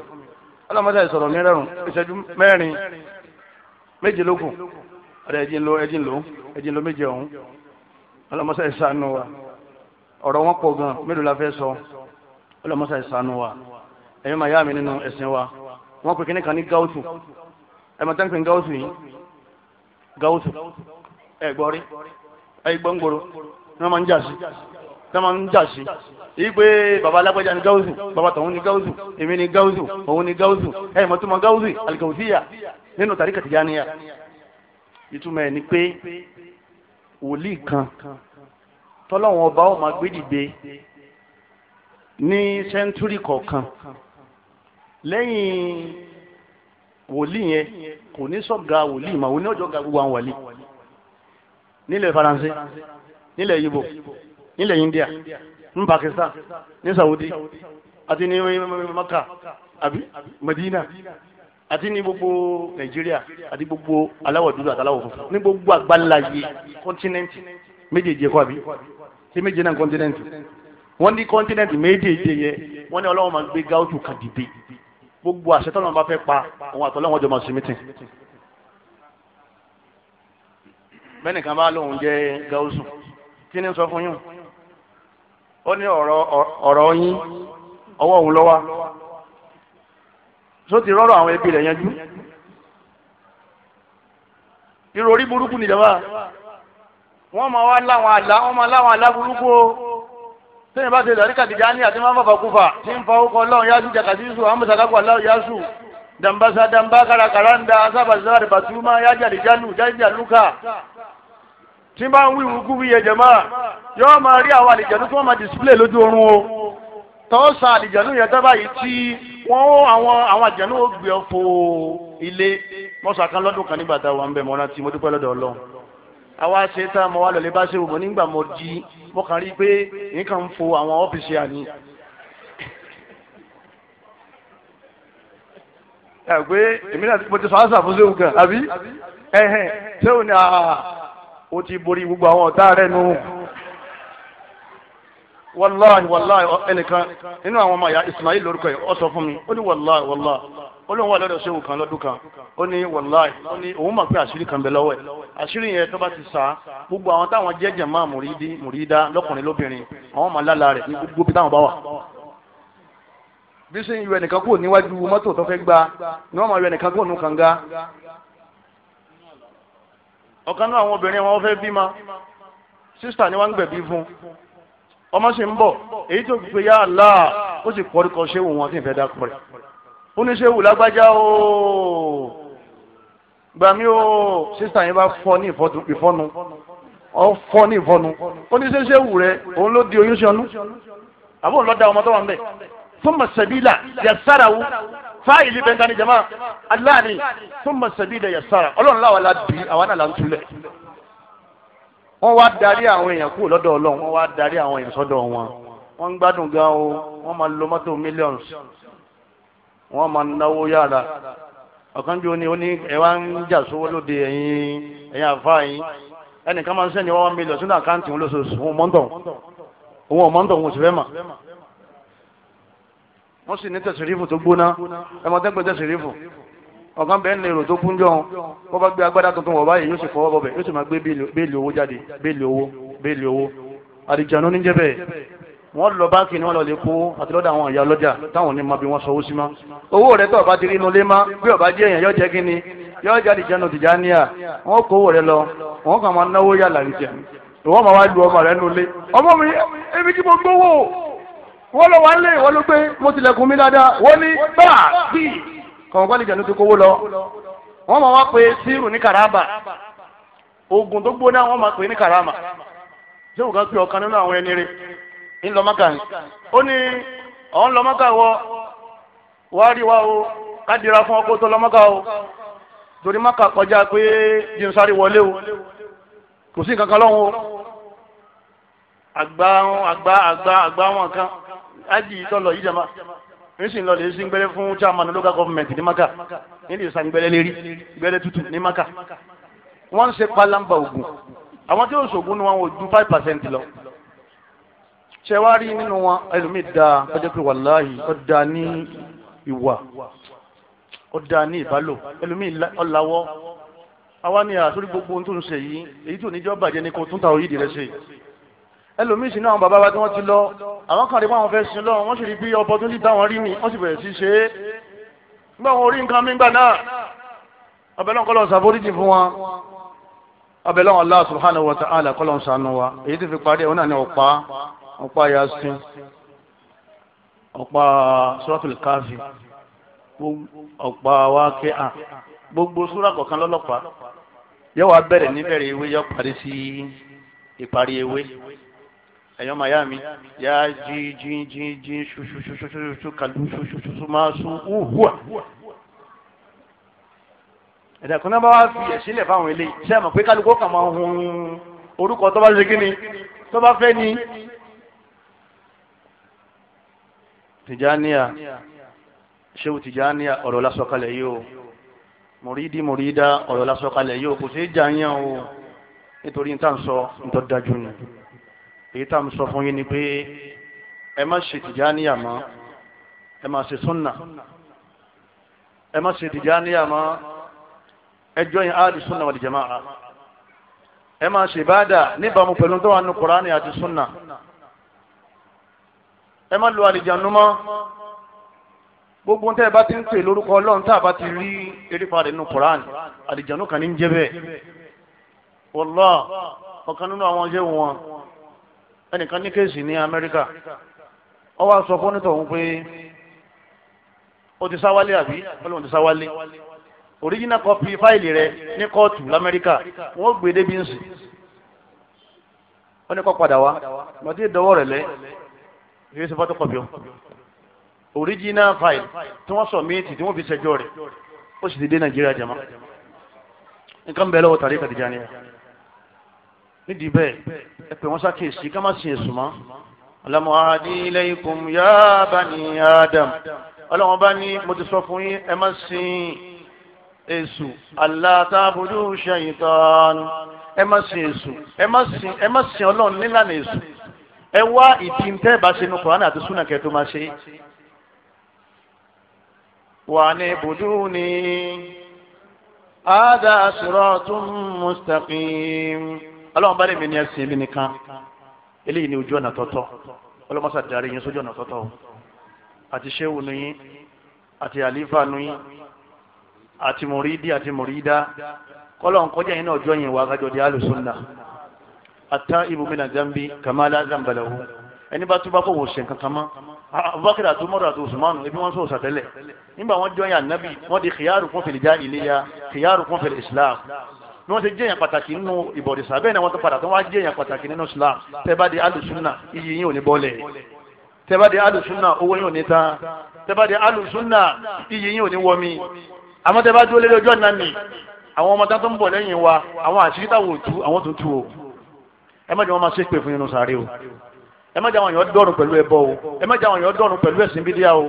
ọlọ́mọdé sọ̀rọ̀ mi rẹ̀rùn ìṣẹ́jú mẹ́rin méje ló kù ọ̀rẹ́ ẹ̀jẹ̀ ń lo ẹ̀jẹ̀ ń lo ẹ̀jẹ̀ ń lo méje ọ̀hún ọlọ́mọdé sànù wa ọ̀rọ̀ wọn pọ̀ gan mélòó ọlọ́mọṣà ìsànú wa ẹ̀yọ́ màá yá mi nínú ẹ̀sìn wa wọ́n pè kíní kan ní gáútù ẹ̀ máa tán pé gáútù yìí gáútù ẹ̀ gbọ́ rí ẹ̀ gbọ́ ń gbòòrò ní wọ́n máa ń jà sí tí wọ́n ń jà sí yìí pé baba alágbájá ni gáútù baba tọ̀hún ni gáútù èmi ni gáútù òun ni gáútù ẹ̀ mọ̀ tó mọ gáútù àlìkàwùsíyà nínú tàríkà tìjáníyà ìtumọ̀ ẹ̀ ni pé wòlíì kan tọ́lọ́wọ́n ọba ó máa gbé dìde ní sẹ́ńtúrì kọ̀ọ̀kan lẹ́yìn wòlíì yẹn kò ní sọ̀gá wòlíì mà òní ọjọ́ ga gbogbo àwọn wòlíì nílẹ̀ faransé nílẹ̀ yibo nílẹ̀ india ní pakistan ní saudi àti ní maka àbí medina àti ní gbogbo nàìjíríà àti gbogbo aláwọ̀ dúdú àti aláwọ̀ funfun ní gbogbo àgbáláyé kọ́ńtínẹ́ǹtì méjèèjì ẹ̀kọ́ àbí tí méje náà kọ́ńtínẹ́ǹtì wọ́n ní kọ́ńtínẹ́ǹtì méjèèjì yẹ wọ́n ní ọlọ́run máa gbé gáútù kan dìde gbogbo àṣẹ tọ́lọ́run bá fẹ́ pa òun àtọ́lọ́run jọ máa ṣe mítìn. bẹ́ẹ̀ni kan bá lóun jẹ́ gáúsù kí ni sọ fún yín ó ní ọ̀rọ̀ yín ọwọ́ òun lọ́wọ́ só ti rọ́rọ̀ àwọn ẹbí rẹ̀ yanjú ìròrí burúkú nìjọba wọ́n máa wá láwọn àlá wọ́n máa láwọn àlá burúkú o sẹ́yìn bá ṣe dàríkà tìjà ní àti máa fàkúfà tí ń fa ọkọ̀ ọlọ́run yáṣu jàkàtíṣu amúsàkágbà ọlọ́run yáṣu dàmbàṣà dàmbà kàràkàrà ń da asábàṣà rẹ̀ bàtúmá yájà dìjánu jájà lúkà tí bá ń wí ìwú gúwí ẹ̀jẹ̀ máa yọ́ máa rí àwọn àlìjẹ̀nú tí wọ́n máa display lójú oorun o tọ́ sa àlìjẹ̀nú yẹn tẹ́ báyìí tí wọ́n àwọn àwọn àjẹ̀nú ó gbé ọ fo ilé mọ́sàkán lọ́dún kan nígbà táwọn ń bẹ̀ mọ́ná tí mo dúpẹ́ lọ́dọ̀ ọlọ́run àwa ṣe tá a mọ wá lọlé bá ṣe wò nígbà mo di mo kàn rí i pé nǹkan ń fo àwọn ọ́fíìsì àní. ẹ pé èmi náà mo ti sọ àṣà fún sẹ́wọ̀n kan àbí ẹ̀hẹ̀n sẹ́wọ̀n ni o ti borí gbogbo àwọn ọ̀tá rẹ̀ nù. wàláhi wàláhi ẹnìkan nínú àwọn ọmọ ìyá Ismail lórúkọ yìí ó sọ fún mi ó ní wàláhi wàláhi ó lóun wà lọ́dọ̀ ṣéwù kan lọ́dún kan ó ní wàláì ó ní òun mọ̀ pé àṣírí kan bẹ lọ́wọ́ ẹ̀ àṣírí yẹn tó bá ti sá gbogbo àwọn táwọn jẹ́jẹ̀ máa mùrídí mùrídá lọ́kùnrin lóbìnrin àwọn máa lálàá rẹ̀ ní gbogbo táwọn bá wà. bí sẹ́yìn ìwé ẹnìkan kúrò níwájú mọ́tò tó fẹ́ gba ni wọ́n máa yọ ẹnìkan kúrò nù kànga. ọ̀kan náà àwọn obìnrin wọn fẹ́ bímọ sísítà ni wọ́n ń gbẹ̀bí fún ọmọ sì ń bọ̀ èyí tó gbé yá ó sì pọ̀ oníṣẹ́wù lágbájá o gbàmí o sísà yín bá fọ́ ní ìfọ́nu ọ fọ́ ní ìfọ́nu oníṣẹ́ṣẹ́wù rẹ òun ló di oyún ṣanú àbọ̀ òun ló da ọmọ tó wà ń bẹ̀ thumma yasarawu fáìlì bẹ́ńkà ní jama aláàní thumma sabila yasara ọlọ́run láwa la bí àwa náà la ń túlẹ̀ wọ́n wá darí àwọn èèyàn kúrò lọ́dọ̀ ọlọ́run wọ́n wá darí àwọn èèyàn sọ́dọ̀ wọn wọ́n ń gbádùn gan o wọ́n máa lo mọ́tò millions wọ́n máa náwó yára ọ̀kanjú ni ó ní ẹ̀wá ń jà sówó lóde ẹ̀yìn ẹ̀yìn àfáà yín ẹnìkan máa ń sẹ́ni wọ́n mílíọ̀n sínú àkáǹtì òun lóṣooṣù òun mọ́ńtọ̀ òun mọ́ńtọ̀ òun sì fẹ́ mà wọ́n sì ní tẹ̀sírífù tó gbóná ẹmọ̀tẹ́gbẹ̀ tẹ̀sírífù ọ̀kan bẹ́ẹ̀ ní èrò tó kún jọ wọ́n bá gbé agbádá tuntun wọ̀ báyìí yóò sì fọwọ́ bọ̀ bẹ̀ yóò sì máa gbé béèlì owó jáde béèlì owó béèlì owó àdìjànú níjẹ́ bẹ́ẹ̀ wọ́n lọ báńkì ni wọ́n lọ lè kó àti lọ́dọ̀ àwọn ìyá ọlọ́jà táwọn ní ma bí wọ́n sanwó sí ma owó rẹ tó ọba ti rí inú lé ma bí ọba jẹ́ èèyàn yọ jẹ́ kí ni yọ jáde jẹ́nu tìjà níyà wọ́n kó owó rẹ lọ wọ́n kàn máa náwó yà làrí jẹ ìwọ́n máa wá lu ọmọ rẹ nulẹ̀ ọmọ mi ebi tí mo gbówó wọ́n lọ wá lé wọ́n ló pé mo tilẹ̀kùn mi dáadáa wọ́n ní bá bí kọ̀ǹkọ́ lè jẹ́nu ti kówó lọ wọ́n máa wá pé sírù ní karaba oògùn tó gbóná wọ́n máa pè ní karama ṣé òun kan pè ọ̀kan ńlọ mọ́kà ni ó ní ọ̀hún lọ mọ́kà wọ wàá rí wa o kádìrá fún ọkọ tó lọ mọ́kà o torí mọ́kà kọjá pé jíǹsárì wọlé o kò sí nǹkan kan lọ́hùn o àgbà àgbà àgbà àgbà wọn kan ájì tọ́lọ̀ yìí jẹ́ma ní sì ń lọ lè sí gbẹ́rẹ́ fún chairman local government ní maka ní lè san gbẹ́rẹ́ lérí gbẹ́rẹ́ tútù ní maka wọ́n ń ṣe palamba ogun àwọn tí yóò ṣògùn ni wọn ò ju five percent lọ ṣẹwárí nínú wọn ẹlòmíì da ọjọ́ pé wàláhì ọ̀dà ní ìwà ọ̀dà ní ìbálò ẹlòmíì ọ̀làwọ́ àwa ni àsórí gbogbo tó ń ṣe yìí èyí tó níjọ́ bàjẹ́ ni kò tún ta òyìnbí rẹ̀ ṣe ẹlòmíì sì ní àwọn bàbá wa tí wọ́n ti lọ àwọn kan rí pé àwọn fẹ́ sin lọ wọ́n sì rí bí opportunity táwọn rí mi wọ́n sì bẹ̀rẹ̀ sí ṣe é nígbà wọn orí nǹkan mi gbà náà abẹ́lẹ́ kọ́lọ́ ṣàforíjì fún wọn abẹ́lẹ́ Allah subhanahu wa ta'ala kọ́lọ́ ṣàánú wa èyí ti fi parí ẹ̀ wọn náà ní ọ̀pá ọ̀pá yasin ọ̀pá suratul káfí ọ̀pá wákẹ́à gbogbo sura kọ̀ọ̀kan lọ́lọ́pàá yóò wá bẹ̀rẹ̀ níbẹ̀rẹ̀ ewé yóò parí sí ìparí ewé ẹ̀yọ́ miami yá jí jí jí jí ṣuṣuṣuṣuṣu kàlú ṣuṣuṣuṣu máa sún wúwúà ẹ̀dàkùn náà bá wá fi ẹ̀sílẹ̀ fáwọn eléyìí ṣé àmọ̀ pé kálukú kà máa hun orúkọ tó bá ṣe kí ni tó bá fẹ́ ni tìjáníà ṣéwù tìjáníà ọ̀rọ̀ lásọ̀kalẹ̀ yìí o mùrídí mùrídá ọ̀rọ̀ lásọ̀kalẹ̀ yìí o kò sí ìjà yẹn o nítorí níta ń sọ nítọ́ dájú ni èyí tá à sọ fún yín ni pé ẹ má ṣe tìjáníà mọ́ ẹ má ṣe súnà ẹ má ṣe tìjáníà mọ́ ẹ jọyìn áàdì súnà wal jamaa ẹ má ṣe ìbádà níbàámu pẹ̀lú tó wà nínú Kùránì àti súnà. ẹ má lo àlìjànú gbogbo tẹ́ ẹ bá ti ń pè lórúkọ ọlọ́run tá a ti rí erépa nínú Quran àlìjànú kan ní jẹ́ bẹ́ẹ̀ wọ́lá ọ̀kan nínú àwọn ṣé wọn ẹnìkan ní kéèsì ní Amẹ́ríkà ó wá sọ fún onítọ̀hún pé ti sáwálé àbí ọlọ́run ti sáwálé original copy fáìlì rẹ̀ ní kóòtù lamẹ́ríkà wọ́n gbé débi ń sìn ó ní yóò ṣe photocopy o original file tí wọ́n sọ méjì tí wọ́n fi ṣẹjọ́ rẹ̀ ó sì ti dé nàìjíríà jama nǹkan bẹ́ẹ̀ lọ́wọ́ tàrí kàdíjà ni nídìí bẹ́ẹ̀ ẹ pè wọ́n ṣàkíyèsí ká má sìn èṣù mọ́ alamu adi ilaykum ya bani adam ọlọ́wọ́n bá ní mo ti sọ fún yín ẹ má sìn èṣù Allah ta'budu shaytan ẹ má sìn èṣù ẹ má sìn ọlọ́run nílànà èṣù ẹ wá ìdí tẹ́ ẹ bá ṣe nu Kùránì àti súnà kẹ́ tó máa ṣe. wà ní ibùdó ni ada siratun mustaqim ọlọ́run bá lè mi ní ẹsẹ̀ mi nìkan eléyìí ni ojú ọ̀nà tọ́tọ́ ọlọ́mọ́sá darí yín sójú ọ̀nà tọ́tọ́ o àti ṣéwù nu yín àti àlífà nu yín àti mùrídì àti mùrídà kọ́lọ́n kọjá yín náà jọ yín wá kájọ di alùsùn náà. Ata ibu mina dhanbi kama la dhanba lahu ẹni bá túbá kó wò ṣe nǹkan kan mọ́ abubakar àti umaru àti usman ebi wọn sọ sàtẹlẹ nígbà wọn jọyàn anabi wọn di khiyaru kún fil jahiliya khiyaru kún fil islam ni wọn ti jẹyàn pàtàkì nínú ìbọ̀rìṣà bẹ́ẹ̀ ni wọn tó padà tó wọn jẹyàn pàtàkì nínú islam tẹ́bá di alùsùnà iyì yín ò ní bọ́lẹ̀ tẹ́bá di alùsùnà owó yín ò ní tán tẹ́bá alùsùnà iyì yín ò ní wọmi àmọ́ tẹ́bá dúró lé ọ̀nà ni àwọn ọmọ tó ń bọ̀ lẹ́yìn wa àwọn àṣírí táwọn ò tú àwọn tó ẹ má jẹ́ wọn máa ṣe pé fún yín sáré o ẹ má jẹ́ àwọn èèyàn dọ́rùn pẹ̀lú ẹbọ o ẹ má jẹ́ àwọn èèyàn dọ́rùn pẹ̀lú ẹ̀sìn bídíà o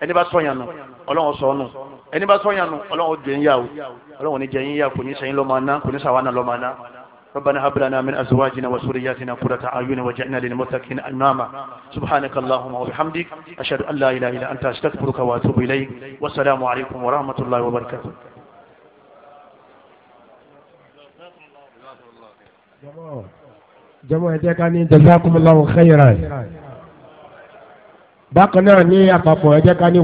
ẹni bá sọyàn nù ọlọ́run sọ nù ẹni bá sọyàn nù ọlọ́run jẹ yín yá o ọlọ́run ní jẹ yín yá kò ní sẹ́yìn lọ́mọ aná kò ní sàwọn náà lọ́mọ aná ربنا هب لنا من ازواجنا وذرياتنا قرة اعين واجعلنا للمتقين اماما سبحانك اللهم وبحمدك اشهد ان لا اله الا انت استغفرك واتوب اليك والسلام عليكم ورحمه الله وبركاته جمال jẹ́mọ́ ẹ jẹ́ ká ní jazakumullahu khairan bákan náà ní àpapọ̀ ẹ jẹ́ ká ní.